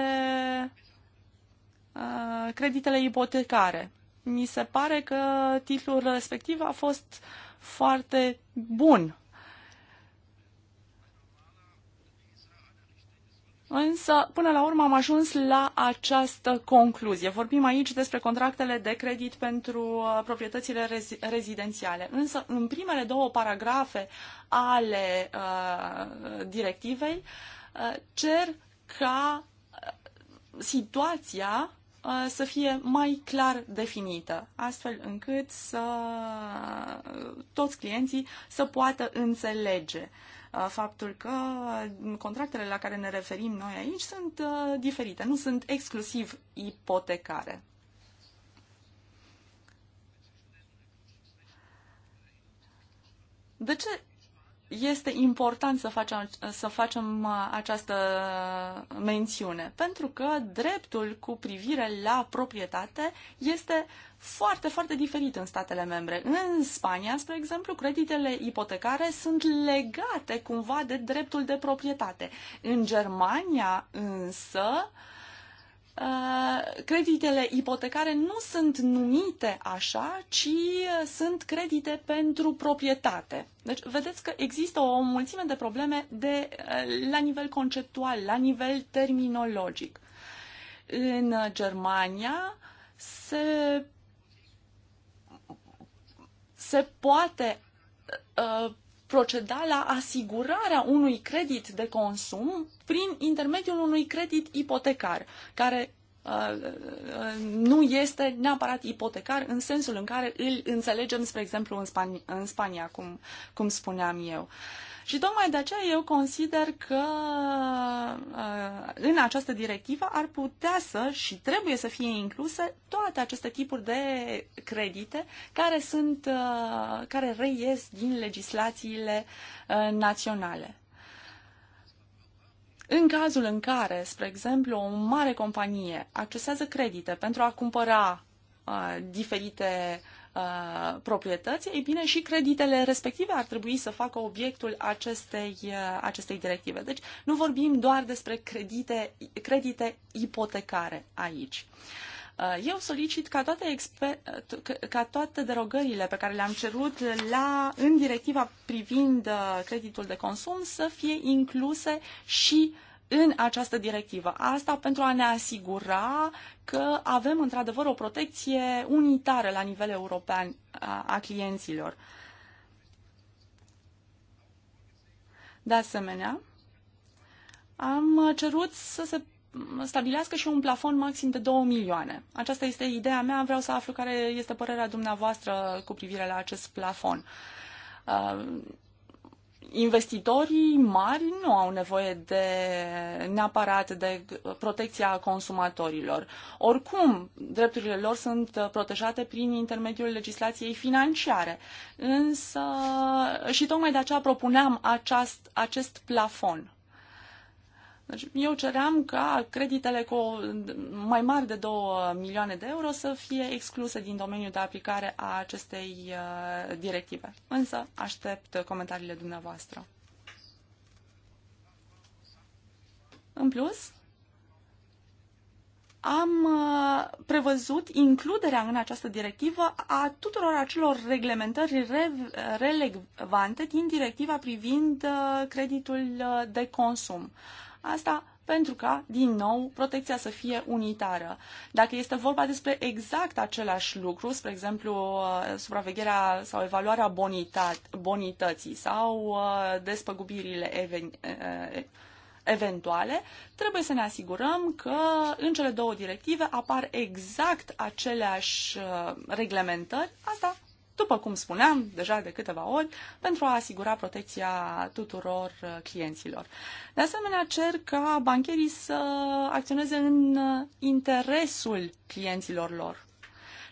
uh, creditele ipotecare. Mi se pare că titlul respectiv a fost foarte bun Însă, până la urmă, am ajuns la această concluzie. Vorbim aici despre contractele de credit pentru uh, proprietățile rez- rezidențiale. Însă, în primele două paragrafe ale uh, directivei, uh, cer ca uh, situația uh, să fie mai clar definită, astfel încât să toți clienții să poată înțelege uh, Uh, faptul că contractele la care ne referim noi aici sunt uh, diferite, nu sunt exclusiv ipotecare. De ce este important să facem, să facem uh, această mențiune, pentru că dreptul cu privire la proprietate este foarte, foarte diferit în statele membre. În Spania, spre exemplu, creditele ipotecare sunt legate cumva de dreptul de proprietate. În Germania, însă, uh, Uh, creditele ipotecare nu sunt numite așa, ci uh, sunt credite pentru proprietate. Deci vedeți că există o mulțime de probleme de, uh, la nivel conceptual, la nivel terminologic. În Germania se, se poate uh, proceda la asigurarea unui credit de consum prin intermediul unui credit ipotecar, care uh, uh, nu este neapărat ipotecar în sensul în care îl înțelegem, spre exemplu, în, în Spania, cum, cum spuneam eu. Uh, și tocmai de aceea eu consider că uh, în această directivă ar putea să și trebuie să fie incluse toate aceste tipuri de credite care sunt, uh, care reies din legislațiile uh, naționale. În cazul în care, spre exemplu, o mare companie accesează credite pentru a cumpăra uh, diferite uh, Uh, proprietăți, ei bine, și creditele respective ar trebui să facă obiectul acestei, uh, acestei directive. Deci nu vorbim doar despre credite, credite ipotecare aici. Uh, eu solicit ca toate, exper- ca toate derogările pe care le-am cerut la, în directiva privind uh, creditul de consum să fie incluse și în această directivă. Asta pentru a ne asigura că avem într-adevăr o protecție unitară la nivel european a, a clienților. De asemenea, am cerut să se stabilească și un plafon maxim de 2 milioane. Aceasta este ideea mea, vreau să aflu care este părerea dumneavoastră cu privire la acest plafon. Uh, investitorii mari nu au nevoie de neapărat de protecția consumatorilor. Oricum, drepturile lor sunt protejate prin intermediul legislației financiare. Însă, și tocmai de aceea propuneam aceast, acest plafon. Deci eu ceream ca creditele cu mai mari de 2 milioane de euro să fie excluse din domeniul de aplicare a acestei uh, directive. Însă aștept comentariile dumneavoastră. În plus, am uh, prevăzut includerea în această directivă a tuturor acelor reglementări relevante din directiva privind uh, creditul de consum. Asta pentru ca, din nou, protecția să fie unitară. Dacă este vorba despre exact același lucru, spre exemplu, uh, supravegherea sau evaluarea bonității sau uh, despăgubirile uh, eventuale, trebuie să ne asigurăm că în cele două directive apar exact aceleași reglementări, asta după cum spuneam deja de câteva ori, pentru a asigura protecția tuturor uh, clienților. De asemenea, cer ca bancherii să acționeze în uh, interesul clienților lor.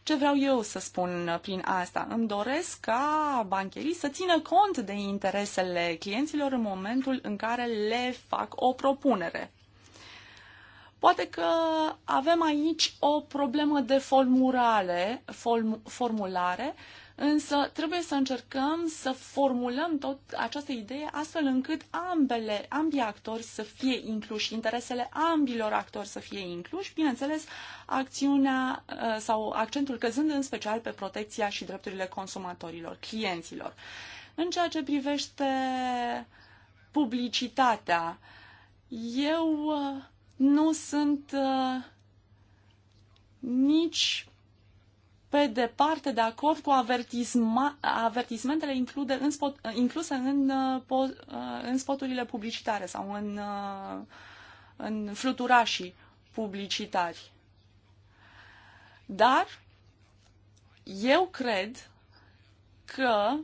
Ce vreau eu să spun uh, prin asta? Îmi doresc ca bancherii să țină cont de interesele clienților în momentul în care le fac o propunere. Poate că avem aici o problemă de formulare, form, formulare Însă trebuie să încercăm să formulăm tot această idee astfel încât ambele, ambii actori să fie incluși, interesele ambilor actori să fie incluși, bineînțeles, acțiunea uh, sau accentul căzând în special pe protecția și drepturile consumatorilor, clienților. În ceea ce privește publicitatea, eu uh, nu sunt uh, nici pe departe de acord cu avertismentele include în spot, incluse în, uh, uh, în spoturile publicitare sau în, uh, în fluturașii publicitari. Dar eu cred că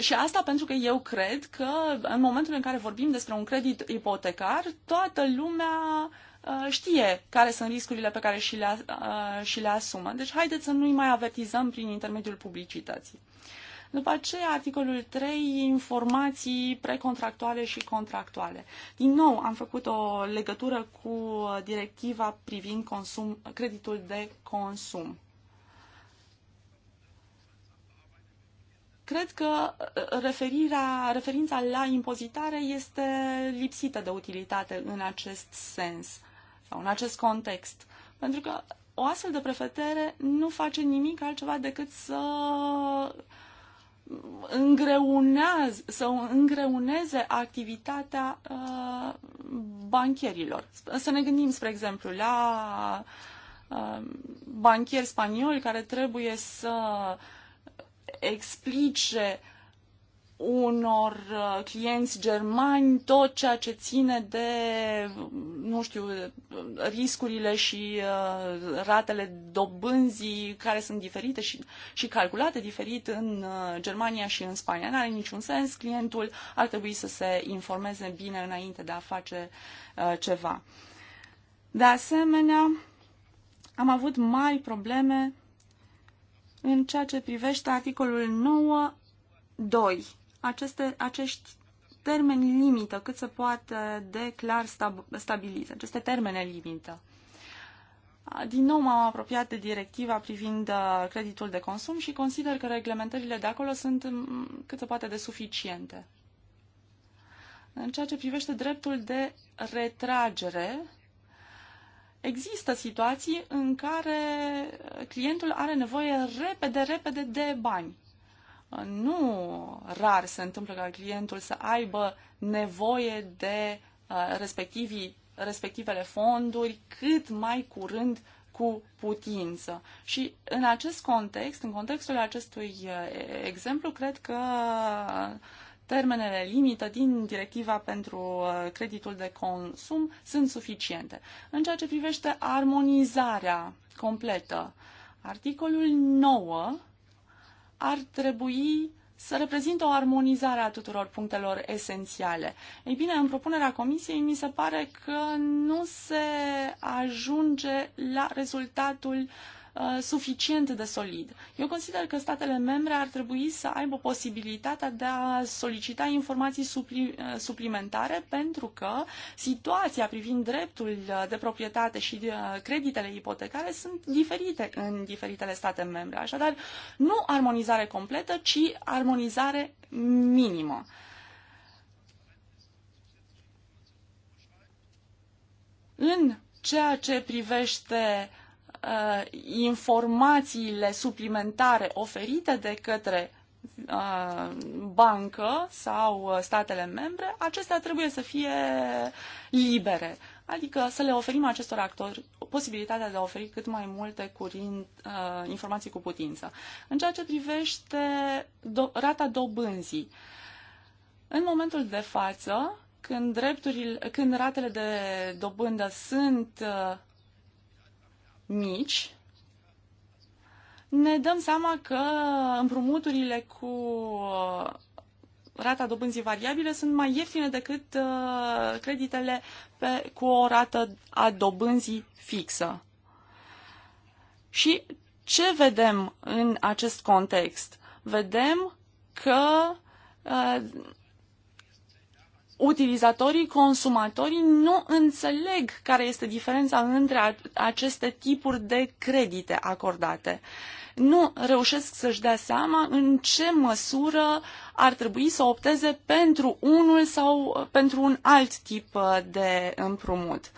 și asta pentru că eu cred că în momentul în care vorbim despre un credit ipotecar, toată lumea uh, Uh, știe care sunt riscurile pe care și le, uh, și le asumă. Deci haideți să nu-i mai avertizăm prin intermediul publicității. După aceea, articolul 3, informații precontractuale și contractuale. Din nou, am făcut o legătură cu directiva privind consum, creditul de consum. Cred că uh, referirea, referința la impozitare este lipsită de utilitate în acest sens sau în acest context. Pentru că o astfel de prefetere nu face nimic altceva decât să îngreunează, să îngreuneze activitatea uh, bancherilor. Să ne gândim, spre exemplu, la uh, banchieri spanioli care trebuie să explice uh, unor uh, clienți germani tot ceea ce ține de, nu știu, riscurile și uh, ratele dobânzii care sunt diferite și, și calculate diferit în uh, Germania și în Spania. N-are niciun sens, clientul ar trebui să se informeze bine înainte de a face ceva. De asemenea, am avut mari probleme în ceea ce privește articolul 9 2 aceste, acești termeni limită cât se poate de clar stabiliți, aceste termene limită. Din nou m-am apropiat de directiva privind uh, creditul de consum și consider că reglementările de acolo sunt mm, cât se poate de suficiente. În ceea ce privește dreptul de retragere, există situații în care clientul are nevoie repede, repede de bani nu rar se întâmplă ca clientul să aibă nevoie de uh, respectivii, respectivele fonduri cât mai curând cu putință. Și în acest context, în contextul acestui uh, exemplu, cred că termenele limită din directiva pentru uh, creditul de consum sunt suficiente. În ceea ce privește armonizarea completă, articolul 9 ar trebui să reprezintă o armonizare a tuturor punctelor esențiale. Ei bine, în propunerea comisiei mi se pare că nu se ajunge la rezultatul Uh, suficient de solid. Eu consider că statele membre ar trebui să aibă posibilitatea de a solicita informații supli, uh, suplimentare pentru că situația privind dreptul uh, de proprietate și creditele ipotecare sunt diferite în diferitele state membre. Așadar, nu armonizare completă, ci armonizare minimă. În ceea ce privește uh, informațiile suplimentare oferite de către uh, bancă sau uh, statele membre, acestea trebuie să fie libere. Adică să le oferim acestor actori posibilitatea de a oferi cât mai multe curind, uh, informații cu putință. În ceea ce privește do- rata dobânzii, în momentul de față, când, drepturile, când ratele de dobândă sunt uh, mici, ne dăm seama că împrumuturile cu uh, rata dobânzii variabile sunt mai ieftine decât uh, creditele pe, cu o rată a dobânzii fixă. Și ce vedem în acest context? Vedem că uh, utilizatorii, consumatorii nu înțeleg care este diferența între aceste tipuri de credite acordate. Nu reușesc să-și dea seama în ce măsură ar trebui să opteze pentru unul sau pentru un alt tip uh, de împrumut.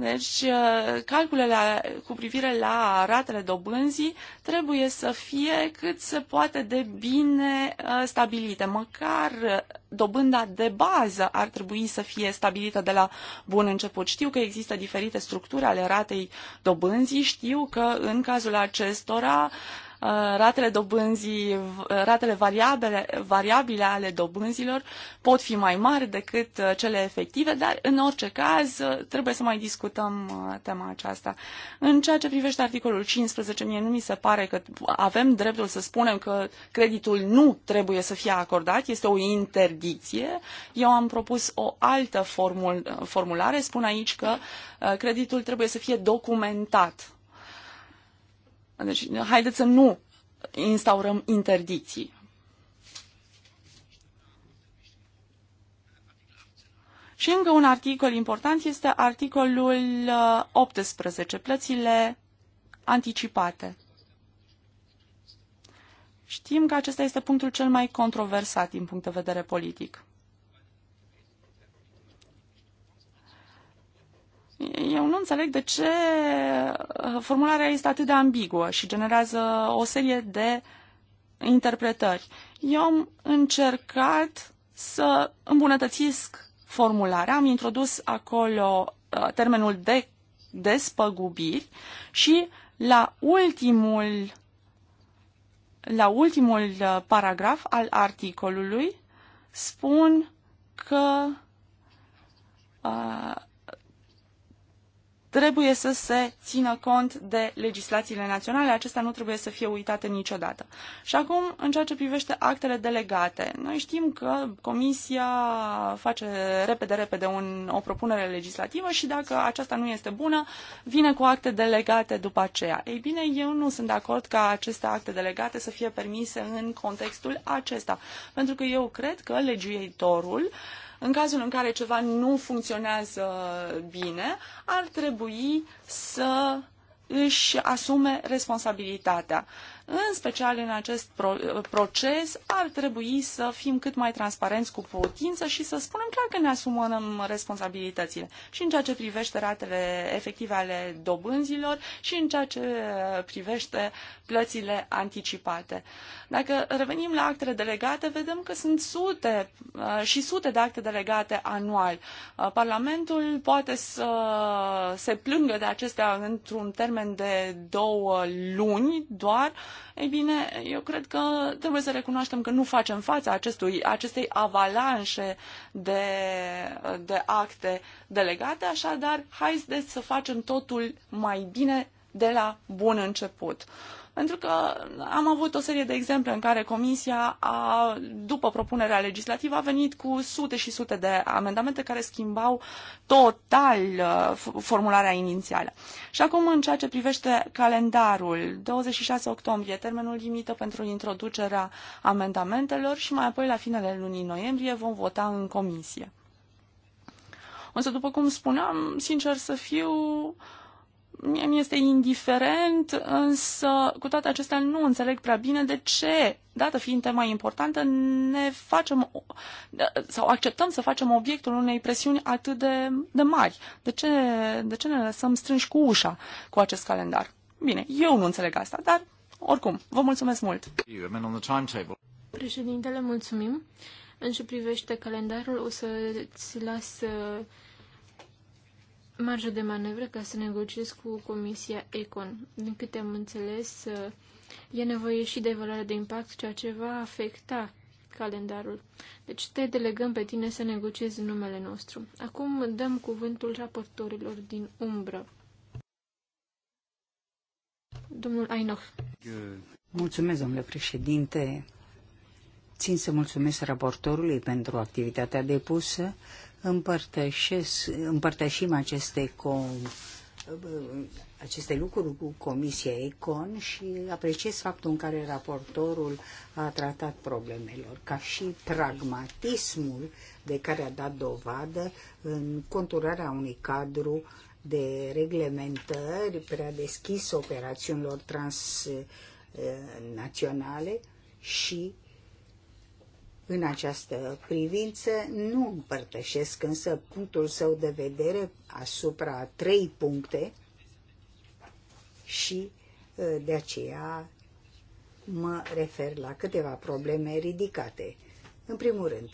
Deci, uh, calculele cu privire la ratele dobânzii trebuie să fie cât se poate de bine uh, stabilite. Măcar uh, dobânda de bază ar trebui să fie stabilită de la bun început. Știu că există diferite structuri ale ratei dobânzii, știu că în cazul acestora uh, Uh, ratele dobânzii, uh, ratele variabile, variabile ale dobânzilor pot fi mai mari decât uh, cele efective, dar în orice caz trebuie să mai discutăm tema aceasta. În ceea ce privește articolul 15, mie nu mi se pare că avem dreptul să spunem că creditul nu trebuie să fie acordat, este o interdicție. Eu am propus o altă formul, formulare, spun aici că creditul trebuie să fie documentat deci, haideți să nu instaurăm interdicții. Și încă un articol important este articolul 18, uh, plățile anticipate. Știm că acesta este punctul cel mai controversat din punct de vedere politic. Eu nu înțeleg de ce uh, formularea este atât de ambiguă și generează o serie de interpretări. Eu am încercat să îmbunătățesc formularea, am introdus acolo uh, termenul de despăgubiri și la ultimul la ultimul uh, paragraf al articolului spun că uh, trebuie să se țină cont de legislațiile naționale, acestea nu trebuie să fie uitate niciodată. Și acum, în ceea ce privește actele delegate, noi știm că Comisia face repede, repede un, o propunere legislativă și dacă aceasta nu este bună, vine cu acte delegate după aceea. Ei bine, eu nu sunt de acord ca aceste acte delegate să fie permise în contextul acesta, pentru că eu cred că legiuitorul uh, în cazul în care ceva nu funcționează bine, ar trebui să își asume responsabilitatea în special în acest proces, ar trebui să fim cât mai transparenți cu putință și să spunem clar că ne asumăm responsabilitățile și în ceea ce privește ratele efective ale dobânzilor și în ceea ce privește plățile anticipate. Dacă revenim la actele delegate, vedem că sunt sute uh, și sute de acte delegate anual. Uh, Parlamentul poate să se plângă de acestea într-un termen de două luni doar, ei bine, eu cred că trebuie să recunoaștem că nu facem față acestui, acestei avalanșe de, de acte delegate, așadar, hai să deci facem totul mai bine de la bun început. Uh, pentru că am avut o serie de exemple în care Comisia, a, după propunerea legislativă, a venit cu sute și sute de amendamente care schimbau total uh, formularea inițială. Și acum, în ceea ce privește calendarul, 26 octombrie, termenul limită pentru introducerea amendamentelor și mai apoi, la finele lunii noiembrie, vom vota în Comisie. Însă, după cum spuneam, sincer să fiu, uh, mie mi este indiferent, însă cu toate acestea nu înțeleg prea bine de ce, dată fiind tema importantă, ne facem da, sau acceptăm să facem obiectul unei presiuni atât de, de mari. De ce, de ce ne lăsăm strânși cu ușa cu acest calendar? Bine, eu nu înțeleg asta, dar oricum, vă mulțumesc mult! Președintele, mulțumim! În ce privește calendarul, o să ți las marjă de manevră ca să negociez cu Comisia Econ. Din câte am înțeles, uh, e nevoie și de evaluare de impact, ceea ce va afecta calendarul. Deci te delegăm pe tine să negociezi numele nostru. Acum dăm cuvântul raportorilor din umbră. Domnul Ainov. Mulțumesc, domnule președinte. Țin să mulțumesc raportorului pentru activitatea depusă împărtășim aceste, com, aceste lucruri cu Comisia Econ și apreciez faptul în care raportorul a tratat problemelor, ca și pragmatismul de care a dat dovadă în conturarea unui cadru de reglementări prea deschis operațiunilor transnaționale și în această privință nu împărtășesc însă punctul său de vedere asupra trei puncte și uh, de aceea mă refer la câteva probleme ridicate. În primul rând,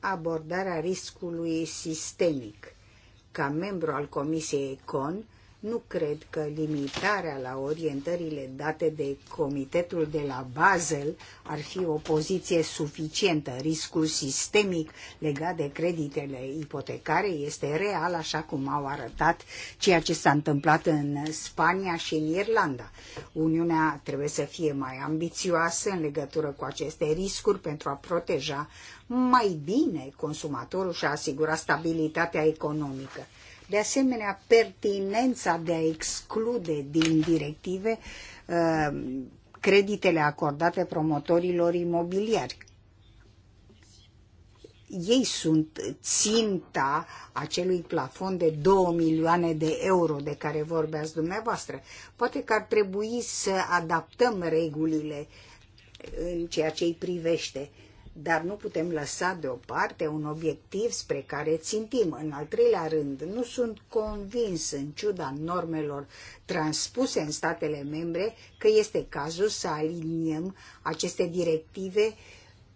abordarea riscului sistemic. Ca membru al Comisiei CON, nu cred că limitarea la orientările date de comitetul de la Basel ar fi o poziție suficientă. Riscul sistemic legat de creditele ipotecare este real, așa cum au arătat ceea ce s-a întâmplat în Spania și în Irlanda. Uniunea trebuie să fie mai ambițioasă în legătură cu aceste riscuri pentru a proteja mai bine consumatorul și a asigura stabilitatea economică. De asemenea, pertinența de a exclude din directive uh, creditele acordate promotorilor imobiliari. Ei sunt ținta acelui plafon de 2 milioane de euro de care vorbeați dumneavoastră. Poate că ar trebui să adaptăm regulile în ceea ce îi privește dar nu putem lăsa deoparte un obiectiv spre care țintim. În al treilea rând, nu sunt convins, în ciuda normelor transpuse în statele membre, că este cazul să aliniem aceste directive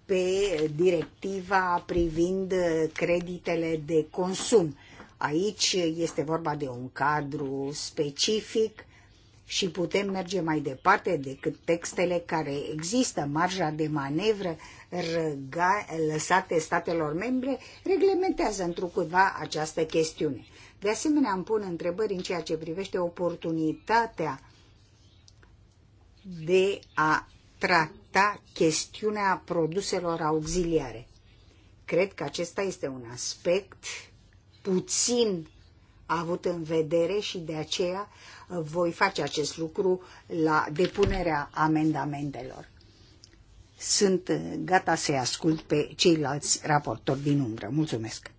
pe directiva privind creditele de consum. Aici este vorba de un cadru specific și putem merge mai departe decât textele care există, marja de manevră răga, lăsate statelor membre reglementează întrucâtva această chestiune. De asemenea, îmi pun întrebări în ceea ce privește oportunitatea de a trata chestiunea produselor auxiliare. Cred că acesta este un aspect puțin avut în vedere și de aceea voi face acest lucru la depunerea amendamentelor sunt gata să-i ascult pe ceilalți raportori din umbră. Mulțumesc!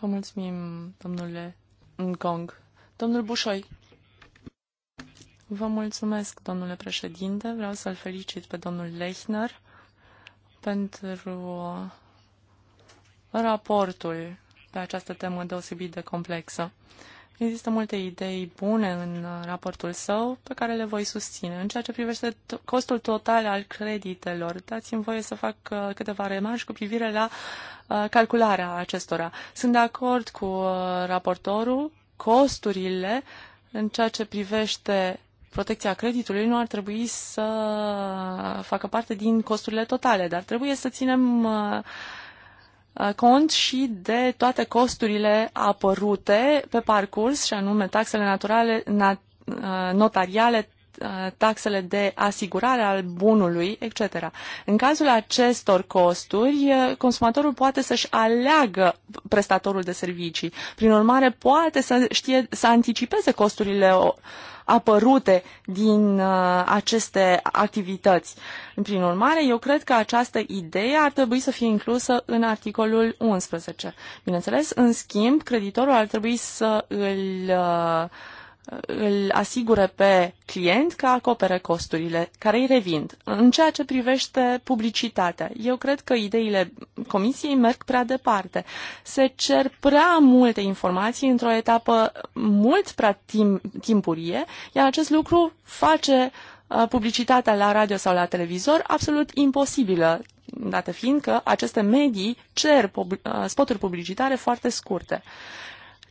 Vă mulțumim, domnule Ngong. Domnul Bușoi. Vă mulțumesc, domnule președinte. Vreau să-l felicit pe domnul Lechner pentru raportul pe această temă deosebit de complexă. Există multe idei bune în uh, raportul său pe care le voi susține. În ceea ce privește costul total al creditelor, dați-mi voie să fac uh, câteva remarci cu privire la uh, calcularea acestora. Sunt de acord cu raportorul, costurile în ceea ce privește protecția creditului nu ar trebui să facă parte din costurile totale, dar trebuie să ținem Uh, cont și de toate costurile apărute pe parcurs, și anume taxele naturale, uh, notariale, Uh, taxele de asigurare al bunului, etc. În cazul acestor costuri, uh, consumatorul poate să-și aleagă prestatorul de servicii. Prin urmare, poate să știe să anticipeze costurile uh, apărute din uh, aceste activități. Prin urmare, eu cred că această idee ar trebui să fie inclusă în articolul 11. Bineînțeles, în schimb, creditorul ar trebui să îl uh, îl asigure pe client că acopere costurile care îi revin. În ceea ce privește publicitatea, eu cred că ideile comisiei merg prea departe. Se cer prea multe informații într-o etapă mult prea tim- timpurie, iar acest lucru face uh, publicitatea la radio sau la televizor absolut imposibilă, dată fiind că aceste medii cer uh, spoturi publicitare foarte scurte.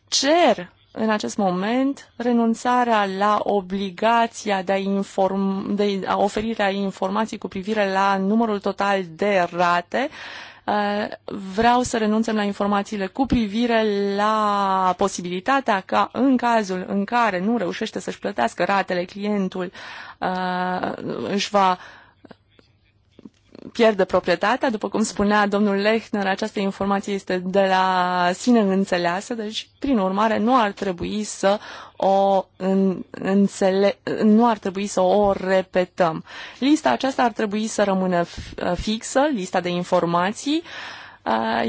Cer în acest moment renunțarea la obligația de a, inform, de a oferirea informații cu privire la numărul total de rate uh, vreau să renunțăm la informațiile cu privire la posibilitatea ca în cazul în care nu reușește să-și plătească ratele, clientul uh, își va pierde proprietatea. După cum spunea domnul Lechner, această informație este de la sine înțeleasă, deci, prin urmare, nu ar trebui să o în, înțele, nu ar trebui să o repetăm. Lista aceasta ar trebui să rămână fixă, lista de informații,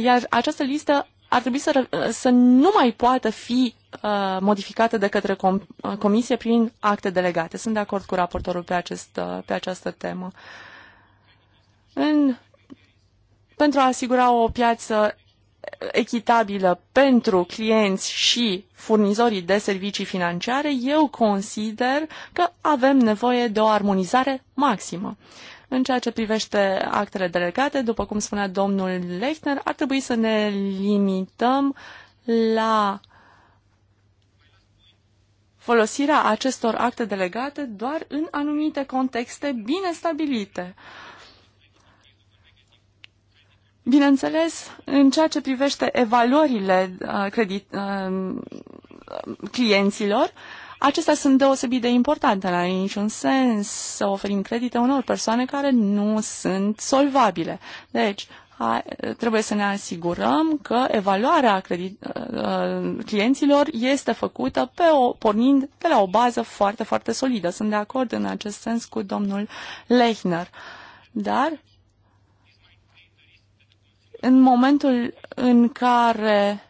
iar această listă ar trebui să, să nu mai poată fi uh, modificată de către com- comisie prin acte delegate. Sunt de acord cu raportorul pe, acest, uh, pe această temă. Uh, în, pentru a asigura o piață echitabilă pentru clienți și furnizorii de servicii financiare, eu consider că avem nevoie de o armonizare maximă. În ceea ce privește actele delegate, după cum spunea domnul Lechner, ar trebui să ne limităm la folosirea acestor acte delegate doar în anumite contexte bine stabilite. Uh, Bineînțeles, în ceea ce privește evaluările uh, credit, uh, clienților, acestea sunt deosebit de importante. Nu are niciun sens să oferim credite unor persoane care nu sunt solvabile. Deci, trebuie să ne asigurăm că evaluarea credit, uh, clienților este făcută pe o, pornind de la o bază foarte, foarte solidă. Sunt de acord în acest sens cu domnul Lechner. Dar în momentul în care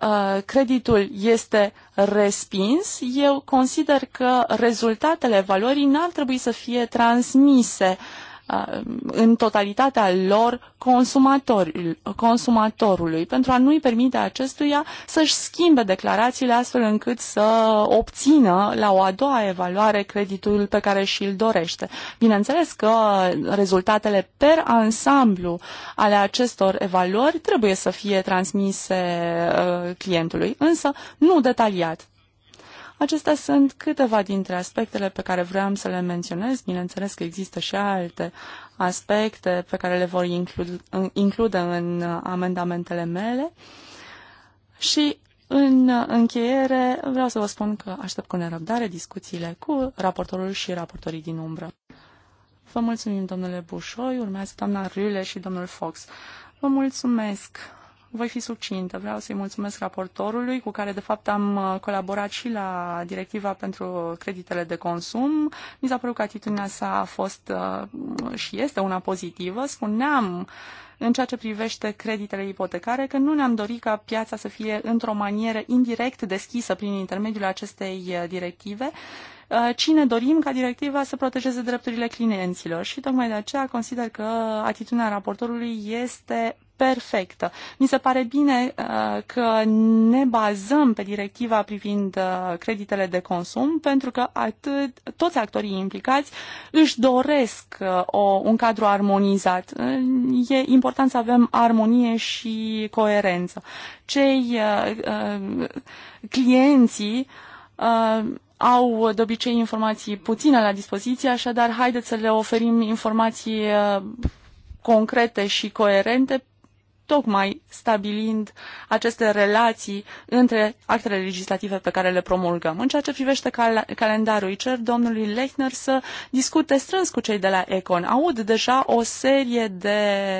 uh, creditul este respins, eu consider că rezultatele valorii n-ar trebui să fie transmise uh, în totalitatea lor consumator, consumatorului, pentru a nu-i permite acestuia să-și schimbe declarațiile astfel încât să obțină la o a doua evaluare creditul pe care și-l dorește. Bineînțeles că rezultatele per ansamblu ale acestor evaluări trebuie să fie transmise uh, clientului, însă nu detaliat. Acestea sunt câteva dintre aspectele pe care vreau să le menționez. Bineînțeles că există și alte aspecte pe care le voi include, include în amendamentele mele. Și în încheiere vreau să vă spun că aștept cu nerăbdare discuțiile cu raportorul și raportorii din umbră. Vă mulțumim, domnule Bușoi, urmează doamna Râle și domnul Fox. Vă mulțumesc! voi fi succintă. Vreau să-i mulțumesc raportorului cu care, de fapt, am uh, colaborat și la directiva pentru creditele de consum. Mi s-a părut că atitudinea sa a fost uh, și este una pozitivă. Spuneam în ceea ce privește creditele ipotecare, că nu ne-am dorit ca piața să fie într-o manieră indirect deschisă prin intermediul acestei uh, directive, ci ne dorim ca directiva să protejeze drepturile clienților. Și tocmai de aceea consider că atitudinea raportorului este perfectă. Mi se pare bine uh, că ne bazăm pe directiva privind uh, creditele de consum, pentru că atât, toți actorii implicați își doresc uh, o, un cadru armonizat. E important să avem armonie și coerență. Cei clienții au de obicei informații puține la dispoziție, așadar haideți să le oferim informații concrete și coerente tocmai stabilind aceste relații între actele legislative pe care le promulgăm. În ceea ce privește cal- calendarul, îi cer domnului Lechner să discute strâns cu cei de la Econ. Aud deja o serie de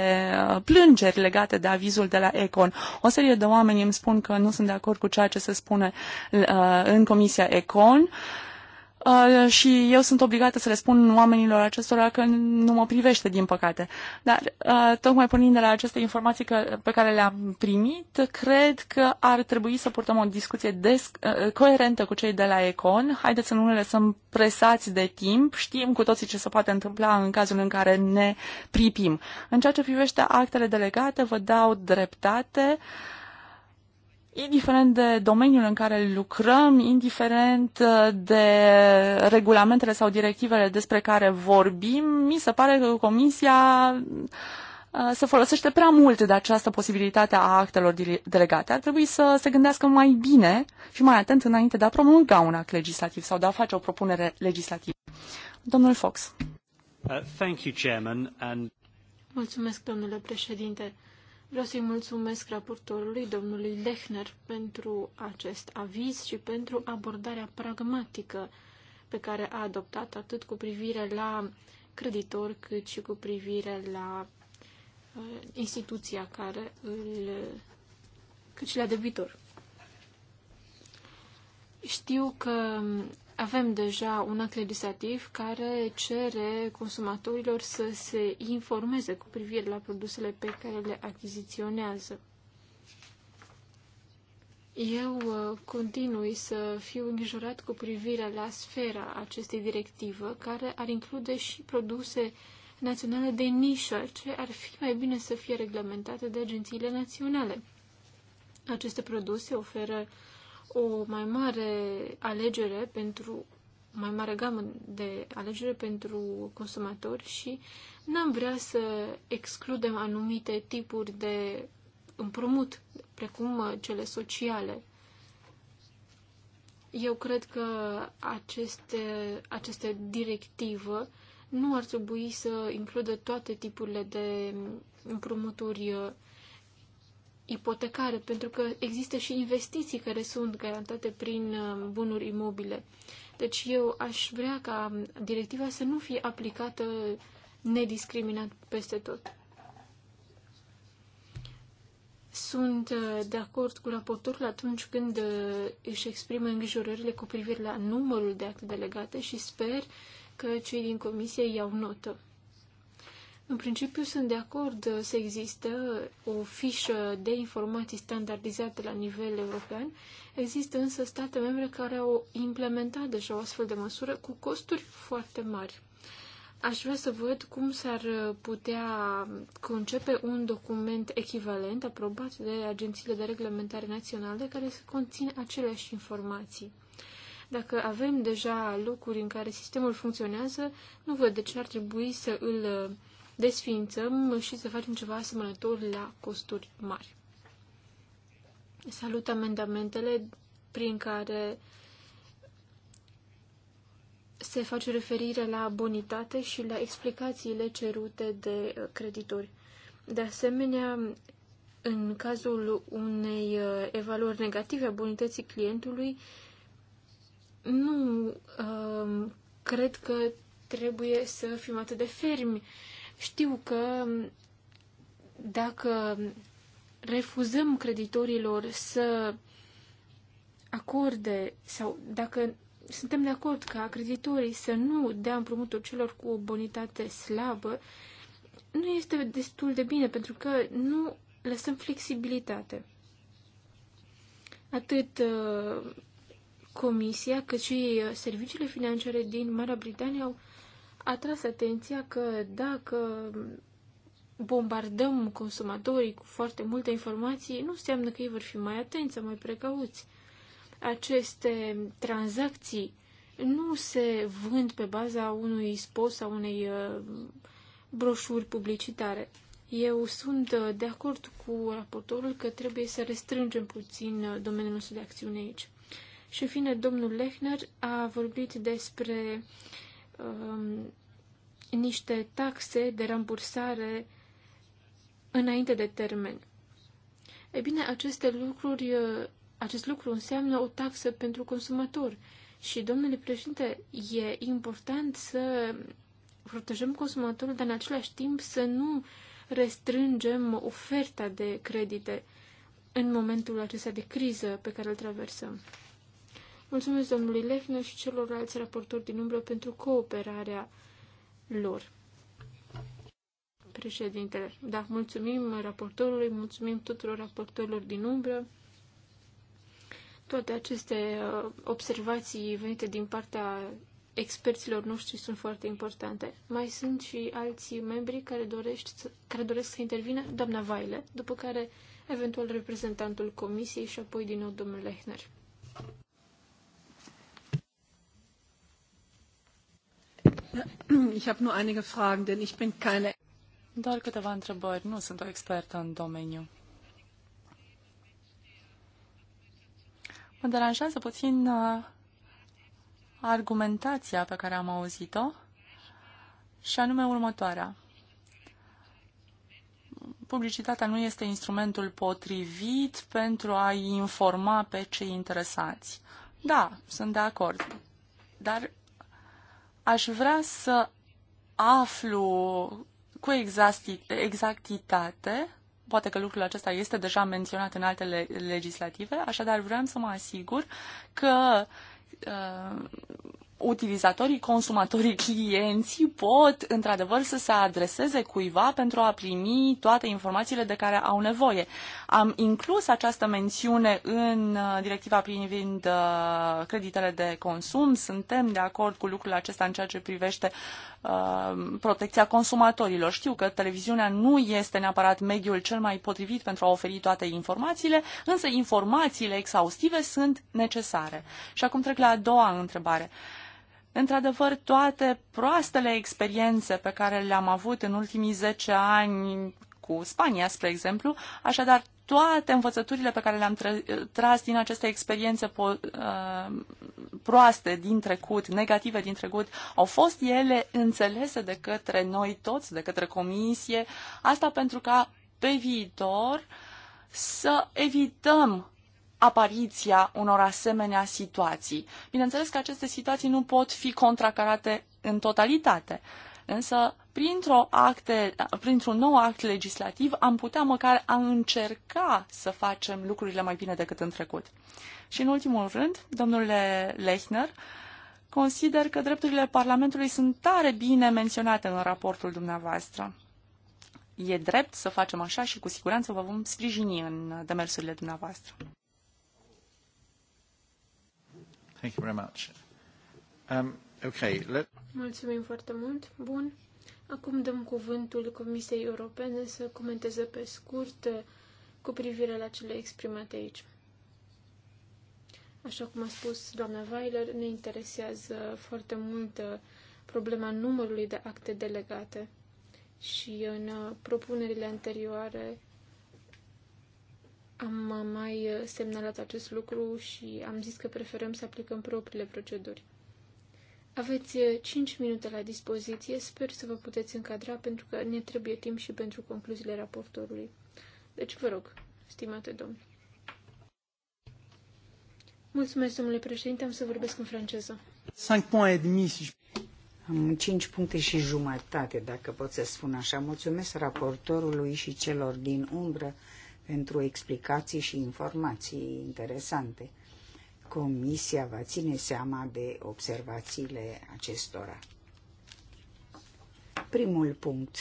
uh, plângeri legate de avizul de la Econ. O serie de oameni îmi spun că nu sunt de acord cu ceea ce se spune uh, în Comisia Econ. Uh, uh, și eu sunt obligată să răspund oamenilor acestora că nu mă privește, din păcate. Dar uh, tocmai pornind de la aceste informații că, pe care le-am primit, cred că ar trebui să purtăm o discuție des, uh, coerentă cu cei de la Econ. Haideți să nu ne lăsăm presați de timp. Știm cu toții ce se poate întâmpla în cazul în care ne pripim. În ceea ce privește actele delegate, vă dau dreptate. Uh, indiferent de domeniul în care lucrăm, indiferent uh, de regulamentele sau directivele despre care vorbim, mi se pare că Comisia uh, se folosește prea mult de această posibilitate a actelor delegate. Ar trebui să se gândească mai bine și mai atent înainte de a promulga un act legislativ sau de a face o propunere legislativă. Domnul Fox. Uh, thank you, Chairman, and... Mulțumesc, domnule președinte. Vreau să-i mulțumesc raportorului, domnului Lechner, pentru acest aviz și pentru abordarea pragmatică pe care a adoptat atât cu privire la creditor, cât și cu privire la uh, instituția care îl. cât și la debitor. Știu că avem deja un act legislativ care cere consumatorilor să se informeze cu privire la produsele pe care le achiziționează. Eu uh, continui să fiu îngrijorat cu privire la sfera acestei directive, care ar include și produse naționale de nișă, ce ar fi mai bine să fie reglementate de agențiile naționale. Aceste produse oferă o mai mare alegere pentru o mai mare gamă de alegere pentru consumatori și n-am vrea să excludem anumite tipuri de împrumut, precum uh, cele sociale. Eu cred că aceste, aceste directivă nu ar trebui să includă toate tipurile de împrumuturi uh, ipotecare, pentru că există și investiții care sunt garantate prin uh, bunuri imobile. Deci eu aș vrea ca directiva să nu fie aplicată nediscriminat peste tot. Sunt uh, de acord cu raportorul atunci când uh, își exprimă îngrijorările cu privire la numărul de acte delegate și sper că cei din comisie iau notă. În principiu sunt de acord uh, să există o fișă de informații standardizată la nivel european. Există însă state membre care au implementat deja o astfel de măsură cu costuri foarte mari. Aș vrea să văd cum s-ar uh, putea concepe un document echivalent aprobat de agențiile de reglementare naționale care să conține aceleași informații. Dacă avem deja locuri în care sistemul funcționează, nu văd de ce ar trebui să îl uh, desfințăm și să facem ceva asemănător la costuri mari. Salut amendamentele prin care se face referire la bonitate și la explicațiile cerute de creditori. De asemenea, în cazul unei uh, evaluări negative a bonității clientului, nu uh, cred că trebuie să fim atât de fermi știu că dacă refuzăm creditorilor să acorde sau dacă suntem de acord ca creditorii să nu dea împrumuturi celor cu o bonitate slabă, nu este destul de bine pentru că nu lăsăm flexibilitate. Atât uh, Comisia cât și uh, serviciile financiare din Marea Britanie au a tras atenția că dacă bombardăm consumatorii cu foarte multe informații, nu înseamnă că ei vor fi mai atenți sau mai precauți. Aceste tranzacții nu se vând pe baza unui spot sau unei uh, broșuri publicitare. Eu sunt uh, de acord cu raportorul că trebuie să restrângem puțin uh, domeniul nostru de acțiune aici. Și în fine, domnul Lechner a vorbit despre uh, Um, niște taxe de rambursare înainte de termen. E bine, aceste lucruri, uh, acest lucru înseamnă o taxă pentru consumator. Și, domnule președinte, e important să protejăm consumatorul, dar în același timp să nu restrângem oferta de credite în momentul acesta de criză pe care îl traversăm. Mulțumesc domnului Lehner și celorlalți raportori din umbră pentru cooperarea lor. Președintele, da, mulțumim raportorului, mulțumim tuturor raportorilor din umbră. Toate aceste uh, observații venite din partea experților noștri sunt foarte importante. Mai sunt și alții membri care, dorești, care doresc să intervină, doamna Vaile, după care eventual reprezentantul comisiei și apoi din nou domnul Lehner. Ich habe nur einige Fragen, denn ich bin keine... Doar câteva întrebări. Nu sunt o expertă în domeniu. Mă deranjează puțin uh, argumentația pe care am auzit-o și anume următoarea. Publicitatea nu este instrumentul potrivit pentru a informa pe cei interesați. Da, sunt de acord. Dar aș vrea să aflu cu exactitate, poate că lucrul acesta este deja menționat în altele legislative, așadar vreau să mă asigur că uh, utilizatorii, consumatorii, clienții pot într-adevăr să se adreseze cuiva pentru a primi toate informațiile de care au nevoie. Am inclus această mențiune în uh, directiva privind uh, creditele de consum. Suntem de acord cu lucrul acesta în ceea ce privește uh, protecția consumatorilor. Știu că televiziunea nu este neapărat mediul cel mai potrivit pentru a oferi toate informațiile, însă informațiile exhaustive sunt necesare. Și acum trec la a doua întrebare. Într-adevăr, toate proastele experiențe pe care le-am avut în ultimii 10 ani cu Spania, spre exemplu, așadar toate învățăturile pe care le-am tras din aceste experiențe po- uh, proaste din trecut, negative din trecut, au fost ele înțelese de către noi toți, de către comisie, asta pentru ca pe viitor să evităm apariția unor asemenea situații. Bineînțeles că aceste situații nu pot fi contracarate în totalitate, însă printr-o acte, printr-un nou act legislativ am putea măcar a încerca să facem lucrurile mai bine decât în trecut. Și în ultimul rând, domnule Lechner, consider că drepturile Parlamentului sunt tare bine menționate în raportul dumneavoastră. E drept să facem așa și cu siguranță vă vom sprijini în demersurile dumneavoastră. Thank you very much. Um, okay, let... Mulțumim foarte mult. Bun. Acum dăm cuvântul Comisiei Europene să comenteze pe scurt uh, cu privire la cele exprimate aici. Așa cum a spus doamna Weiler, ne interesează foarte mult uh, problema numărului de acte delegate și în uh, propunerile anterioare am mai semnalat acest lucru și am zis că preferăm să aplicăm propriile proceduri. Aveți 5 eh, minute la dispoziție, sper să vă puteți încadra pentru că ne trebuie timp și pentru concluziile raportorului. Deci vă rog, stimate domn. Mulțumesc, domnule președinte, am să vorbesc în franceză. 5 puncte și demi, am 5 puncte și jumătate, dacă pot să spun așa. Mulțumesc raportorului și celor din umbră pentru explicații și informații interesante. Comisia va ține seama de observațiile acestora. Primul punct.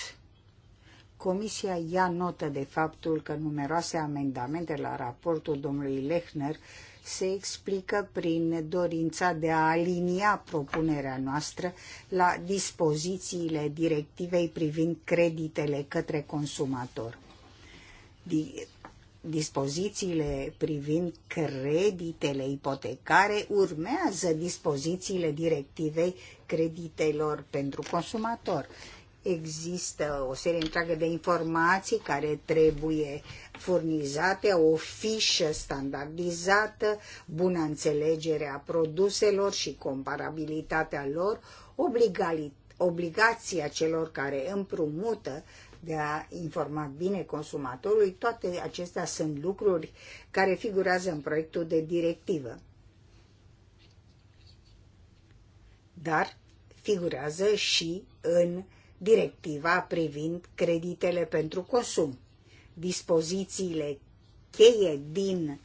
Comisia ia notă de faptul că numeroase amendamente la raportul domnului Lechner se explică prin dorința de a alinia propunerea noastră la dispozițiile directivei privind creditele către consumator di- dispozițiile privind creditele ipotecare urmează dispozițiile directivei creditelor pentru consumator. Există o serie întreagă de informații care trebuie furnizate, o fișă standardizată, bună înțelegere a produselor și comparabilitatea lor, obligația celor care împrumută de a informa bine consumatorul, toate acestea sunt lucruri care figurează în proiectul de directivă. Dar figurează și în directiva privind creditele pentru consum. Dispozițiile cheie din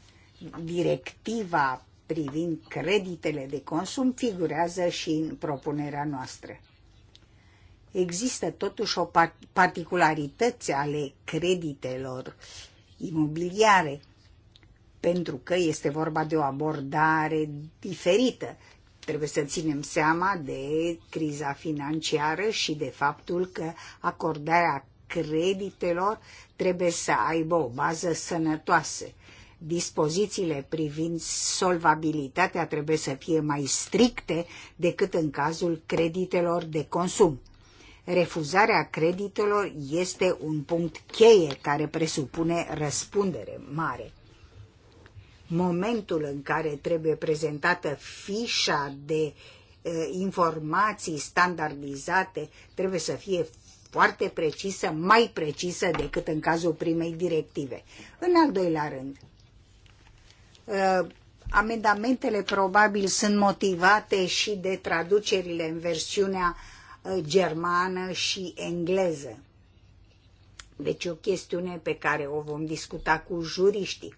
directiva privind creditele de consum figurează și în propunerea noastră există totuși o particularități ale creditelor imobiliare, pentru că este vorba de o abordare diferită. Trebuie să ținem seama de criza financiară și de faptul că acordarea creditelor trebuie să aibă o bază sănătoasă. Dispozițiile privind solvabilitatea trebuie să fie mai stricte decât în cazul creditelor de consum refuzarea creditelor este un punct cheie care presupune răspundere mare. Momentul în care trebuie prezentată fișa de informații standardizate trebuie să fie foarte precisă, mai precisă decât în cazul primei directive. În al doilea rând, amendamentele probabil sunt motivate și de traducerile în versiunea Uh, germană și engleză. Deci o chestiune pe care o vom discuta cu juriștii.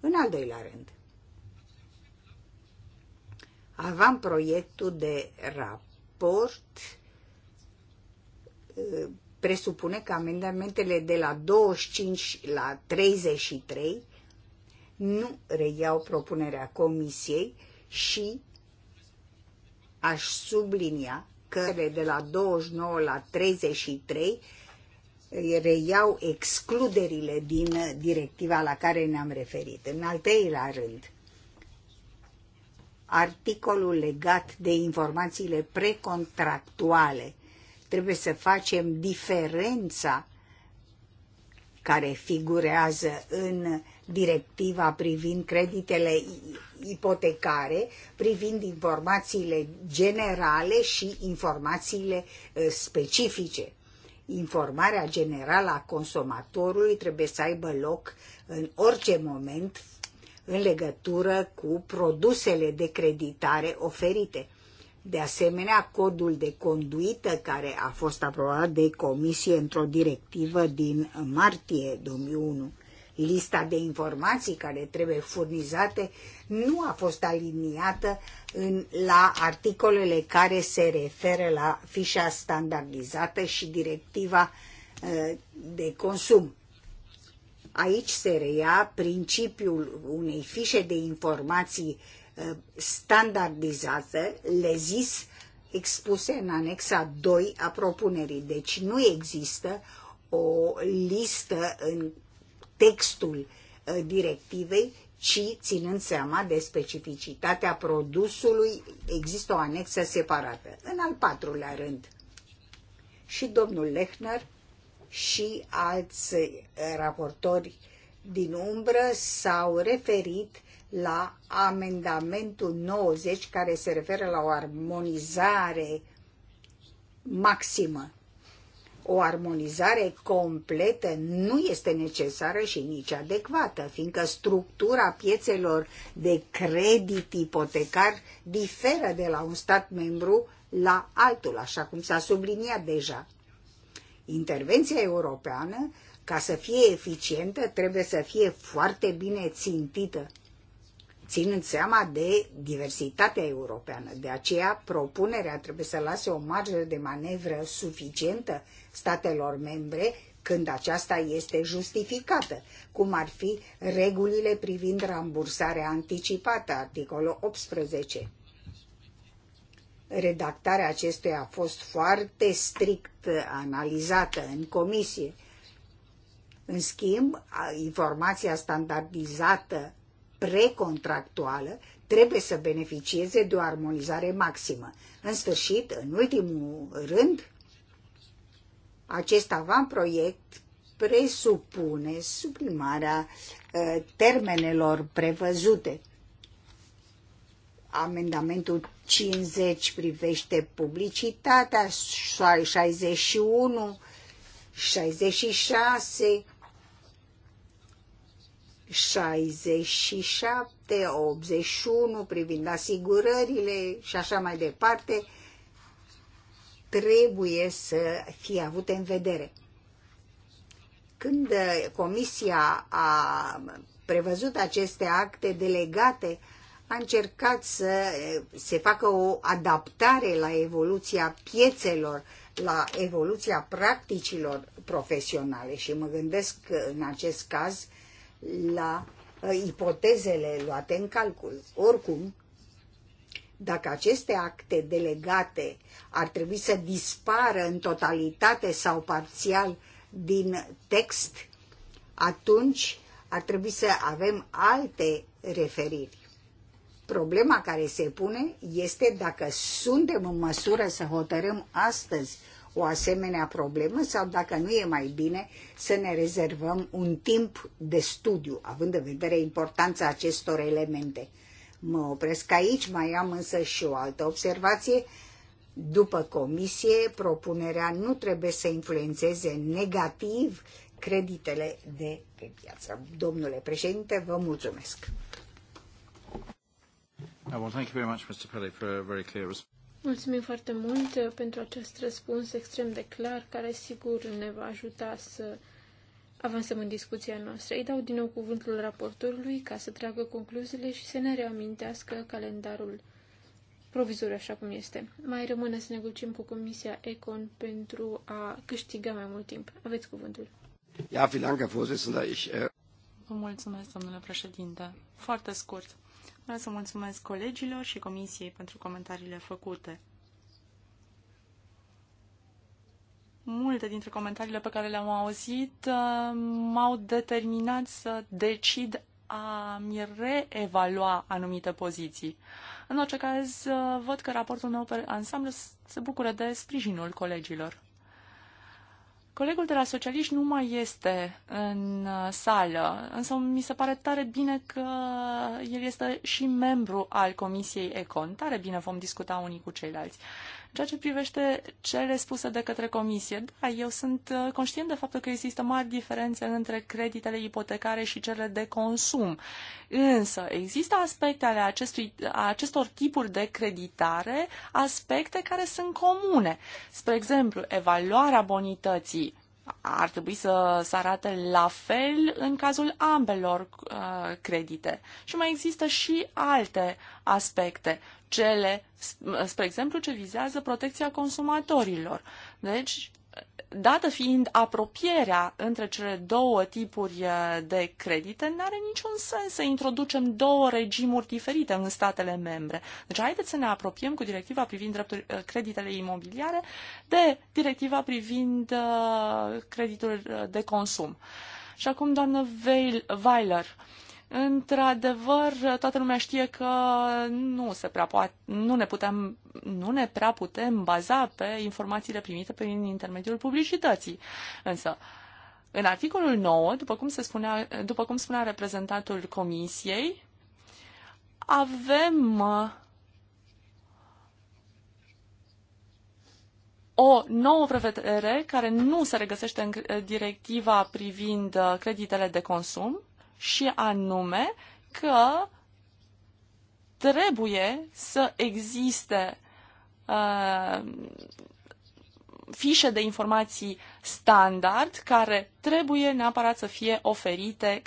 În al doilea rând, avem proiectul de raport uh, presupune că amendamentele de la 25 la 33 nu reiau propunerea comisiei și aș sublinia care de la 29 la 33 reiau excluderile din uh, directiva la care ne-am referit. În al treilea rând, articolul legat de informațiile precontractuale. Trebuie să facem diferența care figurează în directiva privind creditele ipotecare, privind informațiile generale și informațiile specifice. Informarea generală a consumatorului trebuie să aibă loc în orice moment în legătură cu produsele de creditare oferite. De asemenea, codul de conduită care a fost aprobat de comisie într-o directivă din martie 2001 lista de informații care trebuie furnizate nu a fost aliniată în, la articolele care se referă la fișa standardizată și directiva uh, de consum. Aici se reia principiul unei fișe de informații uh, standardizată, le zis, expuse în anexa 2 a propunerii. Deci nu există o listă în textul uh, directivei, ci ținând seama de specificitatea produsului, există o anexă separată. În al patrulea rând, și domnul Lechner și alți uh, raportori din umbră s-au referit la amendamentul 90 care se referă la o armonizare maximă o armonizare completă nu este necesară și nici adecvată, fiindcă structura piețelor de credit ipotecar diferă de la un stat membru la altul, așa cum s-a subliniat deja. Intervenția europeană, ca să fie eficientă, trebuie să fie foarte bine țintită ținând seama de diversitatea europeană. De aceea, propunerea trebuie să lase o marjă de manevră suficientă statelor membre când aceasta este justificată, cum ar fi regulile privind rambursarea anticipată, articolul 18. Redactarea acestuia a fost foarte strict analizată în comisie. În schimb, informația standardizată precontractuală trebuie să beneficieze de o armonizare maximă. În sfârșit, în ultimul rând, acest avantproiect presupune sublimarea uh, termenelor prevăzute. Amendamentul 50 privește publicitatea, 61, 66 67, 81 privind asigurările și așa mai departe, trebuie să fie avute în vedere. Când eh, Comisia a prevăzut aceste acte delegate, a încercat să eh, se facă o adaptare la evoluția piețelor, la evoluția practicilor profesionale și mă gândesc eh, în acest caz la uh, ipotezele luate în calcul. Oricum, dacă aceste acte delegate ar trebui să dispară în totalitate sau parțial din text, atunci ar trebui să avem alte referiri. Problema care se pune este dacă suntem în măsură să hotărâm astăzi o asemenea problemă sau dacă nu e mai bine să ne rezervăm un timp de studiu, având în vedere importanța acestor elemente. Mă opresc aici, mai am însă și o altă observație. După comisie, propunerea nu trebuie să influențeze negativ creditele de pe piață. Domnule președinte, vă mulțumesc. Well, thank you very very much, Mr. for a clear Mulțumim foarte mult uh, pentru acest răspuns extrem de clar, care sigur ne va ajuta să avansăm în discuția noastră. Îi dau din nou cuvântul raportorului ca să tragă concluziile și să ne reamintească calendarul provizoriu așa cum este. Mai rămâne să negociem cu Comisia Econ pentru a câștiga mai mult timp. Aveți cuvântul. Ja, äh, Vă mulțumesc, domnule președinte. Foarte scurt. Vreau să mulțumesc colegilor și comisiei pentru comentariile făcute. Multe dintre comentariile pe care le-am auzit uh, m-au determinat să decid a-mi reevalua anumite poziții. În orice caz, uh, văd că raportul meu pe ansamblu se bucură de sprijinul colegilor. Colegul de la Socialiști nu mai este în uh, sală, însă mi se pare tare bine că el este și membru al Comisiei Econ. Tare bine vom discuta unii cu ceilalți ceea ce privește cele spuse de către comisie, da, eu sunt uh, conștient de faptul că există mari diferențe între creditele ipotecare și cele de consum. Însă, există aspecte ale acestui, a acestor tipuri de creditare, aspecte care sunt comune. Spre exemplu, evaluarea bonității ar trebui să, să arate la fel în cazul ambelor uh, credite. Și mai există și alte aspecte cele, spre exemplu, ce vizează protecția consumatorilor. Deci, dată fiind apropierea între cele două tipuri eh, de credite, nu are niciun sens să introducem două regimuri diferite în statele membre. Deci haideți să ne apropiem cu directiva privind drepturi, eh, creditele imobiliare de directiva privind eh, creditul de consum. Și acum, doamnă Weiler, Într-adevăr, toată lumea știe că nu, se prea poate, nu, ne putem, nu ne prea putem baza pe informațiile primite prin intermediul publicității. Însă, în articolul 9, după cum, se spunea, după cum spunea reprezentantul Comisiei, avem o nouă prevedere care nu se regăsește în directiva privind creditele de consum, și anume că trebuie să existe uh, fișe de informații standard care trebuie neapărat să fie oferite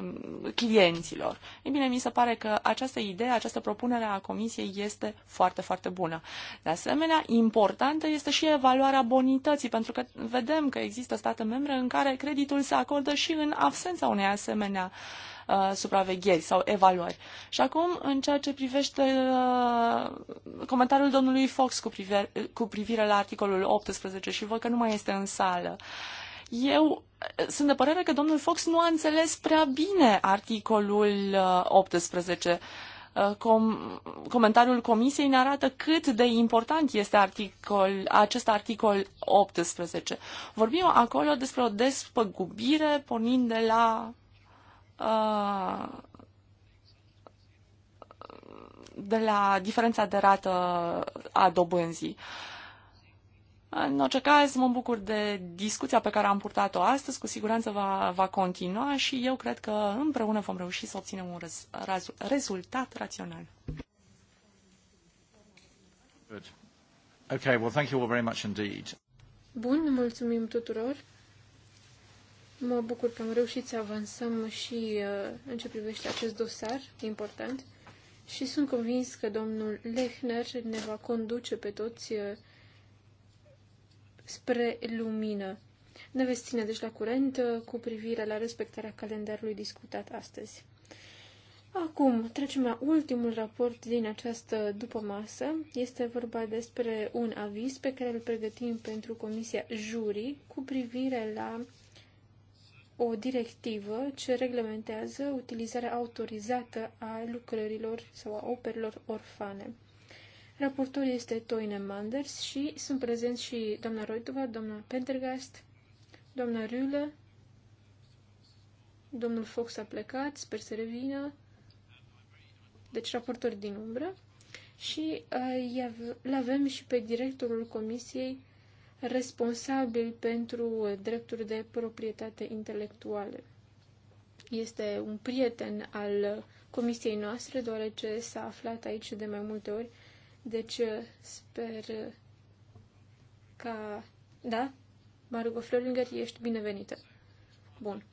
um, clienților. E bine, mi se pare că această idee, această propunere a Comisiei este foarte, foarte bună. De asemenea, importantă este și evaluarea bonității, pentru că vedem că există state membre în care creditul se acordă și în absența unei asemenea uh, Uh, supravegheri sau evaluări. Și acum, în ceea ce privește uh, comentariul domnului Fox cu, privire, cu privire la articolul 18 și văd că nu mai este în sală. Eu uh, sunt de părere că domnul Fox nu a înțeles prea bine articolul 18. Com comentariul comisiei ne arată cât de important este articol, acest articol 18. Vorbim acolo despre o despăgubire pornind de la Uh, de la diferența de rată a dobânzii. În orice caz, mă bucur de discuția pe care am purtat-o astăzi, cu siguranță va, va continua și eu cred că împreună vom reuși să obținem un rez, raz, rezultat rațional. Good. Okay, well, thank you all very much indeed. Bun, mulțumim tuturor. Mă bucur că am reușit să avansăm și uh, în ce privește acest dosar important și sunt convins că domnul Lechner ne va conduce pe toți uh, spre lumină. Ne veți ține deci la curent uh, cu privire la respectarea calendarului discutat astăzi. Acum trecem la ultimul raport din această dupămasă. Este vorba despre un aviz pe care îl pregătim pentru Comisia Juri cu privire la o directivă ce reglementează utilizarea autorizată a lucrărilor sau a operelor orfane. Raportul este Toine Manders și sunt prezenți și doamna Roitova, doamna Pendergast, doamna Rühle, domnul Fox a plecat, sper să revină, deci raportori din umbră, și uh, l-avem și pe directorul comisiei responsabil pentru drepturi de proprietate intelectuale. Este un prieten al comisiei noastre, deoarece s-a aflat aici de mai multe ori, deci uh, sper ca... Da? Margo Floringer, ești binevenită. Bun.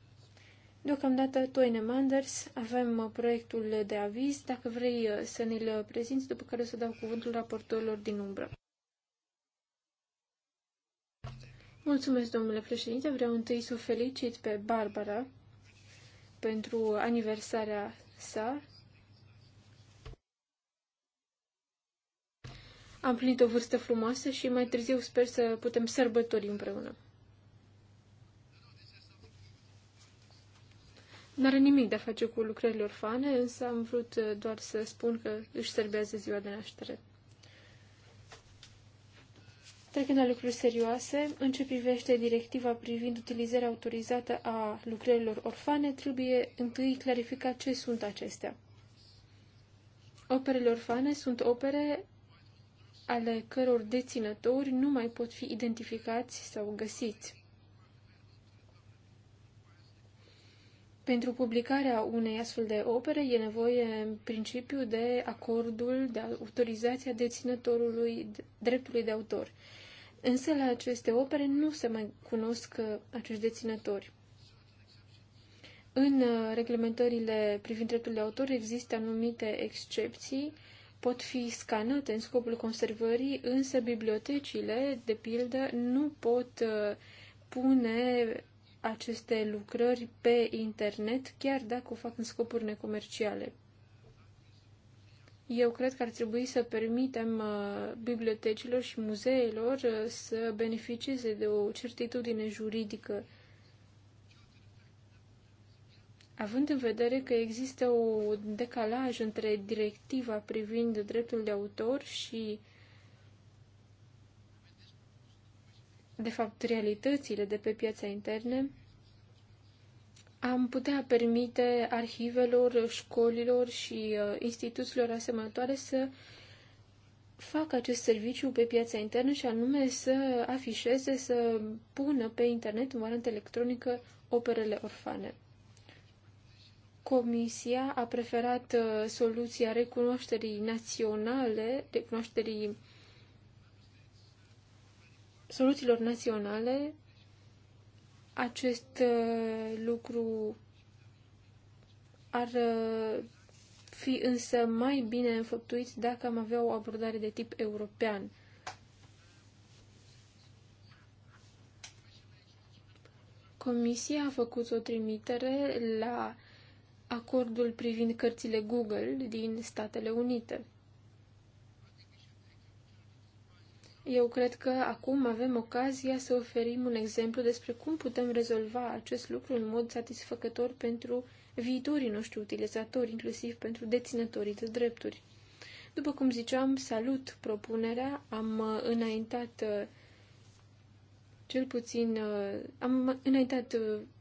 Deocamdată, Toine Manders, avem uh, proiectul de aviz. Dacă vrei uh, să ne-l prezinți, după care o să dau cuvântul raportorilor din umbră. Mulțumesc, domnule președinte. Vreau întâi să o felicit pe Barbara pentru aniversarea sa. Am plinit o vârstă frumoasă și mai târziu sper să putem sărbători împreună. N-are nimic de a face cu lucrările orfane, însă am vrut doar să spun că își serbează ziua de naștere. Trecând la lucruri serioase, în ce privește directiva privind utilizarea autorizată a lucrărilor orfane, trebuie întâi clarificat ce sunt acestea. Operele orfane sunt opere ale căror deținători nu mai pot fi identificați sau găsiți. Pentru publicarea unei astfel de opere e nevoie, în principiu, de acordul, de autorizația deținătorului dreptului de autor. Însă la aceste opere nu se mai cunosc uh, acești deținători. În uh, reglementările privind dreptul de autor există anumite excepții, pot fi scanate în scopul conservării, însă bibliotecile, de pildă, nu pot uh, pune aceste lucrări pe internet, chiar dacă o fac în scopuri necomerciale. Eu cred că ar trebui să permitem uh, bibliotecilor și muzeelor uh, să beneficieze de o certitudine juridică, având în vedere că există un decalaj între directiva privind dreptul de autor și uh, de fapt, realitățile de pe piața interne, am putea permite arhivelor, școlilor și uh, instituțiilor asemănătoare să facă acest serviciu pe piața internă și anume să afișeze, să pună pe internet în variantă electronică operele orfane. Comisia a preferat uh, soluția recunoașterii naționale, recunoașterii soluțiilor naționale, acest uh, lucru ar uh, fi însă mai bine înfăptuit dacă am avea o abordare de tip european. Comisia a făcut o trimitere la acordul privind cărțile Google din Statele Unite. Eu cred că acum avem ocazia să oferim un exemplu despre cum putem rezolva acest lucru în mod satisfăcător pentru viitorii noștri utilizatori, inclusiv pentru deținătorii de drepturi. După cum ziceam, salut propunerea, am uh, înaintat uh, cel puțin, uh, am înaintat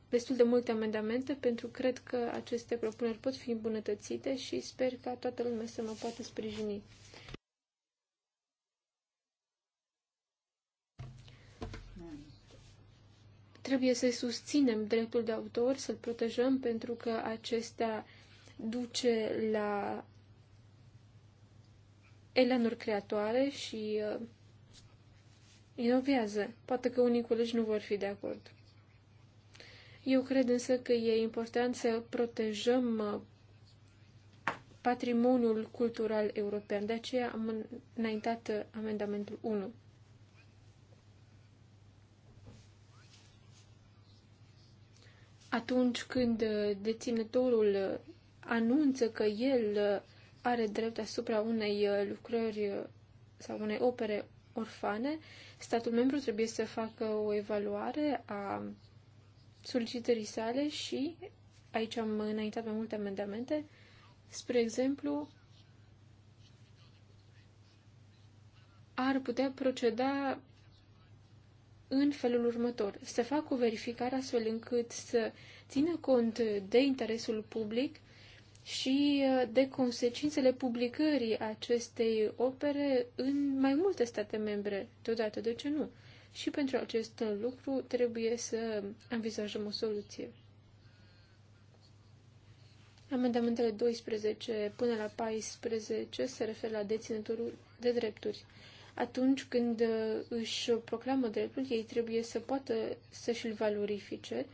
destul de multe amendamente pentru cred că aceste propuneri pot fi îmbunătățite și sper ca toată lumea să mă poată sprijini. Trebuie să susținem dreptul de autor, să-l protejăm, pentru că acesta duce la elanuri creatoare și uh, inovează. Poate că unii colegi nu vor fi de acord. Eu cred însă că e important să protejăm uh, patrimoniul cultural european. De aceea am înaintat uh, amendamentul 1. atunci când uh, deținătorul uh, anunță că el uh, are drept asupra unei lucrări sau unei opere orfane, statul membru trebuie să facă o evaluare a solicitării sale și aici am înaintat mai multe amendamente. Spre exemplu, ar putea proceda în felul următor. Se fac o verificare astfel încât să țină cont de interesul public și uh, de consecințele publicării acestei opere în mai multe state membre, deodată de ce nu. Și pentru acest lucru trebuie să învizajăm o soluție. Amendamentele 12 până la 14 se referă la deținătorul de drepturi atunci când uh, își proclamă dreptul, ei trebuie să poată să-și-l valorifice,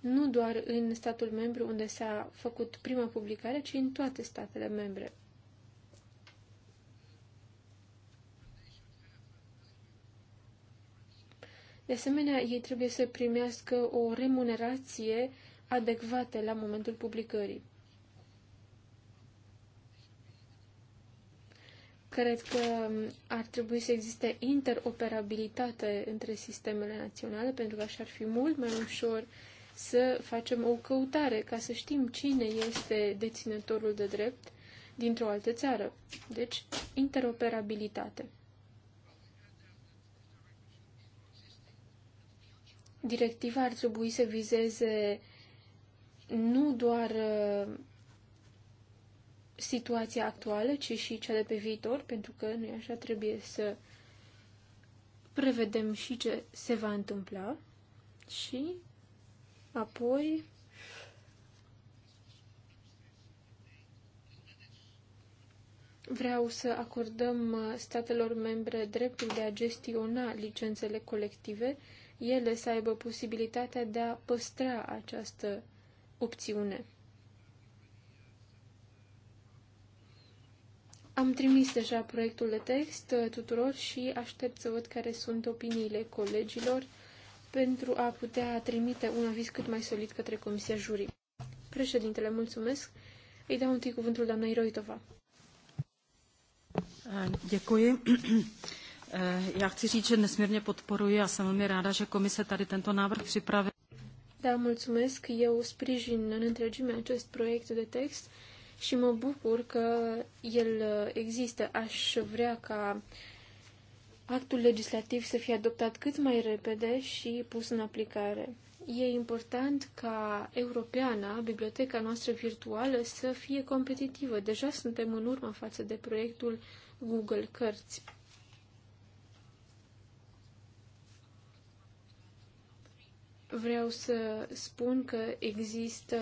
nu doar în statul membru unde s-a făcut prima publicare, ci în toate statele membre. De asemenea, ei trebuie să primească o remunerație adecvată la momentul publicării. Cred că ar trebui să existe interoperabilitate între sistemele naționale, pentru că așa ar fi mult mai ușor să facem o căutare ca să știm cine este deținătorul de drept dintr-o altă țară. Deci, interoperabilitate. Directiva ar trebui să vizeze nu doar uh, situația actuală, ci și cea de pe viitor, pentru că nu așa, trebuie să prevedem și ce se va întâmpla și apoi vreau să acordăm statelor membre dreptul de a gestiona licențele colective, ele să aibă posibilitatea de a păstra această opțiune. Am trimis deja proiectul de text uh, tuturor și aștept să văd care sunt opiniile colegilor pentru a putea trimite un aviz cât mai solid către Comisia Jurii. Președintele, mulțumesc. Îi dau întâi cuvântul doamnei Roitova. Eh, děkuji. Eh, já chci říct, že nesmírně podporuji a jsem velmi ráda, že komise tady tento návrh připravila. Da, mulțumesc. Eu sprijin în întregime acest proiect de text și mă bucur că el uh, există. Aș vrea ca actul legislativ să fie adoptat cât mai repede și pus în aplicare. E important ca europeana, biblioteca noastră virtuală, să fie competitivă. Deja suntem în urmă față de proiectul Google Cărți. Vreau să spun că există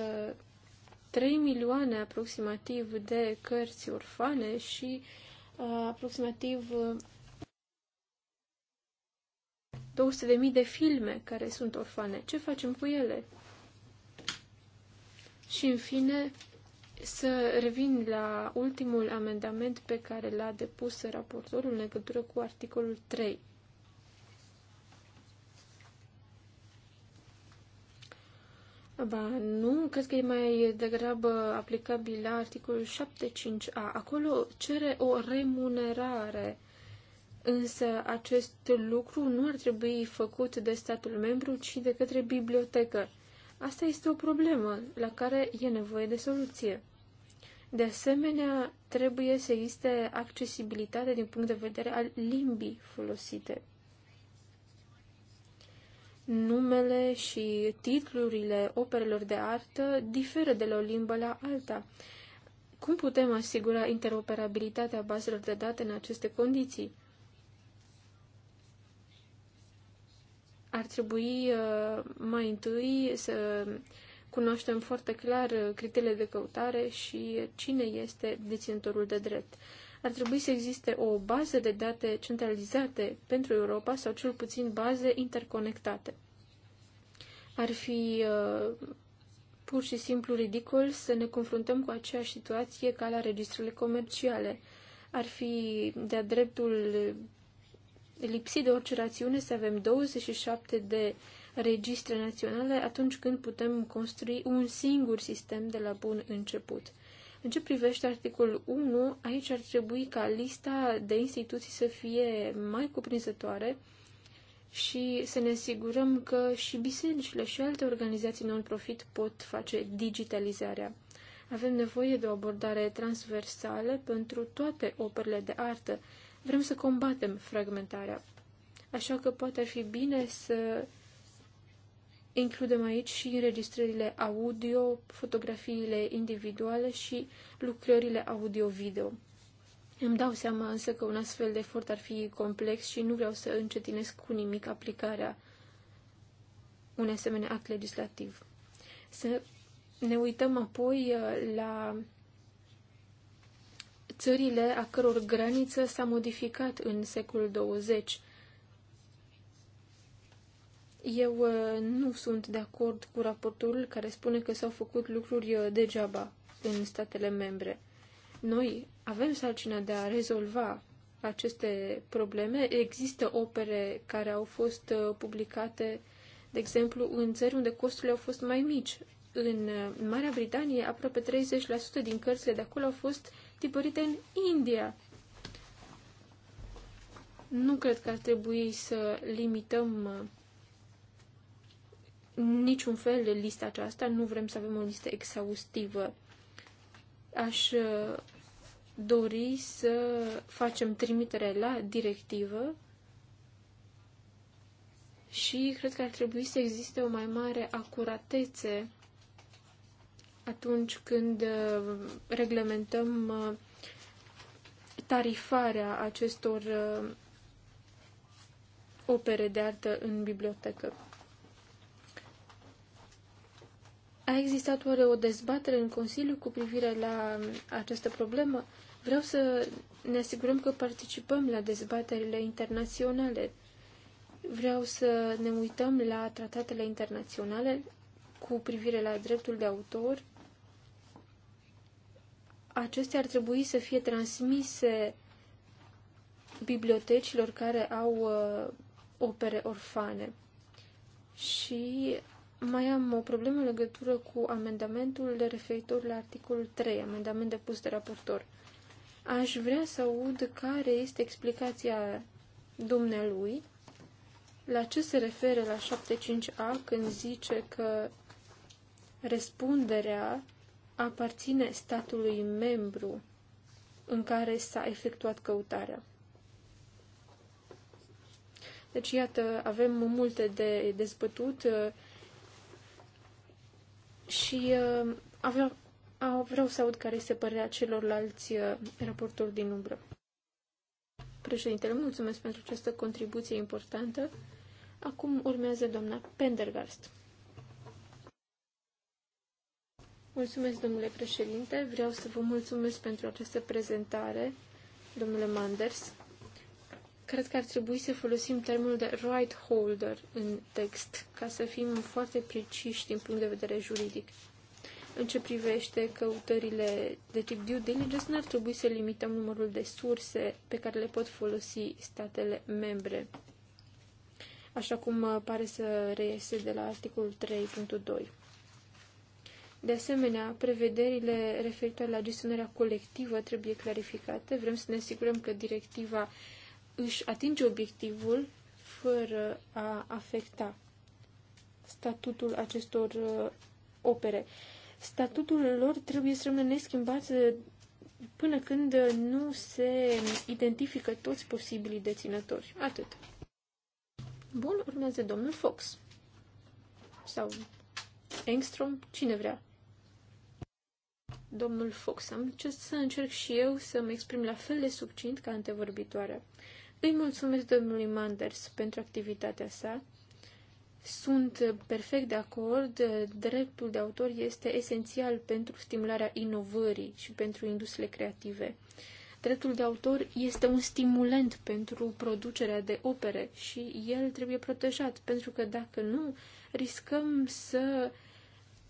3 milioane aproximativ de cărți orfane și uh, aproximativ 200.000 uh, de filme care sunt orfane. Ce facem cu ele? Și, în fine, să revin la ultimul amendament pe care l-a depus raportorul în legătură cu articolul 3. Ba nu, cred că e mai degrabă aplicabil la articolul 75a. Acolo cere o remunerare, însă acest lucru nu ar trebui făcut de statul membru, ci de către bibliotecă. Asta este o problemă la care e nevoie de soluție. De asemenea, trebuie să existe accesibilitate din punct de vedere al limbii folosite numele și titlurile operelor de artă diferă de la o limbă la alta. Cum putem asigura interoperabilitatea bazelor de date în aceste condiții? Ar trebui uh, mai întâi să cunoaștem foarte clar criteriile de căutare și cine este deținătorul de drept ar trebui să existe o bază de date centralizate pentru Europa sau cel puțin baze interconectate. Ar fi uh, pur și simplu ridicol să ne confruntăm cu aceeași situație ca la registrele comerciale. Ar fi de-a dreptul lipsit de orice rațiune să avem 27 de registre naționale atunci când putem construi un singur sistem de la bun început. În ce privește articolul 1, aici ar trebui ca lista de instituții să fie mai cuprinzătoare și să ne asigurăm că și bisericile și alte organizații non-profit pot face digitalizarea. Avem nevoie de o abordare transversală pentru toate operele de artă. Vrem să combatem fragmentarea. Așa că poate ar fi bine să Includem aici și înregistrările audio, fotografiile individuale și lucrările audio-video. Îmi dau seama însă că un astfel de efort ar fi complex și nu vreau să încetinesc cu nimic aplicarea unui asemenea act legislativ. Să ne uităm apoi uh, la țările a căror graniță s-a modificat în secolul 20 eu uh, nu sunt de acord cu raportul care spune că s-au făcut lucruri uh, degeaba în statele membre. Noi avem sarcina de a rezolva aceste probleme. Există opere care au fost uh, publicate, de exemplu, în țări unde costurile au fost mai mici. În Marea Britanie, aproape 30% din cărțile de acolo au fost tipărite în India. Nu cred că ar trebui să limităm niciun fel de lista aceasta, nu vrem să avem o listă exhaustivă. Aș uh, dori să facem trimitere la directivă și cred că ar trebui să existe o mai mare acuratețe atunci când uh, reglementăm uh, tarifarea acestor opere de artă în bibliotecă. A existat oare o dezbatere în Consiliu cu privire la această problemă? Vreau să ne asigurăm că participăm la dezbaterile internaționale. Vreau să ne uităm la tratatele internaționale cu privire la dreptul de autor. Acestea ar trebui să fie transmise bibliotecilor care au uh, opere orfane. Și mai am o problemă în legătură cu amendamentul de referitor la articolul 3, amendament depus de raportor. Aș vrea să aud care este explicația dumnealui la ce se referă la 75A când zice că răspunderea aparține statului membru în care s-a efectuat căutarea. Deci, iată, avem multe de dezbătut și uh, avea, a, vreau să aud care este părerea celorlalți uh, raportori din umbră. Președintele, mulțumesc pentru această contribuție importantă. Acum urmează doamna Pendergast. Mulțumesc, domnule președinte. Vreau să vă mulțumesc pentru această prezentare, domnule Manders. Cred că ar trebui să folosim termenul de right holder în text, ca să fim foarte preciși din punct de vedere juridic. În ce privește căutările de tip due diligence, n-ar trebui să limităm numărul de surse pe care le pot folosi statele membre, așa cum uh, pare să reiese de la articolul 3.2. De asemenea, prevederile referitoare la gestionarea colectivă trebuie clarificate. Vrem să ne asigurăm că directiva își atinge obiectivul fără a afecta statutul acestor uh, opere. Statutul lor trebuie să rămână neschimbat uh, până când uh, nu se identifică toți posibilii deținători. Atât. Bun, urmează domnul Fox. Sau Engstrom, cine vrea. Domnul Fox, am ce să încerc și eu să mă exprim la fel de succint ca antevorbitoarea. Îi mulțumesc domnului Manders pentru activitatea sa. Sunt perfect de acord, dreptul de autor este esențial pentru stimularea inovării și pentru industriile creative. Dreptul de autor este un stimulant pentru producerea de opere și el trebuie protejat, pentru că dacă nu, riscăm să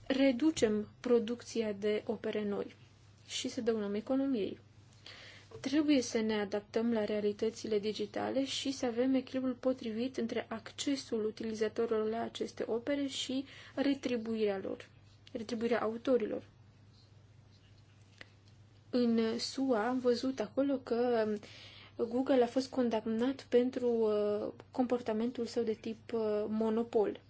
reducem producția de opere noi și să dăunăm economiei. Trebuie să ne adaptăm la realitățile digitale și să avem echilibrul potrivit între accesul utilizatorilor la aceste opere și retribuirea lor, retribuirea autorilor. În SUA am văzut acolo că Google a fost condamnat pentru uh, comportamentul său de tip uh, monopol.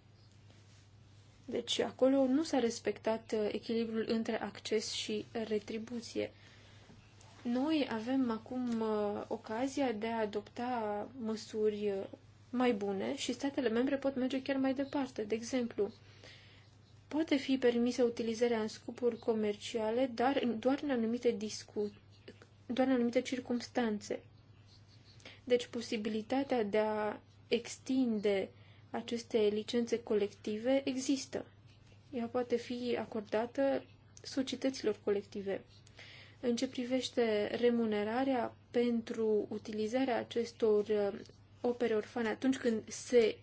Deci acolo nu s-a respectat uh, echilibrul între acces și retribuție. Noi avem acum uh, ocazia de a adopta măsuri uh, mai bune și statele membre pot merge chiar mai departe. De exemplu, poate fi permisă utilizarea în scopuri comerciale, dar doar în anumite discu doar în anumite circumstanțe. Deci posibilitatea de a extinde aceste licențe colective există. Ea poate fi acordată societăților colective. În ce privește remunerarea pentru utilizarea acestor uh, opere orfane atunci când se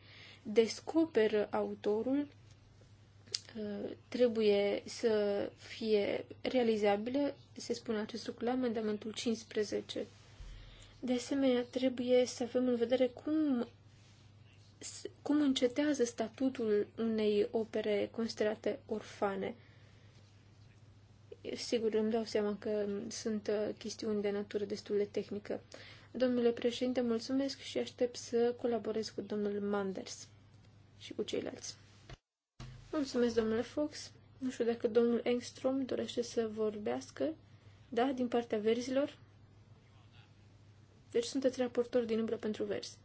descoperă autorul, uh, trebuie să fie realizabile, se spune acest lucru la amendamentul 15. De asemenea, trebuie să avem în vedere cum, cum încetează statutul unei opere considerate orfane. Sigur, îmi dau seama că sunt uh, chestiuni de natură destul de tehnică. Domnule președinte, mulțumesc și aștept să colaborez cu domnul Manders și cu ceilalți. Mulțumesc, domnule Fox. Nu știu dacă domnul Engstrom dorește să vorbească. Da, din partea verzilor? Deci sunteți raportor din umbră pentru verzi.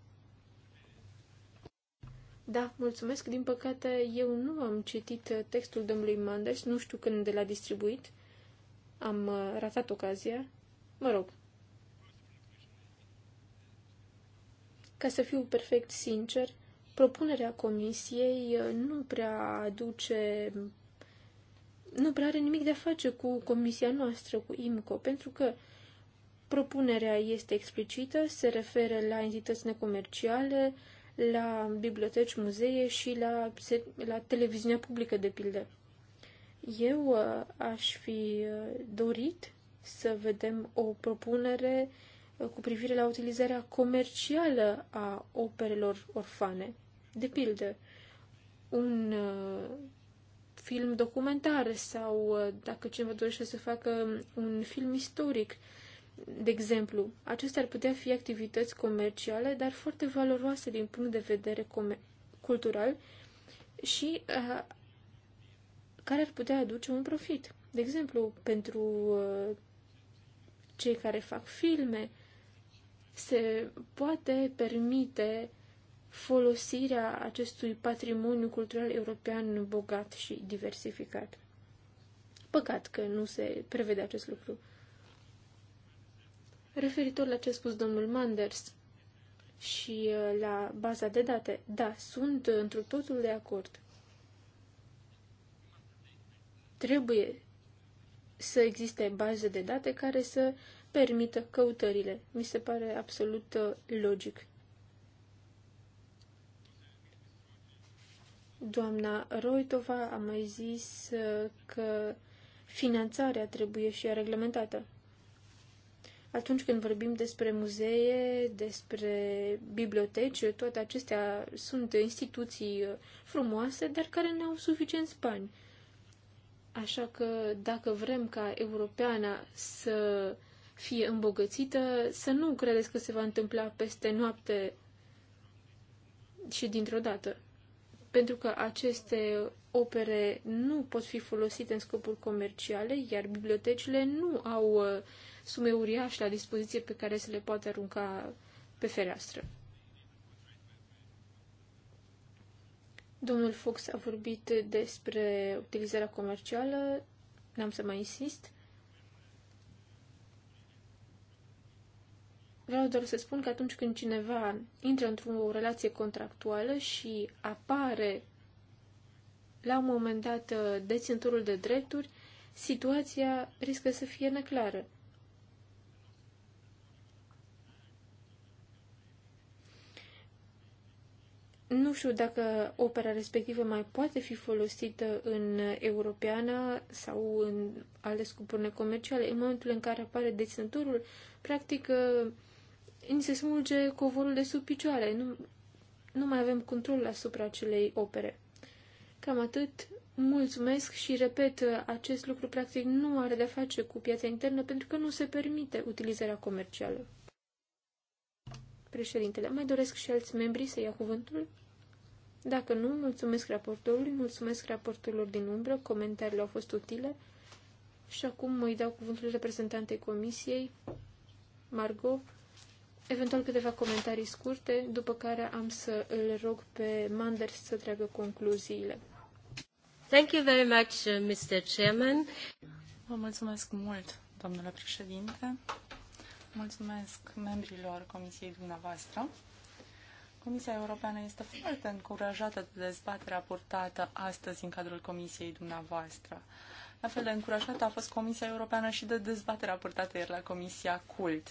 Da, mulțumesc. Din păcate, eu nu am citit uh, textul domnului Manders, nu știu când de l-a distribuit. Am uh, ratat ocazia. Mă rog. Ca să fiu perfect sincer, propunerea comisiei uh, nu prea aduce nu prea are nimic de a face cu comisia noastră, cu IMCO, pentru că propunerea este explicită, se referă la entități necomerciale, la biblioteci, muzee și la, la televiziunea publică, de pildă. Eu uh, aș fi uh, dorit să vedem o propunere uh, cu privire la utilizarea comercială a operelor orfane. De pildă, un film documentar sau dacă cineva dorește să facă un film istoric, de exemplu. Acestea ar putea fi activități comerciale, dar foarte valoroase din punct de vedere cultural și care ar putea aduce un profit. De exemplu, pentru uh, cei care fac filme, se poate permite folosirea acestui patrimoniu cultural european bogat și diversificat. Păcat că nu se prevede acest lucru. Referitor la ce a spus domnul Manders și uh, la baza de date, da, sunt într totul de acord. Trebuie să existe baze de date care să permită căutările. Mi se pare absolut uh, logic. Doamna Roitova a mai zis uh, că finanțarea trebuie și ea reglementată. Atunci când vorbim despre muzee, despre biblioteci, toate acestea sunt instituții uh, frumoase, dar care nu au suficienți bani. Așa că dacă vrem ca europeana să fie îmbogățită, să nu credeți că se va întâmpla peste noapte și dintr-o dată. Pentru că aceste opere nu pot fi folosite în scopuri comerciale, iar bibliotecile nu au uh, sume uriașe la dispoziție pe care să le poate arunca pe fereastră. Domnul Fox a vorbit despre utilizarea comercială, n-am să mai insist. Vreau doar să spun că atunci când cineva intră într-o relație contractuală și apare la un moment dat deținătorul de drepturi, situația riscă să fie neclară. Nu știu dacă opera respectivă mai poate fi folosită în europeană sau în alte scopuri comerciale. În momentul în care apare deținătorul, practic, uh, ni se smulge covorul de sub picioare. Nu, nu mai avem control asupra acelei opere. Cam atât. Mulțumesc și repet, acest lucru practic nu are de-a face cu piața internă pentru că nu se permite utilizarea comercială. Președintele, mai doresc și alți membri să ia cuvântul? Dacă nu, mulțumesc raportorului, mulțumesc raportorilor din umbră, comentariile au fost utile. Și acum îi dau cuvântul reprezentantei comisiei, Margot, eventual câteva comentarii scurte, după care am să îl rog pe Manders să tragă concluziile. Thank you very much, uh, Mr. Chairman. Vă mulțumesc mult, domnule președinte mulțumesc membrilor comisiei dumneavoastră. Comisia Europeană este foarte încurajată de dezbaterea purtată astăzi în cadrul comisiei dumneavoastră. La fel de încurajată a fost Comisia Europeană și de dezbaterea purtată ieri la Comisia CULT.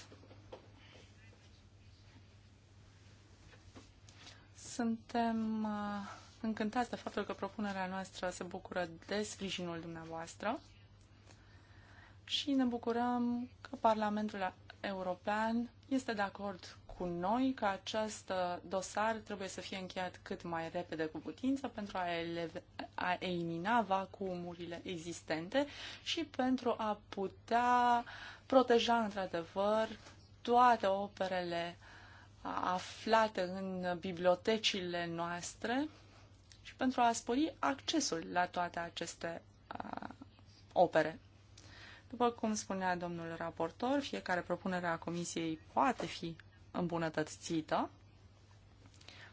Suntem uh, încântați de faptul că propunerea noastră se bucură de sprijinul dumneavoastră și ne bucurăm că Parlamentul European este de acord cu noi că acest uh, dosar trebuie să fie încheiat cât mai repede cu putință pentru a, eleve, a elimina vacuumurile existente și pentru a putea proteja într-adevăr toate operele uh, aflate în bibliotecile noastre și pentru a spori accesul la toate aceste uh, opere. După cum spunea domnul raportor, fiecare propunere a comisiei poate fi îmbunătățită.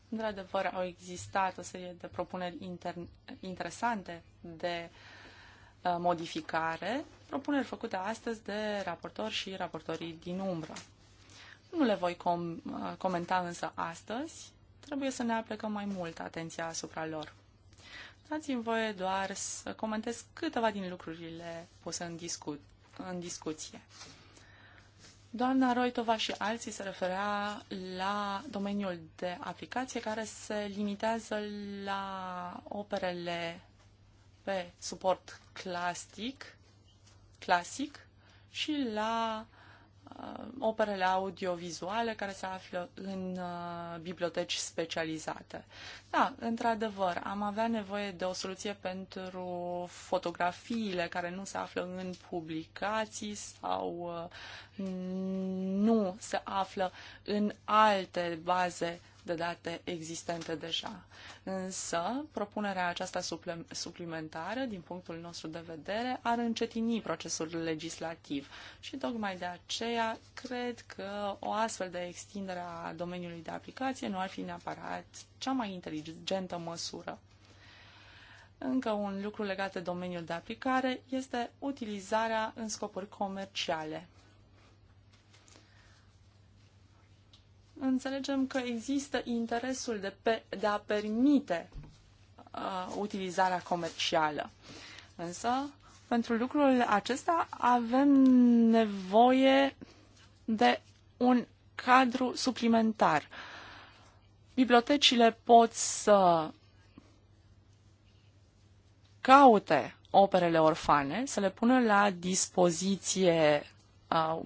Într-adevăr, au existat o serie de propuneri inter- interesante de uh, modificare, propuneri făcute astăzi de raportor și raportorii din umbră. Nu le voi com- uh, comenta însă astăzi, trebuie să ne aplecăm mai mult atenția asupra lor. Dați-mi voie doar să comentez câteva din lucrurile puse în, discu- în discuție. Doamna Roitova și alții se referea la domeniul de aplicație care se limitează la operele pe suport clasic, clasic și la Uh, operele audiovizuale care se află în uh, biblioteci specializate. Da, într-adevăr, am avea nevoie de o soluție pentru fotografiile care nu se află în publicații sau uh, nu se află în alte baze de date existente deja. Însă, propunerea aceasta suplimentară, din punctul nostru de vedere, ar încetini procesul legislativ și tocmai de aceea cred că o astfel de extindere a domeniului de aplicație nu ar fi neapărat cea mai inteligentă măsură. Încă un lucru legat de domeniul de aplicare este utilizarea în scopuri comerciale. înțelegem că există interesul de, pe, de a permite uh, utilizarea comercială. Însă, pentru lucrul acesta avem nevoie de un cadru suplimentar. Bibliotecile pot să caute operele orfane, să le pună la dispoziție uh,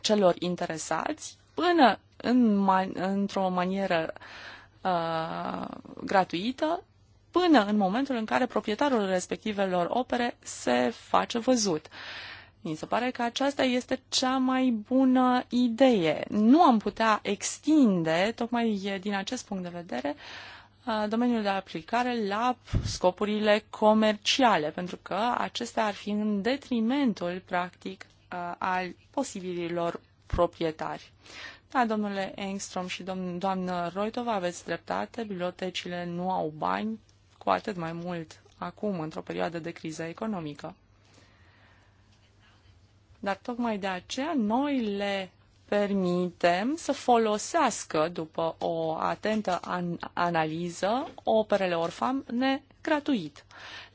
celor interesați până în man- într-o manieră uh, gratuită până în momentul în care proprietarul respectivelor opere se face văzut. Mi se pare că aceasta este cea mai bună idee. Nu am putea extinde, tocmai din acest punct de vedere, uh, domeniul de aplicare la scopurile comerciale, pentru că acestea ar fi în detrimentul, practic, uh, al posibililor proprietari. Da, domnule Engstrom și domn, doamnă Roitova, aveți dreptate, bibliotecile nu au bani, cu atât mai mult acum, într-o perioadă de criză economică. Dar tocmai de aceea noi le permitem să folosească, după o atentă an- analiză, operele orfane gratuit.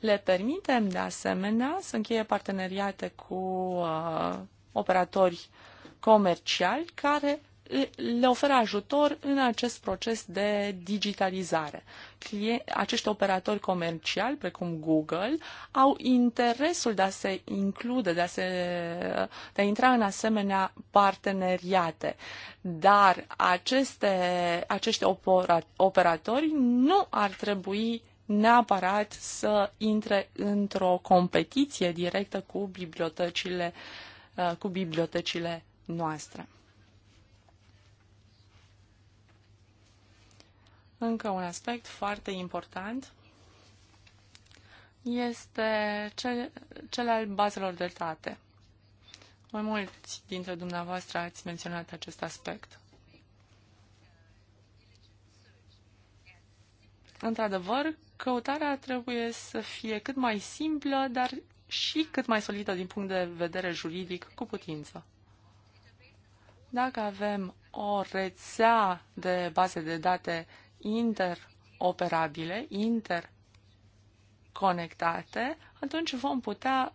Le permitem, de asemenea, să încheie parteneriate cu uh, operatori comerciali care le oferă ajutor în acest proces de digitalizare. Acești operatori comerciali, precum Google, au interesul de a se include, de a, se, de a intra în asemenea parteneriate. Dar aceste, acești operatori nu ar trebui neapărat să intre într-o competiție directă cu bibliotecile, cu bibliotecile noastre. Încă un aspect foarte important este cel, cel al bazelor de date. Mai mulți dintre dumneavoastră ați menționat acest aspect. Într-adevăr, căutarea trebuie să fie cât mai simplă, dar și cât mai solidă din punct de vedere juridic, cu putință. Dacă avem o rețea de baze de date interoperabile, interconectate, atunci vom putea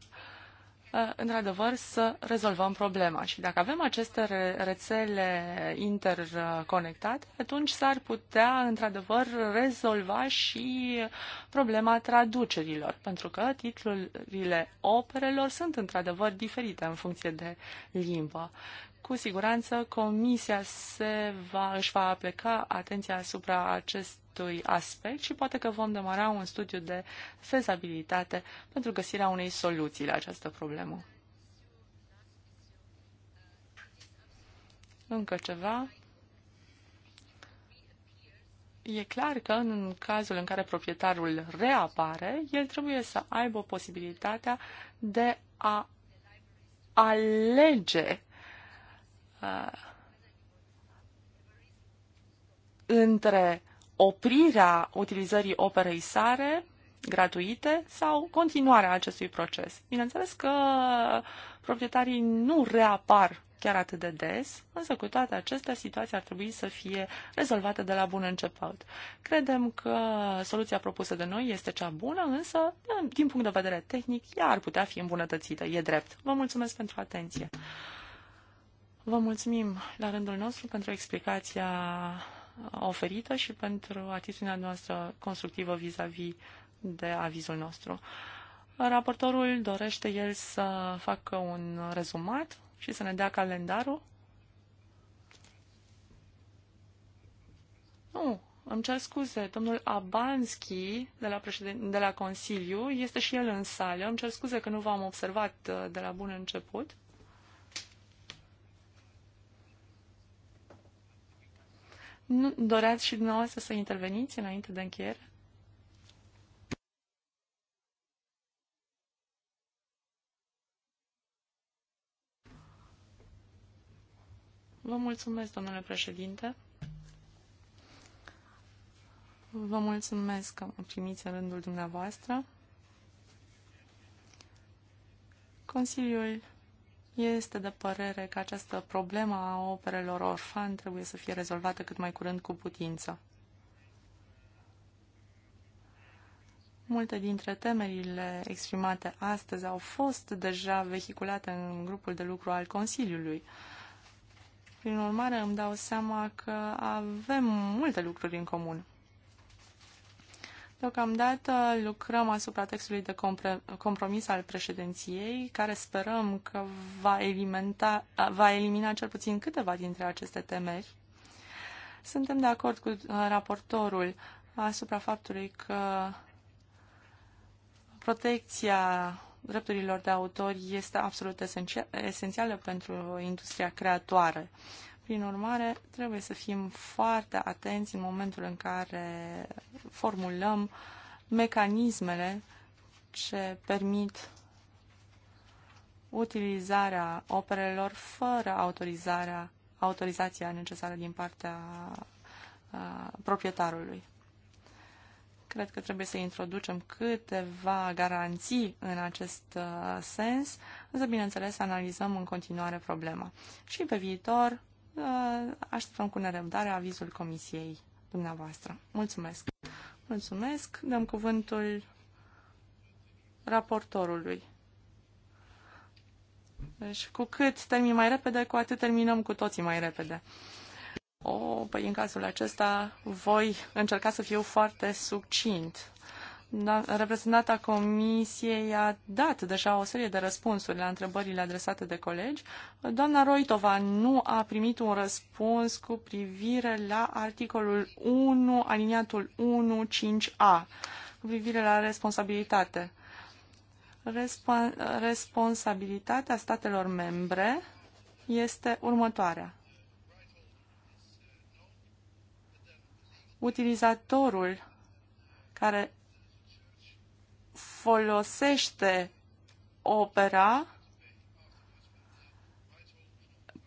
uh, într-adevăr să rezolvăm problema. Și dacă avem aceste rețele interconectate, atunci s-ar putea într-adevăr rezolva și problema traducerilor, pentru că titlurile operelor sunt într-adevăr diferite în funcție de limbă. Cu siguranță, Comisia se va, își va apleca atenția asupra acestui aspect și poate că vom demara un studiu de fezabilitate pentru găsirea unei soluții la această problemă. Încă ceva. E clar că în cazul în care proprietarul reapare, el trebuie să aibă posibilitatea de a alege Uh, între oprirea utilizării operei sare gratuite sau continuarea acestui proces. Bineînțeles că proprietarii nu reapar chiar atât de des, însă cu toate acestea situația ar trebui să fie rezolvată de la bun început. Credem că soluția propusă de noi este cea bună, însă, din punct de vedere tehnic, ea ar putea fi îmbunătățită, e drept. Vă mulțumesc pentru atenție. Vă mulțumim la rândul nostru pentru explicația oferită și pentru atitudinea noastră constructivă vis-a-vis -vis de avizul nostru. Raportorul dorește el să facă un rezumat și să ne dea calendarul. Nu, îmi cer scuze, domnul Abanski de la, președin... de la Consiliu este și el în sală. Îmi cer scuze că nu v-am observat uh, de la bun început. Nu, doreați și dumneavoastră să interveniți înainte de încheiere? Vă mulțumesc, domnule președinte. Vă mulțumesc că mă primiți în rândul dumneavoastră. Consiliul este de părere că această problemă a operelor orfan trebuie să fie rezolvată cât mai curând cu putință. Multe dintre temerile exprimate astăzi au fost deja vehiculate în grupul de lucru al Consiliului. Prin urmare, îmi dau seama că avem multe lucruri în comun. Deocamdată lucrăm asupra textului de compromis al președinției, care sperăm că va, elimenta, va elimina cel puțin câteva dintre aceste temeri. Suntem de acord cu uh, raportorul asupra faptului că protecția drepturilor de autor este absolut esențială pentru industria creatoare. Prin urmare, trebuie să fim foarte atenți în momentul în care formulăm mecanismele ce permit utilizarea operelor fără autorizarea, autorizația necesară din partea a, proprietarului. Cred că trebuie să introducem câteva garanții în acest sens, însă, bineînțeles, analizăm în continuare problema. Și pe viitor Uh, așteptăm cu nerăbdare avizul comisiei dumneavoastră. Mulțumesc! Mulțumesc! Dăm cuvântul raportorului. Deci cu cât termin mai repede, cu atât terminăm cu toții mai repede. O, păi în cazul acesta voi încerca să fiu foarte succint. Da, reprezentanta Comisiei a dat deja o serie de răspunsuri la întrebările adresate de colegi. Doamna Roitova nu a primit un răspuns cu privire la articolul 1, aliniatul 1, 5a, cu privire la responsabilitate. Resp- responsabilitatea statelor membre este următoarea. Utilizatorul care folosește opera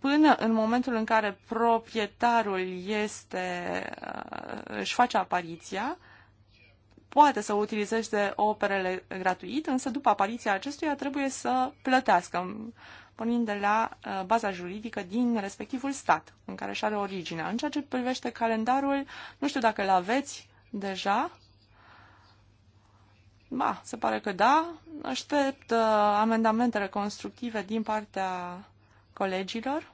până în momentul în care proprietarul este, uh, își face apariția, poate să utilizeze operele gratuit, însă după apariția acestuia trebuie să plătească, pornind de la uh, baza juridică din respectivul stat în care și are originea. În ceea ce privește calendarul, nu știu dacă îl aveți deja, Ba, se pare că da. Aștept uh, amendamentele constructive din partea colegilor.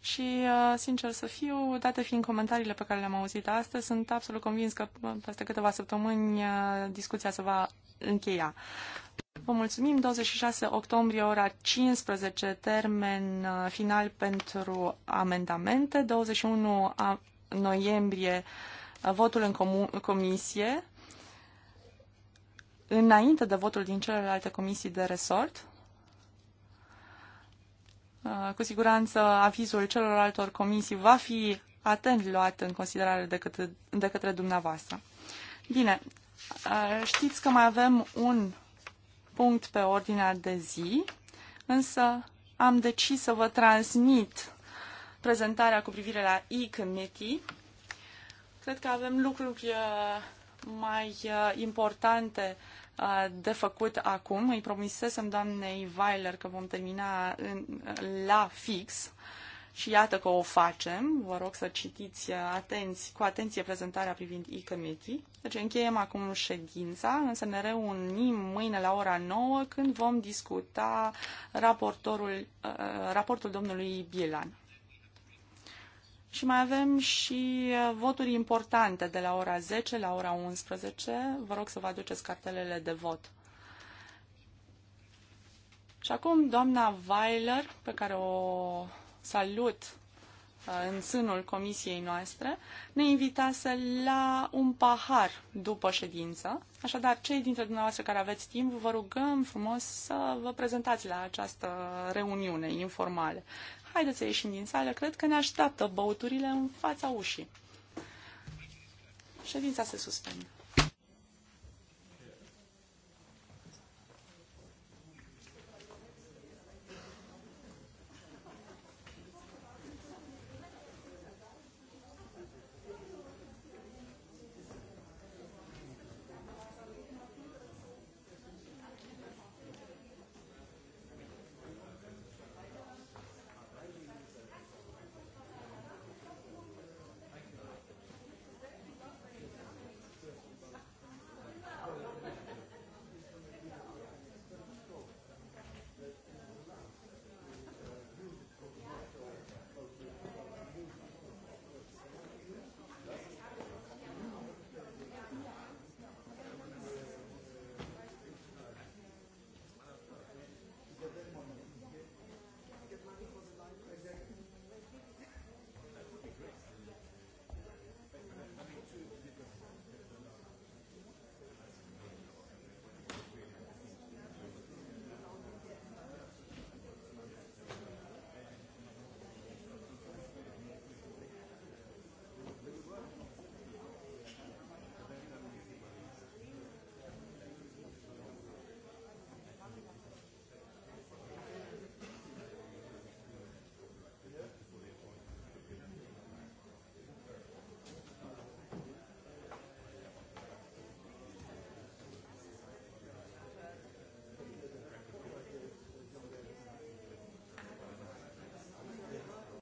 Și, uh, sincer să fiu, date fiind comentariile pe care le-am auzit astăzi, sunt absolut convins că peste câteva săptămâni uh, discuția se va încheia. Vă mulțumim. 26 octombrie, ora 15, termen uh, final pentru amendamente. 21 noiembrie, uh, votul în comisie înainte de votul din celelalte comisii de resort. Uh, cu siguranță avizul celorlaltor comisii va fi atent luat în considerare de către, de către dumneavoastră. Bine, uh, știți că mai avem un punct pe ordinea de zi, însă am decis să vă transmit prezentarea cu privire la e-committee. Cred că avem lucruri uh, mai importante de făcut acum. Îi promisesem doamnei Weiler că vom termina în, la fix și iată că o facem. Vă rog să citiți atenți, cu atenție prezentarea privind e-committee. Deci încheiem acum ședința, însă ne reunim mâine la ora 9 când vom discuta raportorul, raportul domnului Bielan. Și mai avem și uh, voturi importante de la ora 10 la ora 11. Vă rog să vă aduceți cartelele de vot. Și acum doamna Weiler, pe care o salut uh, în sânul comisiei noastre, ne invitase la un pahar după ședință. Așadar, cei dintre dumneavoastră care aveți timp, vă rugăm frumos să vă prezentați la această reuniune informală. Haideți să ieșim din sală, cred că ne așteaptă băuturile în fața ușii. Ședința se suspendă.